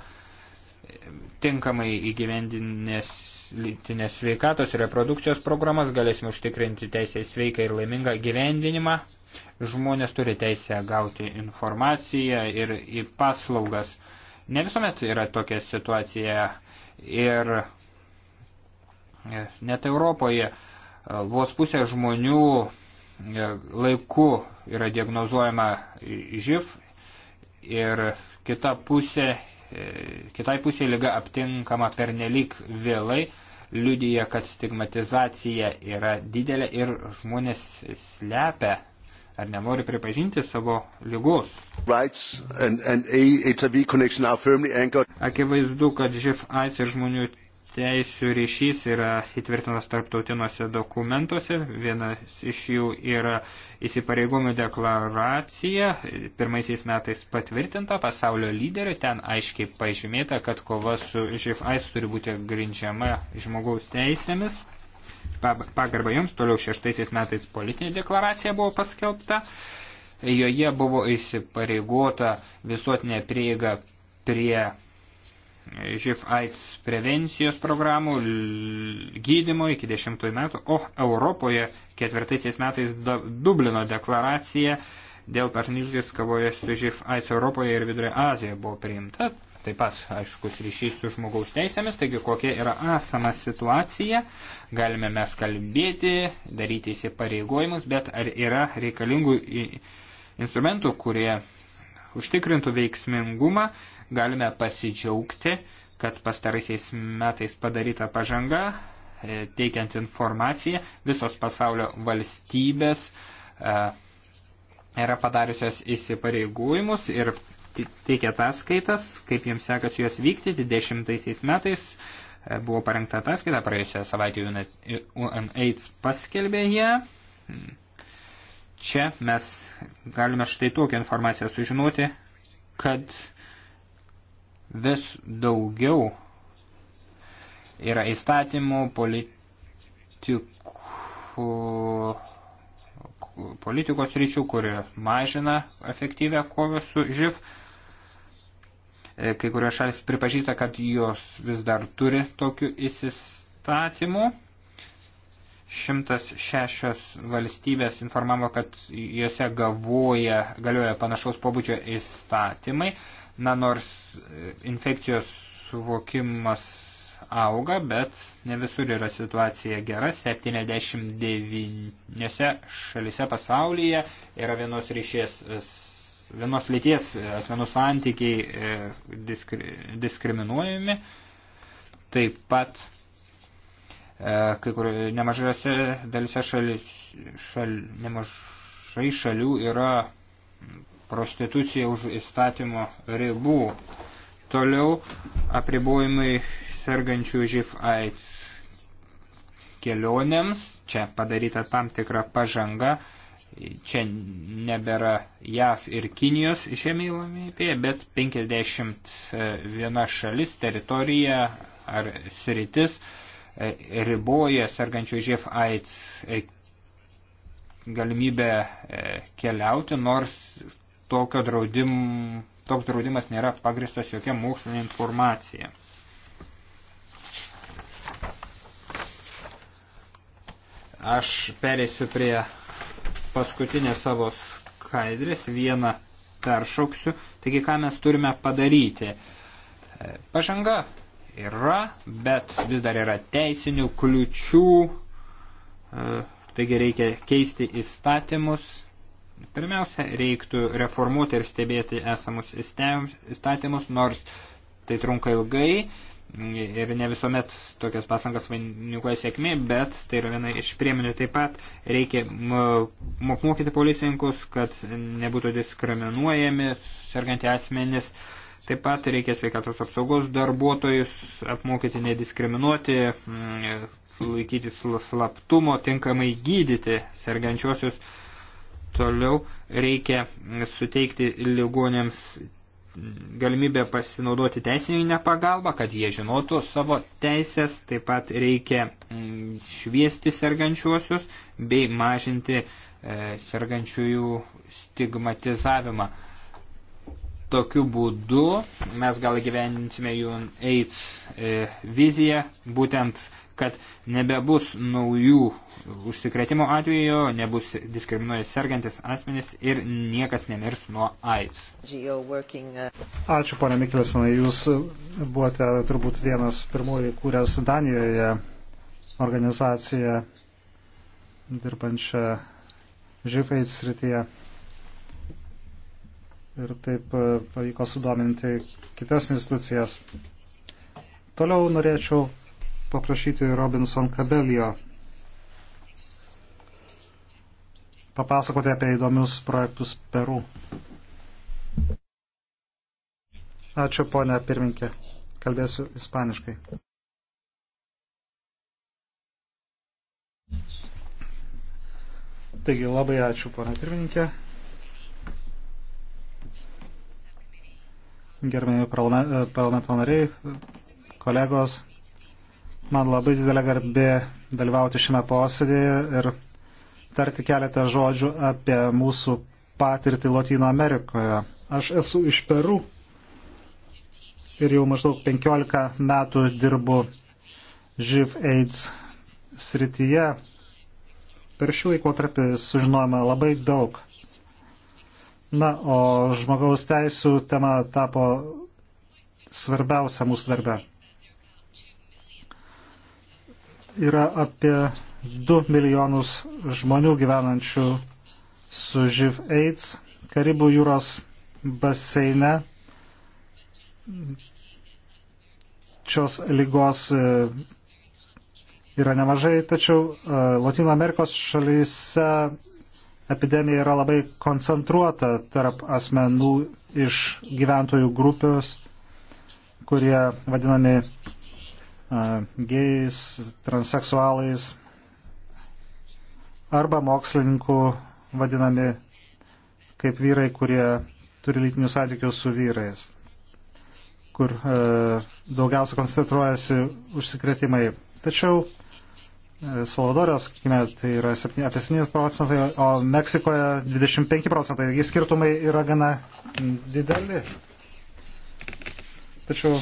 [SPEAKER 3] tinkamai įgyvendinės lytinės sveikatos ir reprodukcijos programas galėsime užtikrinti teisę į sveiką ir laimingą gyvendinimą. Žmonės turi teisę gauti informaciją ir į paslaugas. Ne visuomet yra tokia situacija ir net Europoje vos pusė žmonių laiku yra diagnozuojama živ ir kita pusė E, kitai pusė lyga aptinkama pernelik vėlai, liudyja, kad stigmatizacija yra didelė ir žmonės slepia ar nenori pripažinti savo lygos. Akivaizdu, kad živ AIDS ir žmonių teisių ryšys yra įtvirtinas tarptautiniuose dokumentuose. Vienas iš jų yra įsipareigomų deklaracija, pirmaisiais metais patvirtinta pasaulio lyderių. Ten aiškiai pažymėta, kad kova su živ AIDS turi būti grindžiama žmogaus teisėmis. Pagarba jums, toliau šeštaisiais metais politinė deklaracija buvo paskelbta. Joje buvo įsipareigota visuotinė prieiga prie živ AIDS prevencijos programų, gydimo iki dešimtųjų metų, o Europoje ketvirtaisiais metais Dublino deklaracija dėl partnerystės kovoje su živ AIDS Europoje ir Vidurio Azijoje buvo priimta. Taip pat aiškus ryšys su žmogaus teisėmis, taigi kokia yra esama situacija, galime mes kalbėti, daryti įsipareigojimus, bet ar yra reikalingų instrumentų, kurie užtikrintų veiksmingumą, galime pasidžiaugti, kad pastaraisiais metais padaryta pažanga, e, teikiant informaciją, visos pasaulio valstybės e, yra padariusios įsipareigojimus ir teikia ataskaitas, kaip jiems sekasi juos vykdyti. Dešimtaisiais metais e, buvo parengta ataskaita, praėjusią savaitę UNAIDS paskelbė ją. Čia mes galime štai tokią informaciją sužinoti, kad uh, vis daugiau yra įstatymų, politikų, politikos ryčių, kurie mažina efektyvę kovą su živ. E, kai kurios šalis pripažįsta, kad jos vis dar turi tokių įsistatymų. 106 valstybės informavo, kad juose gavoja, galioja panašaus pobūdžio įstatymai. Na nors e, infekcijos suvokimas auga, bet ne visur yra situacija gera. 79 šalise pasaulyje yra vienos ryšės, e, vienos lyties e, asmenų santykiai diskri, diskriminuojami. Taip pat kai kur nemažose dalise šalis, šal, nemažai šalių yra prostitucija už įstatymo ribų. Toliau apribojimai sergančių živ AIDS kelionėms. Čia padaryta tam tikra pažanga. Čia nebėra JAV ir Kinijos žemėlapyje, bet 51 šalis, teritorija ar sritis e, riboja sergančių živ AIDS e, galimybę e, keliauti, nors tokio draudim, toks draudimas nėra pagristas jokia mokslinė informacija. Aš perėsiu prie paskutinės savo skaidrės, vieną peršauksiu. Taigi, ką mes turime padaryti? E, pažanga yra, bet vis dar yra teisinių kliučių, e, taigi reikia keisti įstatymus, Pirmiausia, reiktų reformuoti ir stebėti esamus įstatymus, nors tai trunka ilgai ir ne visuomet tokias pasangas vainikuoja sėkmė, bet tai yra viena iš priemonių. Taip pat reikia apmokyti policininkus, kad nebūtų diskriminuojami sergantį asmenis. Taip pat reikia sveikatos apsaugos darbuotojus apmokyti nediskriminuoti, laikytis slaptumo, tinkamai gydyti sergančiosius asmenis Toliau reikia suteikti ligonėms galimybę pasinaudoti teisininę pagalbą, kad jie žinotų savo teisės, taip pat reikia mm, šviesti sergančiuosius bei mažinti e, sergančiųjų stigmatizavimą. Tokiu būdu mes gal gyveninsime jų AIDS e, viziją, būtent kad nebebus naujų užsikrėtimo atvejo, nebus diskriminuoja sergantis asmenis ir niekas nemirs nuo AIDS. Ačiū,
[SPEAKER 2] ponė Mikkelsenai, jūs buvote turbūt vienas pirmųjų kūręs Danijoje organizaciją dirbančią žyvait srityje. Ir taip e, pavyko sudominti kitas institucijas. Toliau norėčiau paprašyti Robinson Kabelio papasakoti apie įdomius projektus Peru. Ačiū, ponia pirminkė. Kalbėsiu ispaniškai. Taigi labai ačiū, ponia pirmininkė. Gerbėjai parlamento nariai, kolegos, Man labai didelė garbė dalyvauti šiame posėdėje ir tarti keletą žodžių apie mūsų patirtį Latino Amerikoje. Aš esu iš Peru ir jau maždaug 15 metų dirbu živ AIDS srityje. Per šį laikotarpį sužinojame labai daug. Na, o žmogaus teisų tema tapo svarbiausia mūsų darbe yra apie 2 milijonus žmonių gyvenančių su živ AIDS Karibų jūros baseine. Šios lygos e, yra nemažai, tačiau e, Latino Amerikos šalyse epidemija yra labai koncentruota tarp asmenų iš gyventojų grupės, kurie vadinami gėjais, transseksualais arba mokslininkų vadinami kaip vyrai, kurie turi lytinius santykius su vyrais, kur e, daugiausia koncentruojasi užsikrėtimai. Tačiau e, Salvadorė, sakykime, tai yra 7, apie 7 procentai, o Meksikoje 25 procentai. Taigi skirtumai yra gana dideli. Tačiau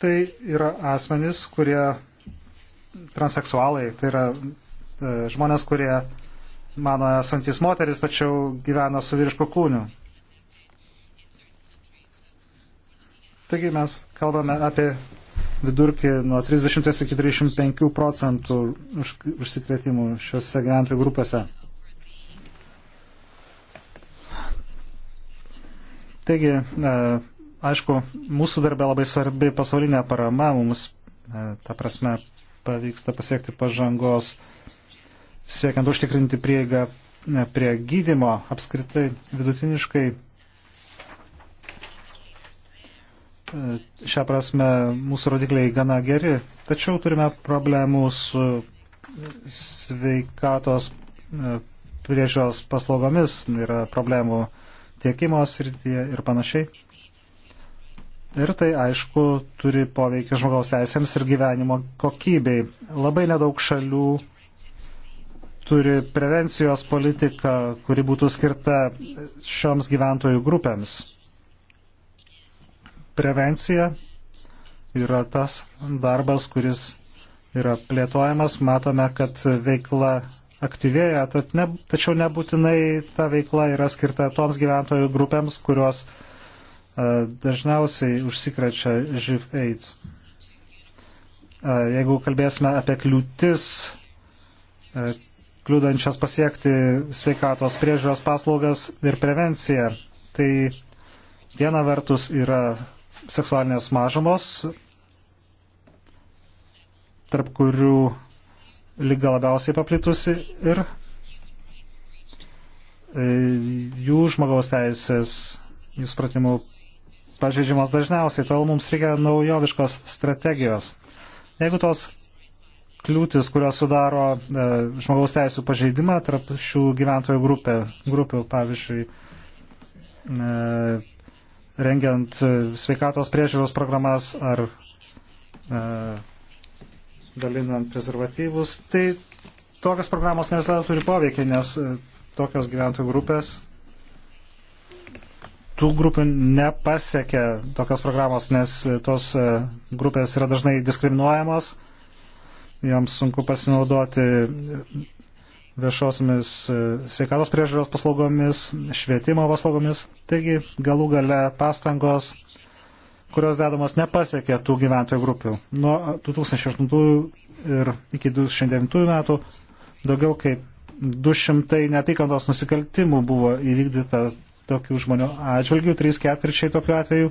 [SPEAKER 2] Tai yra asmenys, kurie transseksualai, tai yra e, žmonės, kurie mano esantis moteris, tačiau gyvena su vyrišku kūniu. Taigi mes kalbame apie vidurkį nuo 30 iki 35 procentų užsikrėtimų šiuose gyventojų grupėse. Taigi, e, Aišku, mūsų darbė labai svarbi pasaulinė parama, mums, e, ta prasme, pavyksta pasiekti pažangos, siekiant užtikrinti prieigą e, prie gydimo apskritai vidutiniškai. E, šią prasme mūsų rodikliai gana geri, tačiau turime problemų su sveikatos priežios paslaugomis, yra problemų tiekimo srityje ir panašiai. Ir tai, aišku, turi poveikį žmogaus teisėms ir gyvenimo kokybei. Labai nedaug šalių turi prevencijos politiką, kuri būtų skirta šioms gyventojų grupėms. Prevencija yra tas darbas, kuris yra plėtojamas. Matome, kad veikla aktyvėja, ne, tačiau nebūtinai ta veikla yra skirta toms gyventojų grupėms, kurios uh, dažniausiai užsikrečia živ AIDS. Jeigu kalbėsime apie kliūtis, kliūdančias pasiekti sveikatos priežiūros paslaugas ir prevenciją, tai viena vertus yra seksualinės mažumos, tarp kurių lyga labiausiai paplitusi ir e, jų žmogaus teisės, jų supratimu, pažeidžiamos dažniausiai, todėl mums reikia naujoviškos strategijos. Jeigu tos kliūtis, kurios sudaro e, žmogaus teisų pažeidimą tarp šių gyventojų grupė, grupių, pavyzdžiui, e, rengiant sveikatos priežiūros programas ar e, dalinant prezervatyvus, tai tokios programos ne visada turi poveikį, nes e, tokios gyventojų grupės tų grupių nepasiekia tokios programos, nes tos e, grupės yra dažnai diskriminuojamos, joms sunku pasinaudoti viešosiamis e, sveikatos priežiūros paslaugomis, švietimo paslaugomis. Taigi galų gale pastangos, kurios dedamos nepasiekė tų gyventojų grupių. Nuo 2008 ir iki 2009 metų daugiau kaip 200 neapykantos nusikaltimų buvo įvykdyta tokių žmonių atžvilgių, trys ketvirčiai tokių atvejų.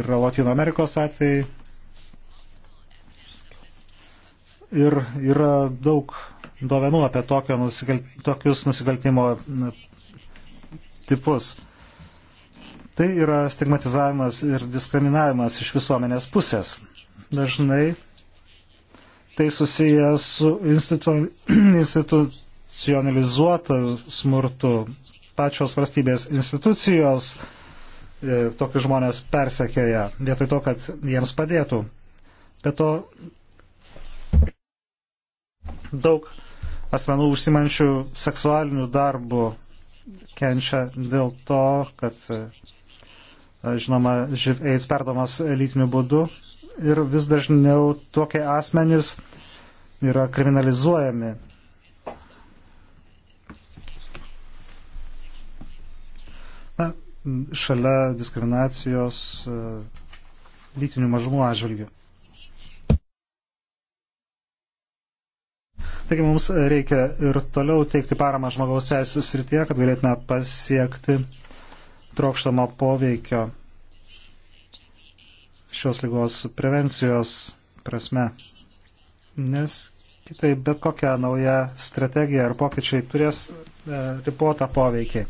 [SPEAKER 2] Yra Latino Amerikos atvejai. Ir yra daug duomenų apie tokio nusikal... tokius nusikaltimo tipus. Tai yra stigmatizavimas ir diskriminavimas iš visuomenės pusės. Dažnai tai susijęs su institu, institucionalizuotu smurtu. Pačios valstybės institucijos e, tokius žmonės persekėja, vietoj to, kad jiems padėtų. Bet to daug asmenų užsimančių seksualiniu darbu kenčia dėl to, kad, e, žinoma, živ AIDS perdomas lytiniu būdu ir vis dažniau tokie asmenys yra kriminalizuojami. Na, šalia diskriminacijos e, lytinių mažumų atžvilgių. Taigi mums reikia ir toliau teikti paramą žmogaus teisų srityje, kad galėtume pasiekti trokštamo poveikio šios lygos prevencijos prasme. Nes kitai bet kokia nauja strategija ar pokyčiai turės e, ribotą poveikį.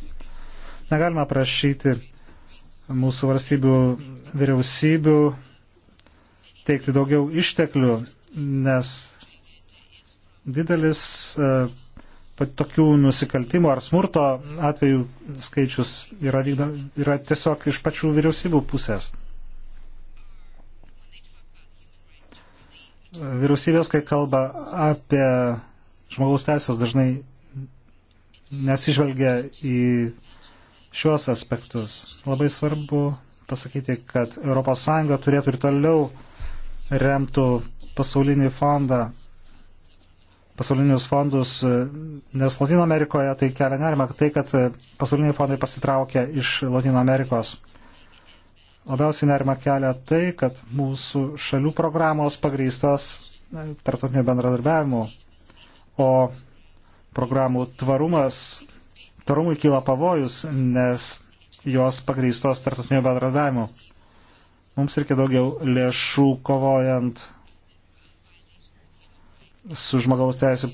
[SPEAKER 2] Negalima prašyti mūsų valstybių vyriausybių teikti daugiau išteklių, nes didelis e, tokių nusikaltimų ar smurto atvejų skaičius yra, yra tiesiog iš pačių vyriausybių pusės. Vyriausybės, kai kalba apie žmogaus teisės, dažnai nesižvelgia į šiuos aspektus. Labai svarbu pasakyti, kad ES turėtų ir toliau remtų pasaulinį fondą, pasaulinius fondus, nes Latino Amerikoje tai kelia nerima tai, kad pasauliniai fondai pasitraukia iš Latino Amerikos. Labiausiai nerima kelia tai, kad mūsų šalių programos pagrystos e, tarptautinio bendradarbiavimu, o programų tvarumas, tvarumui kyla pavojus, nes jos pagrystos tarptautinio bendradarbiavimu. Mums reikia daugiau lėšų kovojant su žmogaus teisų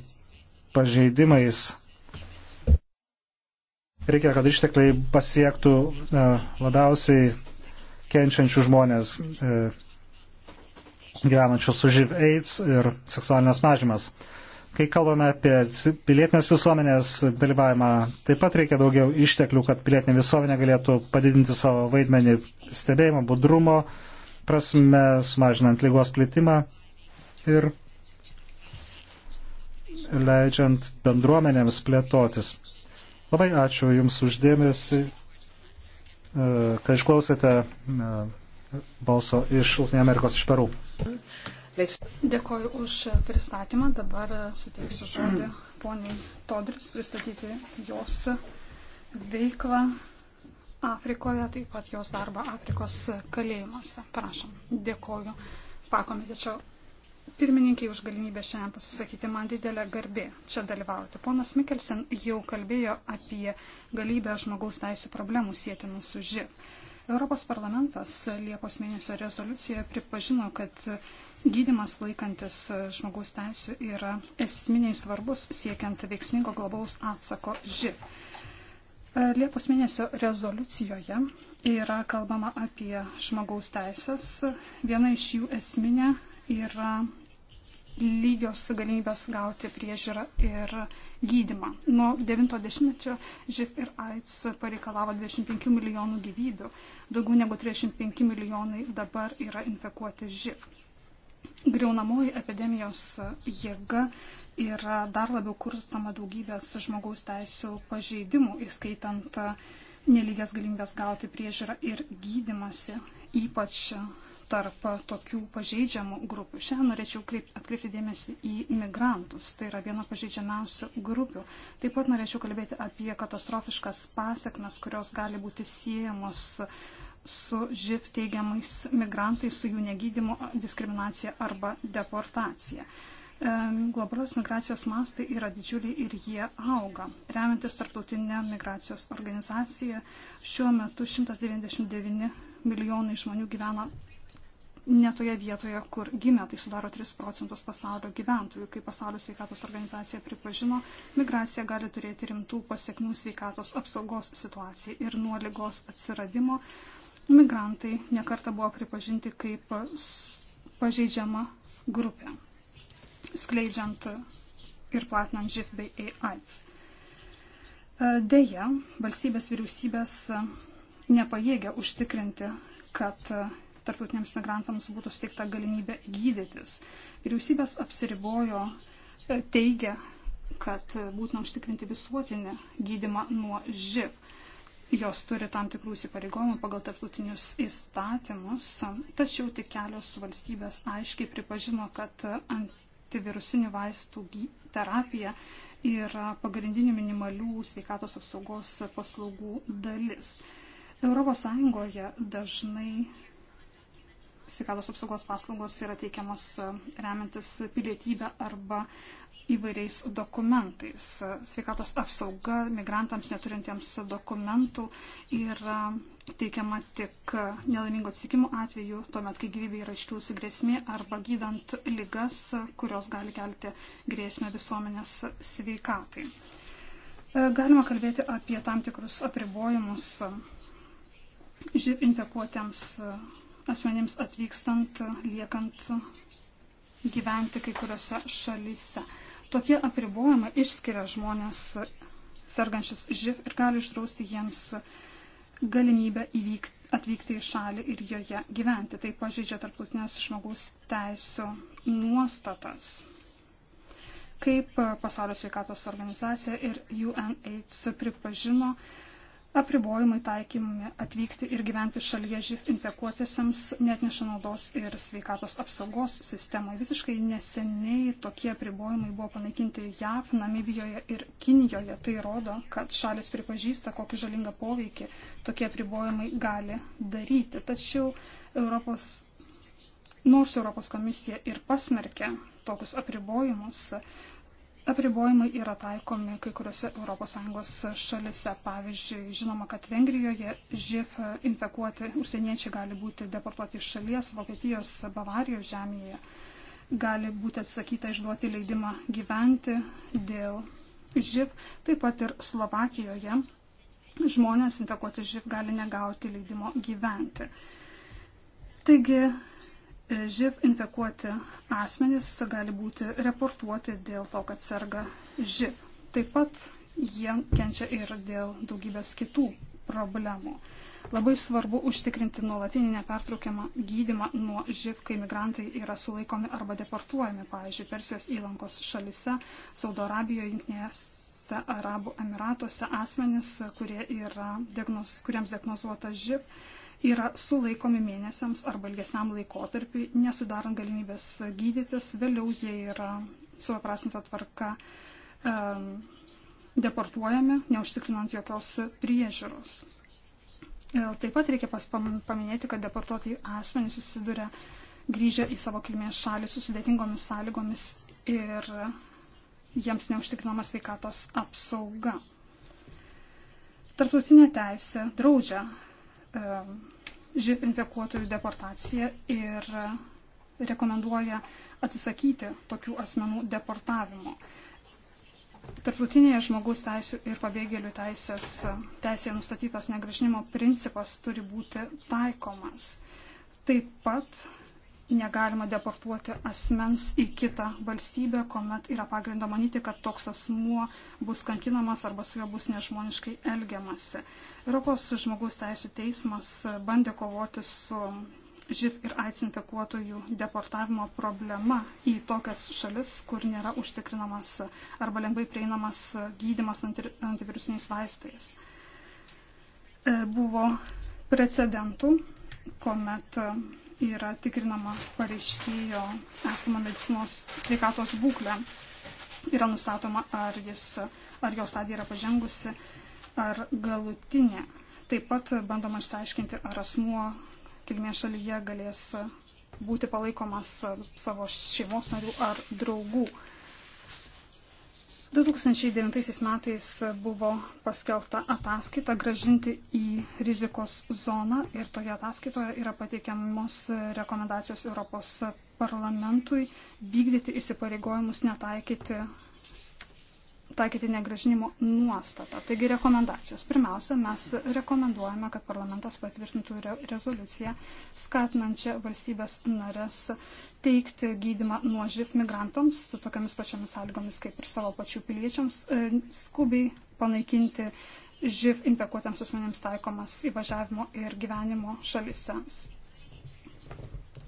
[SPEAKER 2] pažeidimais. Reikia, kad ištekliai pasiektų e, labiausiai kenčiančių žmonės e, gyvenančių su živ AIDS ir seksualinės mažymas. Kai kalbame apie pilietinės visuomenės dalyvavimą, taip pat reikia daugiau išteklių, kad pilietinė visuomenė galėtų padidinti savo vaidmenį stebėjimo, budrumo, prasme, sumažinant lygos plitimą ir leidžiant bendruomenėms plėtotis. Labai ačiū Jums uždėmesi kad išklausėte e, balso iš Junktinės Amerikos iš Perų.
[SPEAKER 1] Dėkoju už pristatymą. Dabar suteiksiu žodį poniai Todris pristatyti jos veiklą Afrikoje, taip pat jos darbą Afrikos kalėjimuose. Prašom. Dėkoju pakomitečio pirmininkiai už galimybę šiandien pasisakyti. Man didelė garbė čia dalyvauti. Ponas Mikelsen jau kalbėjo apie galybę žmogaus teisų problemų sėtinų su živ. Europos parlamentas Liepos mėnesio rezoliucijoje pripažino, kad gydimas laikantis žmogaus teisų yra esminiai svarbus siekiant veiksmingo globaus atsako živ. Liepos mėnesio rezoliucijoje yra kalbama apie žmogaus teisės. Viena iš jų esminė yra lygios galimybės gauti priežiūrą ir gydimą. Nuo 90-mečio živ ir AIDS pareikalavo 25 milijonų gyvybių. Daugiau negu 35 milijonai dabar yra infekuoti živ. Greunamoji epidemijos jėga yra dar labiau kurstama daugybės žmogaus teisų pažeidimų, įskaitant nelygias galimybės gauti priežiūrą ir gydimasi, ypač tarp tokių pažeidžiamų grupių. Šiandien norėčiau atkreipti dėmesį į migrantus. Tai yra viena pažeidžiamiausių grupių. Taip pat norėčiau kalbėti apie katastrofiškas pasiekmes, kurios gali būti siejamos su živ teigiamais migrantais, su jų negydymu, diskriminacija arba deportacija. Globalios migracijos mastai yra didžiuliai ir jie auga. Remiantis tarptautinė migracijos organizacija, šiuo metu 199 milijonai žmonių gyvena ne toje vietoje, kur gimė, tai sudaro 3 procentus pasaulio gyventojų. Kai pasaulio sveikatos organizacija pripažino, migracija gali turėti rimtų pasiekmių sveikatos apsaugos situacijai ir nuo lygos atsiradimo. Migrantai nekarta buvo pripažinti kaip pažeidžiama grupė, skleidžiant ir platinant živ bei AIDS. E, deja, valstybės vyriausybės nepajėgia užtikrinti, kad tarptautiniams migrantams būtų steigta galimybė gydytis. Vyriausybės apsiribojo e, teigia, kad būtina užtikrinti visuotinį gydimą nuo živ. Jos turi tam tikrų įsipareigojimų pagal tarptautinius įstatymus, tačiau tik kelios valstybės aiškiai pripažino, kad antivirusinių vaistų terapija yra pagrindinių minimalių sveikatos apsaugos paslaugų dalis. ES dažnai sveikatos apsaugos paslaugos yra teikiamos e, remiantis pilietybę arba įvairiais dokumentais. Sveikatos apsauga migrantams neturintiems dokumentų yra teikiama tik nelaimingo atsitikimų atveju, tuomet, kai gyvybė yra iškilusi grėsmė arba gydant lygas, kurios gali kelti grėsmę visuomenės sveikatai. E, galima kalbėti apie tam tikrus apribojimus živ infekuotiems asmenims atvykstant, liekant gyventi kai kuriuose šalyse. Tokie apribojimai išskiria žmonės sergančius živ ir gali išdrausti jiems galimybę įvykti, atvykti į šalį ir joje gyventi. Tai pažeidžia tarptautinės žmogaus teisų nuostatas. Kaip Pasaulio sveikatos organizacija ir UNAIDS pripažino, uh, apribojimai taikymai atvykti ir gyventi šalyje živ infekuotisiems netneša naudos ir sveikatos apsaugos sistemai. Visiškai neseniai tokie apribojimai buvo panaikinti JAV, Namibijoje ir Kinijoje. Tai rodo, kad šalis pripažįsta, kokį žalingą poveikį tokie apribojimai gali daryti. Tačiau Europos, nors Europos komisija ir pasmerkė tokius apribojimus, Apribojimai yra taikomi kai kuriuose ES šalise. Pavyzdžiui, žinoma, kad Vengrijoje živ infekuoti užsieniečiai gali būti deportuoti iš šalies, Vokietijos, Bavarijos žemėje gali būti atsakyta išduoti leidimą gyventi dėl živ. Taip pat ir Slovakijoje žmonės infekuoti živ gali negauti leidimo gyventi. Taigi živ infekuoti asmenys gali būti reportuoti dėl to, kad serga živ. Taip pat jie kenčia ir dėl daugybės kitų problemų. Labai svarbu užtikrinti nuolatinį nepertraukiamą gydimą nuo živ, kai migrantai yra sulaikomi arba deportuojami, pavyzdžiui, Persijos įlankos šalise, Saudo Arabijoje, Junktinėse Arabų Emiratuose asmenys, kurie yra, diagnoz, kuriems diagnozuota živ, yra sulaikomi mėnesiams arba ilgesniam laikotarpiui, nesudarant galimybės gydytis, vėliau jie yra supaprastinta tvarka um, deportuojami, neužtikrinant jokios priežiūros. E, taip pat reikia paminėti, kad deportuotai asmenys susiduria grįžę į savo kilmės šalį su sudėtingomis sąlygomis ir jiems neužtikrinama sveikatos apsauga. Tarptautinė teisė draudžia živ infekuotojų deportaciją ir rekomenduoja atsisakyti tokių asmenų deportavimo. Tarptautinėje žmogaus teisų ir pabėgėlių teisės, teisėje nustatytas negražinimo principas turi būti taikomas. Taip pat negalima deportuoti asmens į kitą valstybę, kuomet yra pagrindo manyti, kad toks asmuo bus kankinamas arba su juo bus nežmoniškai elgiamasi. Europos žmogaus teisų teismas bandė kovoti su živ ir aids infekuotojų deportavimo problema į tokias šalis, kur nėra užtikrinamas arba lengvai prieinamas gydimas antivirusiniais vaistais. E, buvo precedentų, kuomet yra tikrinama pareiškėjo esama medicinos sveikatos būklė. Yra nustatoma, ar, jis, ar jo stadija yra pažengusi, ar galutinė. Taip pat bandoma išsiaiškinti, ar asmuo kilmės šalyje galės būti palaikomas savo šeimos narių ar draugų. 2009 metais buvo paskelbta ataskaita gražinti į rizikos zoną ir toje ataskaitoje yra pateikiamos rekomendacijos Europos parlamentui vykdyti įsipareigojimus netaikyti taikyti negražinimo nuostatą. Taigi rekomendacijos. Pirmiausia, mes rekomenduojame, kad parlamentas patvirtintų re rezoliuciją skatinančią valstybės narės teikti gydimą nuo živ migrantams su tokiamis pačiamis sąlygomis kaip ir savo pačių piliečiams, e, skubiai panaikinti živ infekuotiems asmenėms taikomas įvažiavimo ir gyvenimo šalise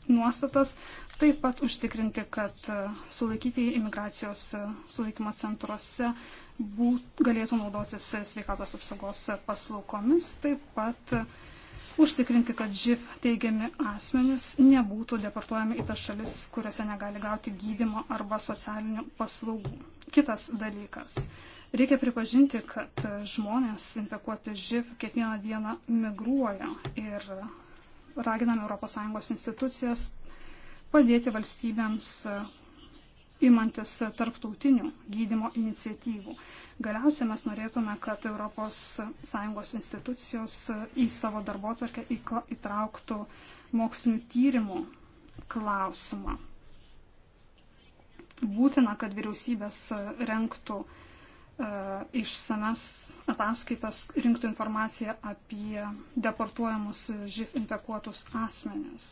[SPEAKER 1] nuostatas, taip pat užtikrinti, kad e, sulaikyti imigracijos e, sulaikymo centruose būt, galėtų naudotis e, sveikatos apsaugos paslaugomis, taip pat užtikrinti, kad živ teigiami asmenys nebūtų deportuojami į tas šalis, kuriuose negali gauti gydimo arba socialinių paslaugų. Kitas dalykas. Reikia pripažinti, kad žmonės infekuoti živ kiekvieną dieną migruoja ir raginame ES institucijas padėti valstybėms e, imantis tarptautinių gydimo iniciatyvų. Galiausiai mes norėtume, kad ES institucijos e, į savo darbotvarkę įtrauktų mokslinių tyrimų klausimą. Būtina, kad vyriausybės e, renktų uh, išsames ataskaitas rinktų informaciją apie deportuojamus živ infekuotus asmenis.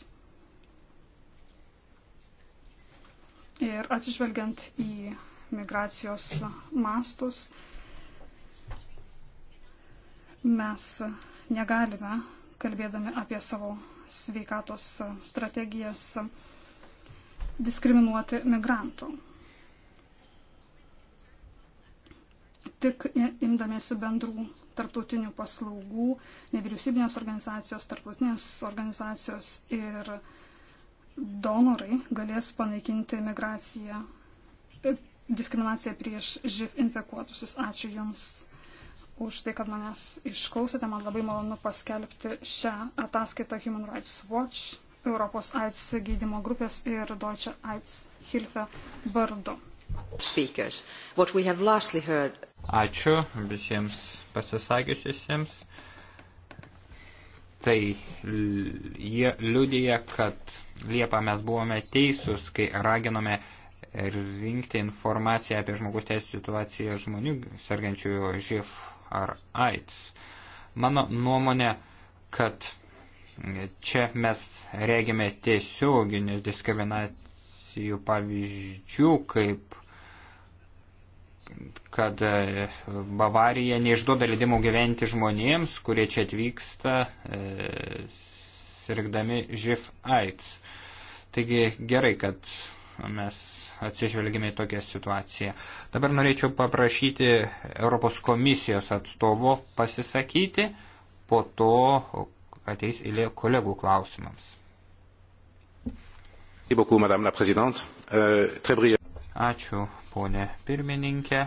[SPEAKER 1] Ir atsižvelgiant į migracijos mastus, mes negalime, kalbėdami apie savo sveikatos strategijas, diskriminuoti migrantų. tik imdamėsi bendrų tarptautinių paslaugų, nevyriausybinės organizacijos, tarptautinės organizacijos ir donorai galės panaikinti migraciją, diskriminaciją prieš živ infekuotusius. Ačiū Jums už tai, kad manęs išklausėte. Man labai malonu paskelbti šią ataskaitą Human Rights Watch, Europos AIDS gydymo grupės ir Deutsche AIDS Hilfe vardu. Speakers. What we have lastly heard.
[SPEAKER 3] Ačiū visiems pasisakiusiems. Tai jie liudija, kad Liepą mes buvome teisūs, kai raginome rinkti informaciją apie žmogus teisų situaciją žmonių sergančių živ ar AIDS. Mano nuomonė, kad čia mes regime tiesioginius diskriminacijos situacijų pavyzdžių, kaip kad e, Bavarija neišduoda leidimų gyventi žmonėms, kurie čia atvyksta e, sirgdami živ AIDS. Taigi gerai, kad mes atsižvelgime į tokią situaciją. Dabar norėčiau paprašyti Europos komisijos atstovo pasisakyti, po to ateis eilė kolegų klausimams. Euh, Ačiū, ponė pirmininkė.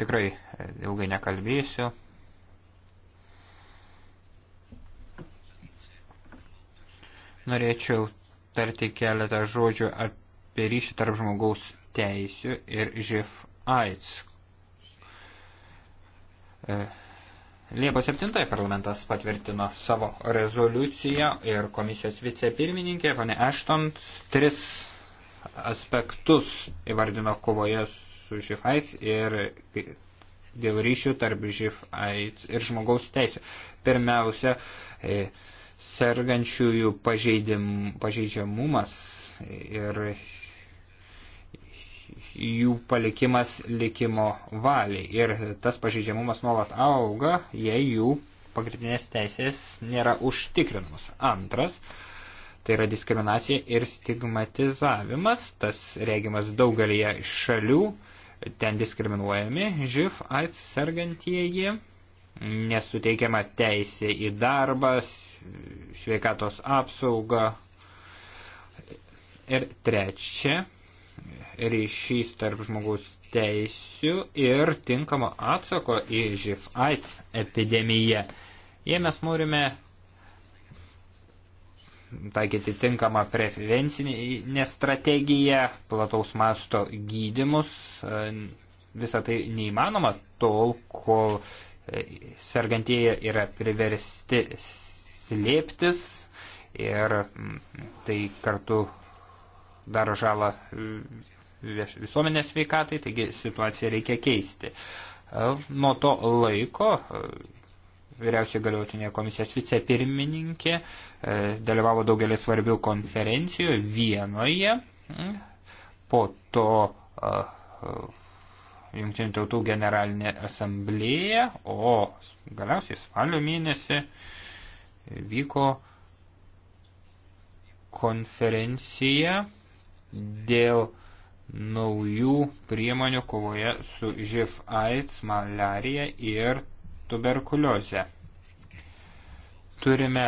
[SPEAKER 3] Tikrai e, ilgai nekalbėsiu. Norėčiau tarti keletą žodžių apie ryšį tarp žmogaus teisių ir živ AIDS. E, Liepos 7 parlamentas patvirtino savo rezoliuciją ir komisijos vicepirmininkė, ponė Ashton, tris aspektus įvardino kovoje su živ AIDS ir dėl ryšių tarp živ AIDS ir žmogaus teisų. Pirmiausia, e, sergančiųjų pažeidžiamumas ir jų palikimas likimo valiai. Ir tas pažeidžiamumas nuolat auga, jei jų pagrindinės teisės nėra užtikrinamos. Antras, tai yra diskriminacija ir stigmatizavimas, tas regimas daugelįje šalių, ten diskriminuojami živ AIDS sergantieji, nesuteikiama teisė į darbą, sveikatos apsaugą. Ir trečia, ryšys tarp žmogaus teisių ir tinkamo atsako į živ AIDS epidemiją. Jei mes norime taikyti tinkamą prevencinę strategiją, plataus masto gydimus, visą tai neįmanoma tol, kol sergantieji yra priversti slėptis ir tai kartu daro žalą e, visuomenės sveikatai, taigi situaciją reikia keisti. E, nuo to laiko e, vyriausiai galiotinė komisijos vicepirmininkė dalyvavo daugelį svarbių konferencijų vienoje, po to Junktinių tautų generalinė asamblėja, o galiausiai spalio mėnesį vyko konferencija dėl naujų priemonių kovoje su živ AIDS, malarija ir tuberkuliozė. Turime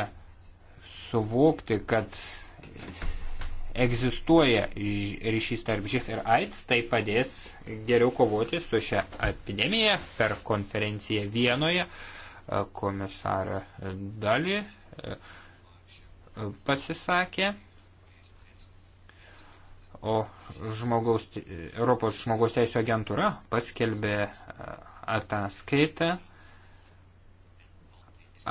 [SPEAKER 3] suvokti, kad egzistuoja ryšys tarp živ ir AIDS, tai padės geriau kovoti su šią epidemiją per konferenciją vienoje e, komisarą dalį e, e, pasisakė o žmogaus, Europos žmogaus teisų agentūra paskelbė e, ataskaitą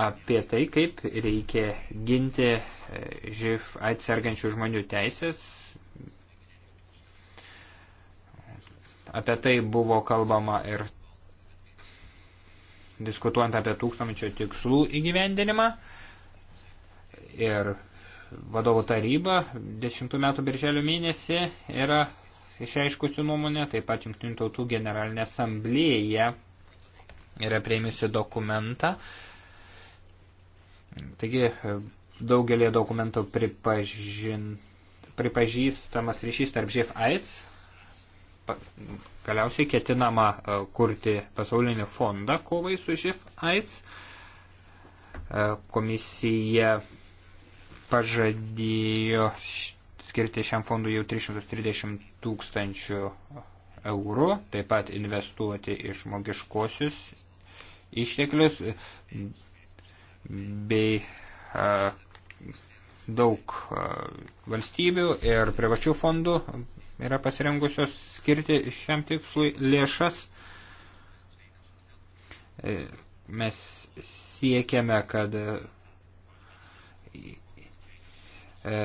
[SPEAKER 3] apie tai, kaip reikia ginti e, živ atsargančių žmonių teisės. Apie tai buvo kalbama ir diskutuojant apie tūkstančio tikslų įgyvendinimą. Ir vadovų taryba 10 metų birželio mėnesį yra išreiškusi nuomonę, taip pat Junktinių tautų generalinė asamblėja yra prieimiusi dokumentą. Taigi daugelį dokumentų pripažin, pripažįstamas ryšys tarp živ AIDS. Galiausiai ketinama e, kurti pasaulinį fondą kovai su živ AIDS. E, komisija pažadėjo skirti šiam fondui jau 330 tūkstančių eurų, taip pat investuoti iš žmogiškosius išteklius bei a, daug a, valstybių ir privačių fondų yra pasirengusios skirti šiam tikslui lėšas. E, mes siekiame, kad E,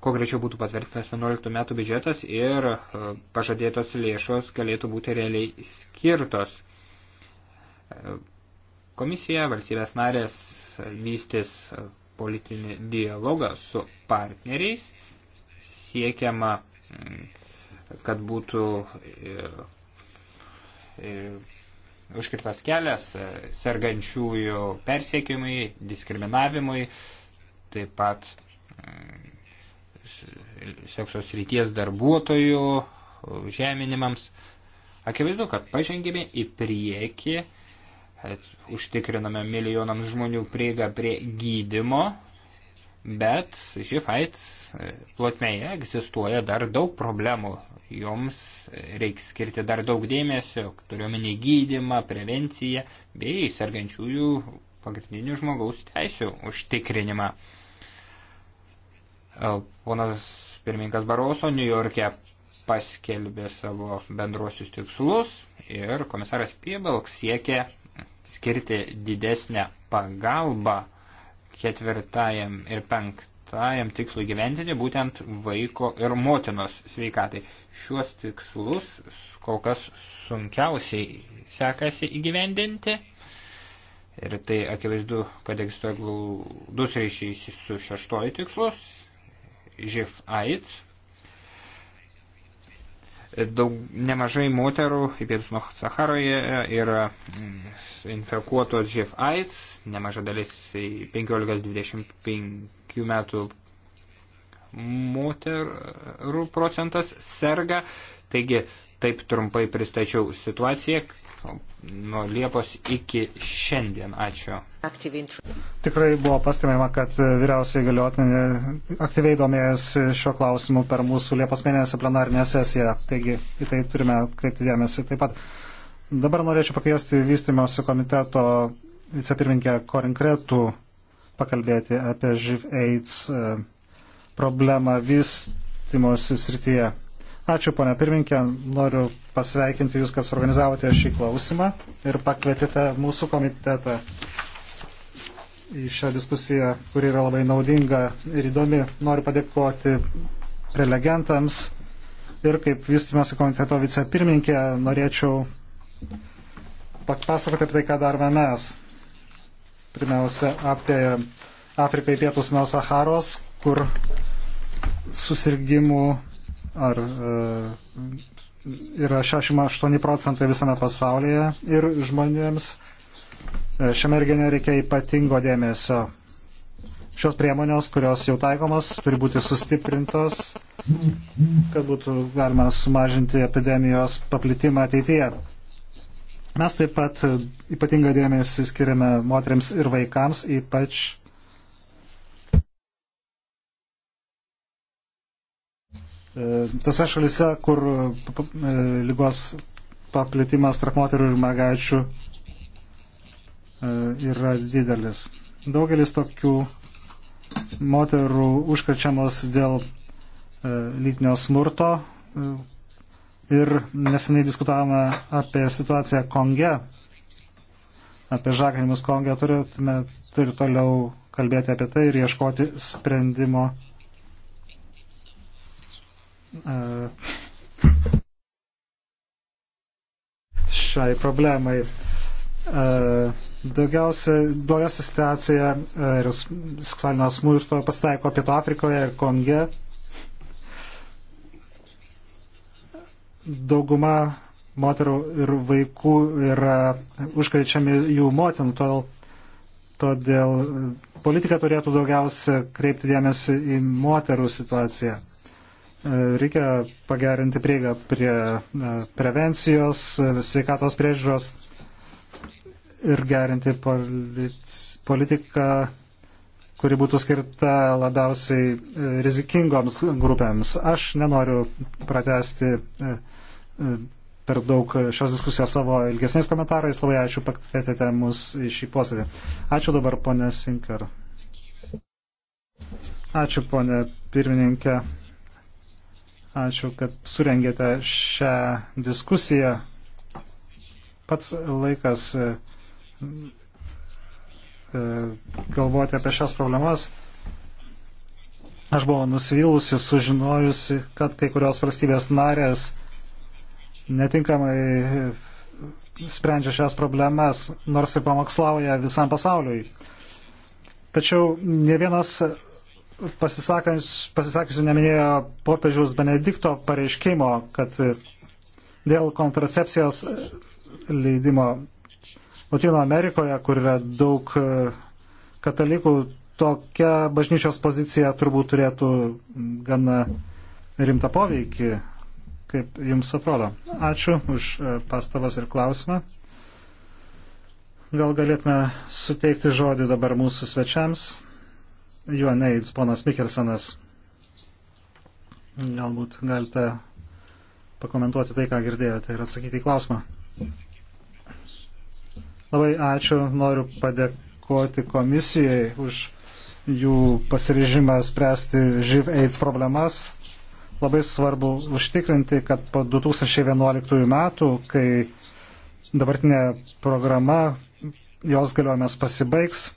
[SPEAKER 3] kuo greičiau būtų patvirtintas 11 metų biudžetas ir e, pažadėtos lėšos galėtų būti realiai skirtos. E, komisija, valstybės narės vystys politinį dialogą su partneriais, siekiama, mm, kad būtų užkirtas kelias sergančiųjų persiekimui, diskriminavimui, taip pat seksos ryties darbuotojų žeminimams. Akivaizdu, kad pažengėme į priekį, užtikriname milijonams žmonių prieigą prie gydimo, bet ši fait e, plotmėje egzistuoja dar daug problemų. Joms reiks skirti dar daug dėmesio, turiuomenį gydimą, prevenciją bei sergančiųjų pagrindinių žmogaus teisų užtikrinimą. E, ponas pirmininkas Baroso New York'e paskelbė savo bendruosius tikslus ir komisaras Piebalk siekė skirti didesnę pagalbą ketvirtajam ir penktajam tikslui gyventinį, būtent vaiko ir motinos sveikatai. Šiuos tikslus kol kas sunkiausiai sekasi įgyvendinti. Ir tai akivaizdu, kad egzistuoja glaudus ryšys su šeštoju tikslus, živ AIDS. Daug, nemažai moterų, ypač nuo Saharoje, yra mm, infekuotos živ AIDS, nemaža dalis 15-25 metų moterų procentas serga, taigi Taip trumpai pristačiau situaciją nuo Liepos iki šiandien. Ačiū.
[SPEAKER 2] Tikrai buvo pastebėjama, kad vyriausiai galiotinė aktyviai domėjosi šio klausimu per mūsų Liepos mėnesio plenarinę sesiją. Taigi į tai turime kreipti dėmesį. Taip pat dabar norėčiau pakviesti vystimosi komiteto vicepirminkę Korinkretų pakalbėti apie živ AIDS e, problemą vystimosi srityje. Ačiū, ponia pirminkė. Noriu pasveikinti Jūs, kad suorganizavote šį klausimą ir pakvietėte mūsų komitetą į šią diskusiją, kuri yra labai naudinga ir įdomi. Noriu padėkoti prelegentams ir kaip vystimėsi komiteto vicepirminkė norėčiau papasakoti apie tai, ką darome mes. Pirmiausia, apie Afriką į pietus nuo Saharos, kur susirgymų ar e, yra 68 procentai visame pasaulyje ir žmonėms e, šiame regione reikia ypatingo dėmesio. Šios priemonės, kurios jau taikomos, turi būti sustiprintos, kad būtų galima sumažinti epidemijos paplitimą ateityje. Mes taip pat ypatingą dėmesį skiriame moteriams ir vaikams, ypač E, tose šalise, kur e, e, lygos paplitimas tarp moterų ir mergaičių yra didelis. Daugelis tokių moterų užkrečiamos dėl lytinio smurto ir neseniai diskutavome apie situaciją Konge, apie žaginimus Konge, turėtume ir toliau kalbėti apie tai ir ieškoti sprendimo E, šiai problemai. E, daugiausia, blogiausia situacija e, ir seksualinio smurto pasitaiko Pietų Afrikoje ir Konge. Dauguma moterų ir vaikų yra užkrečiami jų motinų, todėl, todėl politika turėtų daugiausia kreipti dėmesį į moterų situaciją. E, reikia pagerinti prieigą prie e, prevencijos, sveikatos priežiūros ir gerinti politiką, kuri būtų skirta labiausiai e, rizikingoms grupėms. Aš nenoriu pratesti per daug šios diskusijos savo ilgesniais komentarais. Labai ačiū, pakvietėte mus į šį posėdį. Ačiū dabar, ponė Sinker. Ačiū, ponė pirmininkė. Ačiū, kad surengėte šią diskusiją. Pats laikas e, e, galvoti apie šias problemas. Aš buvau nusivylusi, sužinojusi, kad kai kurios valstybės narės netinkamai e, sprendžia šias problemas, nors ir pamokslauja visam pasauliui. Tačiau ne vienas pasisakiusių neminėjo popiežiaus Benedikto pareiškimo, kad dėl kontracepcijos leidimo Latino Amerikoje, kur yra daug e, katalikų, tokia bažnyčios pozicija turbūt turėtų gana rimtą poveikį. Kaip jums atrodo? Ačiū už e, pastabas ir klausimą. Gal galėtume suteikti žodį dabar mūsų svečiams. UNAIDS ponas Mikelsenas. Galbūt galite pakomentuoti tai, ką girdėjote ir atsakyti į klausimą. Labai ačiū, noriu padėkoti komisijai už jų pasirežimą spręsti živ AIDS problemas. Labai svarbu užtikrinti, kad po 2011 metų, kai dabartinė programa, jos galiojimas pasibaigs,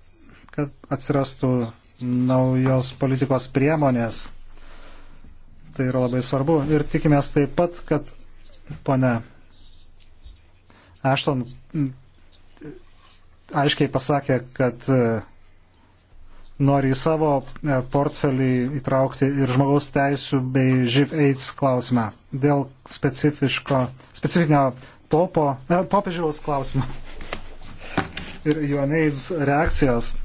[SPEAKER 2] kad atsirastų naujos politikos priemonės. Tai yra labai svarbu. Ir tikimės taip pat, kad pone Ašton aiškiai pasakė, kad e, nori į savo e, portfelį įtraukti ir žmogaus teisų bei živ AIDS klausimą dėl specifinio popo, eh, popiežiaus klausimą ir jo AIDS reakcijos.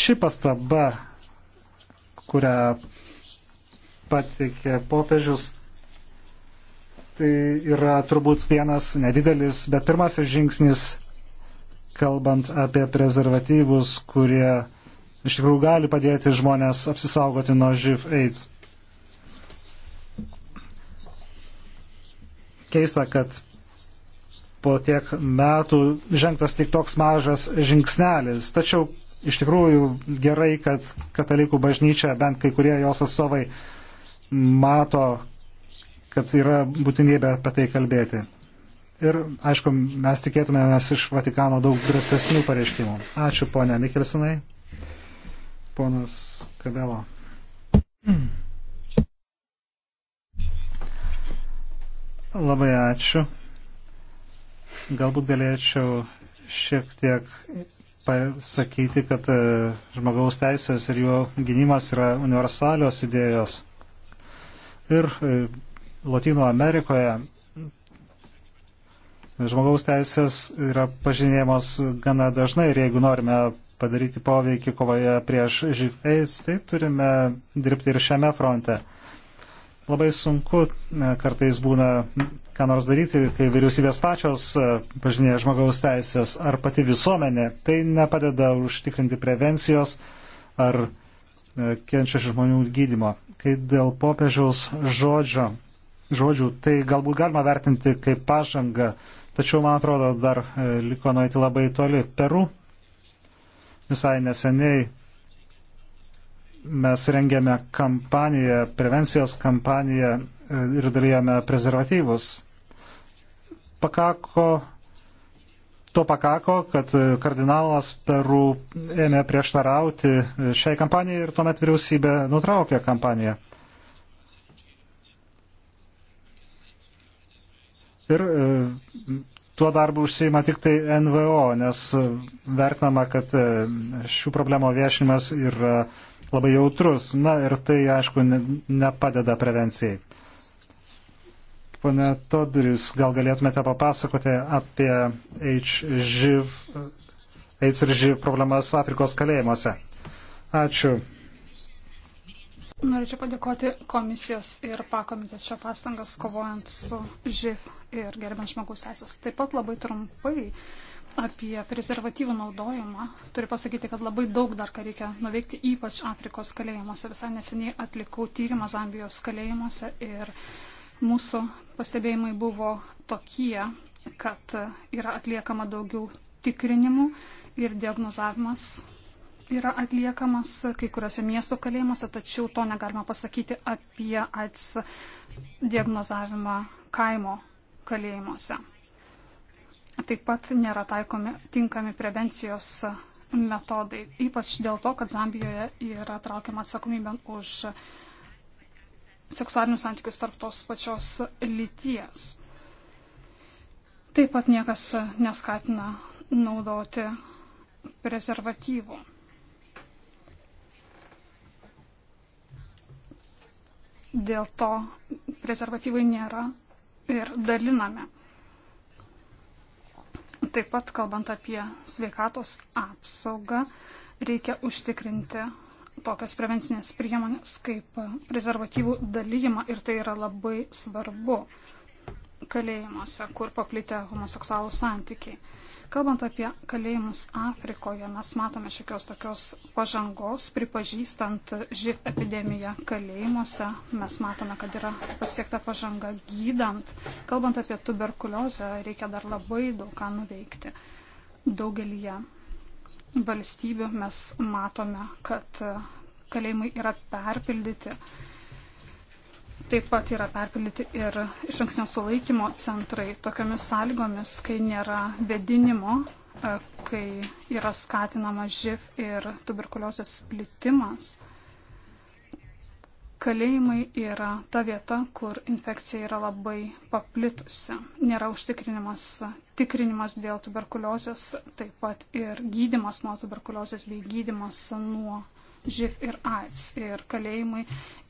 [SPEAKER 2] Ši pastaba, kurią pateikė popiežius, tai yra turbūt vienas nedidelis, bet pirmasis žingsnis, kalbant apie prezervatyvus, kurie iš tikrųjų gali padėti žmonės apsisaugoti nuo živ AIDS. Keista, kad po tiek metų žengtas tik toks mažas žingsnelis. Tačiau iš tikrųjų gerai, kad katalikų bažnyčia, bent kai kurie jos atstovai, mato, kad yra būtinybė apie tai kalbėti. Ir, aišku, mes tikėtumėmės iš Vatikano daug drąsesnių pareiškimų. Ačiū, ponė Mikelsinai. Ponas Kabelo. Hmm. Labai ačiū. Galbūt galėčiau šiek tiek pasakyti, kad e, žmogaus teisės ir jų gynimas yra universalios idėjos. Ir e, Latino Amerikoje žmogaus teisės yra pažinėjamos gana dažnai ir jeigu norime padaryti poveikį kovoje prieš živ AIDS, tai turime dirbti ir šiame fronte. Labai sunku e, kartais būna ką nors daryti, kai vyriausybės pačios e, pažinėja žmogaus teisės ar pati visuomenė. Tai nepadeda užtikrinti prevencijos ar e, kenčiančių žmonių gydimo. Kai dėl popiežiaus žodžio, žodžių, tai galbūt galima vertinti kaip pažanga, tačiau, man atrodo, dar liko nueiti labai toli. Peru visai neseniai mes rengėme kampaniją, prevencijos kampaniją e, ir dalyjame prezervatyvus. Pakako, to pakako, kad e, kardinalas Peru ėmė prieštarauti e, šiai kampanijai ir tuomet vyriausybė nutraukė kampaniją. Ir tuo darbu užsieima tik tai NVO, nes vertinama, kad šių problemų viešinimas yra labai jautrus. Na ir tai, aišku, nepadeda prevencijai. Pone Todris, gal galėtumėte papasakoti apie HIV, AIDS ir HIV problemas Afrikos kalėjimuose? Ačiū.
[SPEAKER 1] Norėčiau padėkoti komisijos ir pakomitės čia pastangas kovojant su živ ir gerbant žmogaus teisės. Taip pat labai trumpai apie prezervatyvų naudojimą. Turiu pasakyti, kad labai daug dar ką reikia nuveikti, ypač Afrikos kalėjimuose. Visai neseniai atlikau tyrimą Zambijos kalėjimuose ir mūsų pastebėjimai buvo tokie, kad yra atliekama daugiau tikrinimų ir diagnozavimas yra atliekamas kai kuriuose miesto kalėjimuose, tačiau to negalima pasakyti apie AIDS diagnozavimą kaimo kalėjimuose. Taip pat nėra taikomi tinkami prevencijos metodai, ypač dėl to, kad Zambijoje yra traukiama atsakomybė už seksualinius santykius tarp tos pačios lyties. Taip pat niekas neskatina naudoti prezervatyvų. Dėl to prezervatyvai nėra ir daliname. Taip pat, kalbant apie sveikatos apsaugą, reikia užtikrinti tokias prevencinės priemonės kaip prezervatyvų dalyjimą ir tai yra labai svarbu kalėjimuose, kur paplitę homoseksualų santykiai. Kalbant apie kalėjimus Afrikoje, mes matome šiekios tokios pažangos, pripažįstant živ epidemiją kalėjimuose, mes matome, kad yra pasiekta pažanga gydant. Kalbant apie tuberkuliozę, reikia dar labai daug ką nuveikti. Daugelį valstybių mes matome, kad kalėjimai yra perpildyti Taip pat yra perpildyti ir iš anksnio sulaikymo centrai tokiamis sąlygomis, kai nėra vedinimo, e, kai yra skatinama živ ir tuberkuliozės plitimas. Kalėjimai yra ta vieta, kur infekcija yra labai paplitusi. Nėra užtikrinimas tikrinimas dėl tuberkuliozės, taip pat ir gydimas nuo tuberkuliozės bei gydimas nuo živ ir AIDS. Ir kalėjimai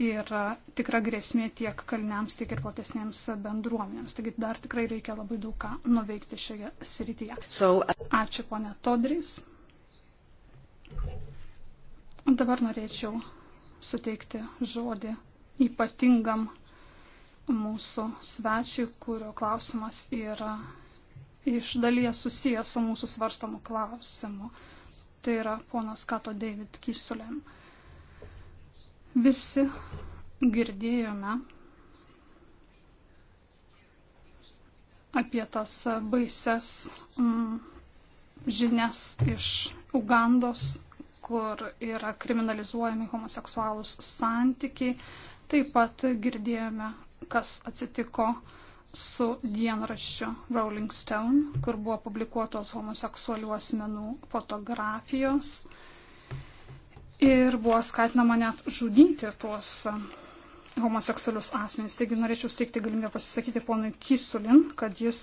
[SPEAKER 1] yra tikra grėsmė tiek kaliniams, tiek ir platesnėms bendruomenėms. Taigi dar tikrai reikia labai daug ką nuveikti šioje srityje. So, uh, Ačiū, ponė Todrys. Dabar norėčiau suteikti žodį ypatingam mūsų svečiui, kurio klausimas yra iš dalies susijęs su mūsų svarstomu klausimu tai yra ponas Kato David Kisulėm. Visi girdėjome apie tas baises mm, žinias iš Ugandos, kur yra kriminalizuojami homoseksualūs santykiai. Taip pat girdėjome, kas atsitiko uh, su dienraščiu Rolling Stone, kur buvo publikuotos homoseksualių asmenų fotografijos ir buvo skatinama net žudyti tuos homoseksualius asmenys. Taigi norėčiau steigti galimybę pasisakyti ponui Kisulin, kad jis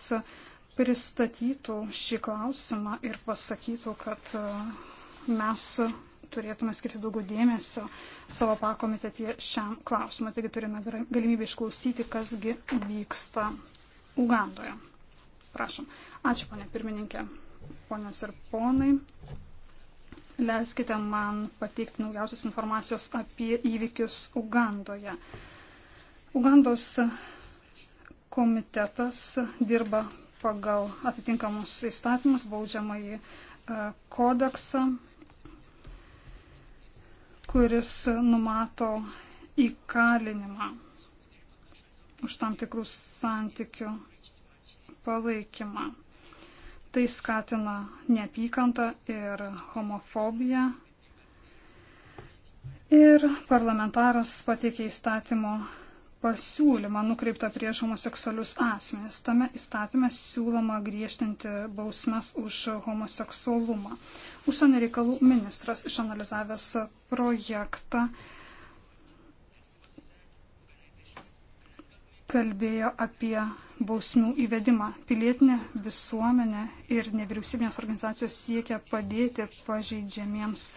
[SPEAKER 1] pristatytų šį klausimą ir pasakytų, kad e, mes turėtume skirti daugiau dėmesio savo pakomitetie šiam klausimui. Taigi turime galimybę išklausyti, kasgi vyksta Ugandoje. Prašom. Ačiū, ponė pirmininkė, ponės ir ponai. Leiskite man pateikti naujausios informacijos apie įvykius Ugandoje. Ugandos komitetas dirba pagal atitinkamus įstatymus, baudžiamąjį e, kodeksą kuris numato įkalinimą už tam tikrų santykių palaikymą. Tai skatina neapykantą ir homofobiją. Ir parlamentaras pateikė įstatymo pasiūlymą nukreiptą prieš homoseksualius asmenis. Tame įstatymė siūloma griežtinti bausmes už homoseksualumą. Užsienio reikalų ministras išanalizavęs projektą kalbėjo apie bausmių įvedimą. Pilietinė visuomenė ir nevyriausybinės organizacijos siekia padėti pažeidžiamiems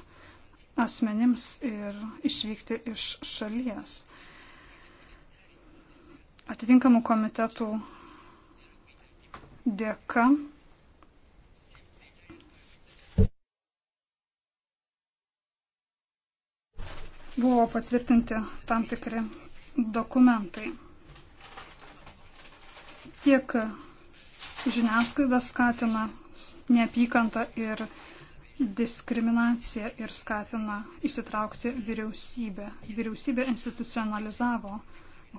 [SPEAKER 1] asmenims ir išvykti iš šalies. Atitinkamų komitetų dėka buvo patvirtinti tam tikri dokumentai. Tiek žiniasklaida skatina neapykantą ir diskriminaciją ir skatina įsitraukti vyriausybę. Vyriausybė institucionalizavo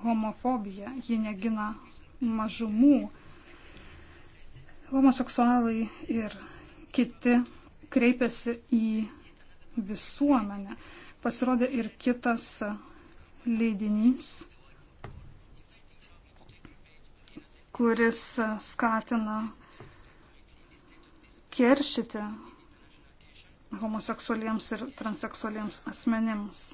[SPEAKER 1] homofobija, ji negina mažumų. Homoseksualai ir kiti kreipiasi į visuomenę. Pasirodė ir kitas leidinys, kuris skatina keršyti homoseksualiems ir transseksualiems asmenims.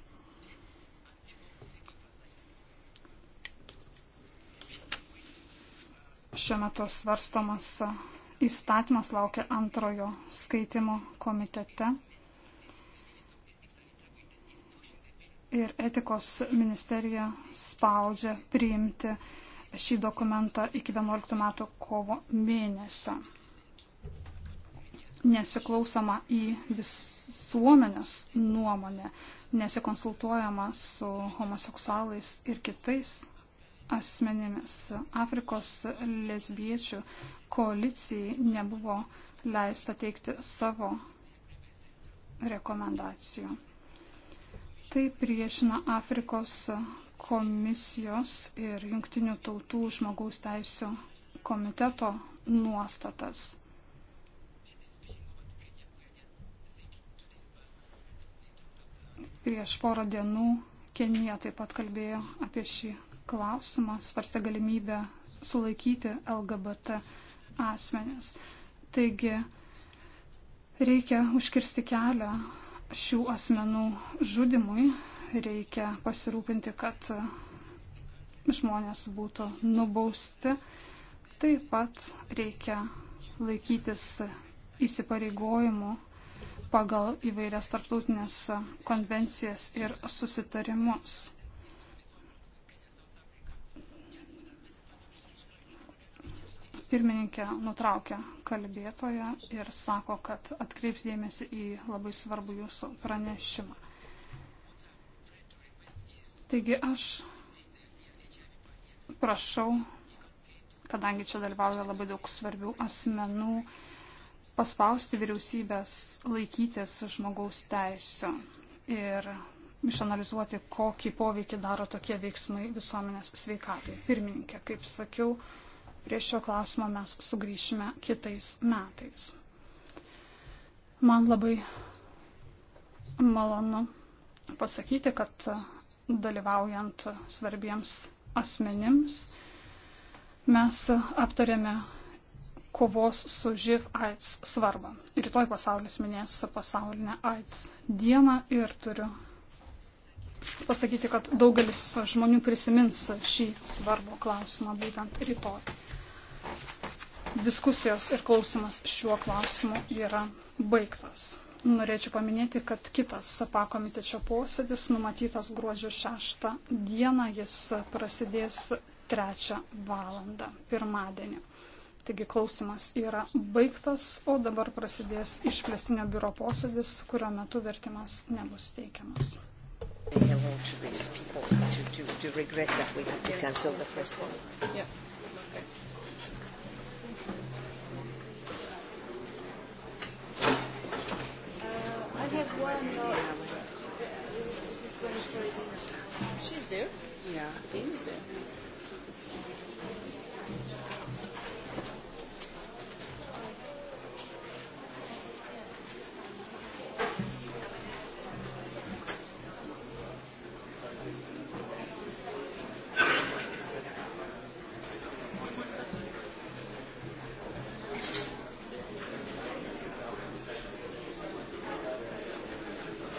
[SPEAKER 1] šiuo metu svarstomas įstatymas laukia antrojo skaitimo komitete. Ir etikos ministerija spaudžia priimti šį dokumentą iki 11 metų kovo mėnesio. Nesiklausoma į visuomenės nuomonę, nesikonsultuojama su homoseksualais ir kitais asmenėmis. Afrikos lesbiečių koalicijai nebuvo leista teikti savo rekomendacijų. Tai priešina Afrikos komisijos ir Junktinių tautų žmogaus teisų komiteto nuostatas. Prieš porą dienų Kenija taip pat kalbėjo apie šį klausimą, svarstė galimybę sulaikyti LGBT asmenis. Taigi reikia užkirsti kelią šių asmenų žudimui, reikia pasirūpinti, kad žmonės būtų nubausti. Taip pat reikia laikytis įsipareigojimų pagal įvairias tarptautinės konvencijas ir susitarimus. Pirmininkė nutraukė kalbėtoją ir sako, kad atkreips dėmesį į labai svarbų jūsų pranešimą. Taigi aš prašau, kadangi čia dalyvauja labai daug svarbių asmenų, paspausti vyriausybės laikytis žmogaus teisų ir išanalizuoti, kokį poveikį daro tokie veiksmai visuomenės sveikatai. Pirmininkė, kaip sakiau, Prie šio klausimo mes sugrįšime kitais metais. Man labai malonu pasakyti, kad dalyvaujant svarbiems asmenims mes aptarėme kovos su živ AIDS svarbą. Rytoj pasaulis minės pasaulinę AIDS dieną ir turiu pasakyti, kad daugelis žmonių prisimins šį svarbų klausimą būtent rytoj. Diskusijos ir klausimas šiuo klausimu yra baigtas. Norėčiau paminėti, kad kitas pakomitečio posėdis numatytas gruodžio 6 dieną, jis prasidės 3 valandą pirmadienį. Taigi klausimas yra baigtas, o dabar prasidės išplėstinio biuro posėdis, kurio metu vertimas nebus teikiamas. They have also these people to, to, to regret that we have to cancel the first one. Yeah.
[SPEAKER 2] Uh, I have one. Uh, this one is She's there.
[SPEAKER 3] Yeah. Dean's there.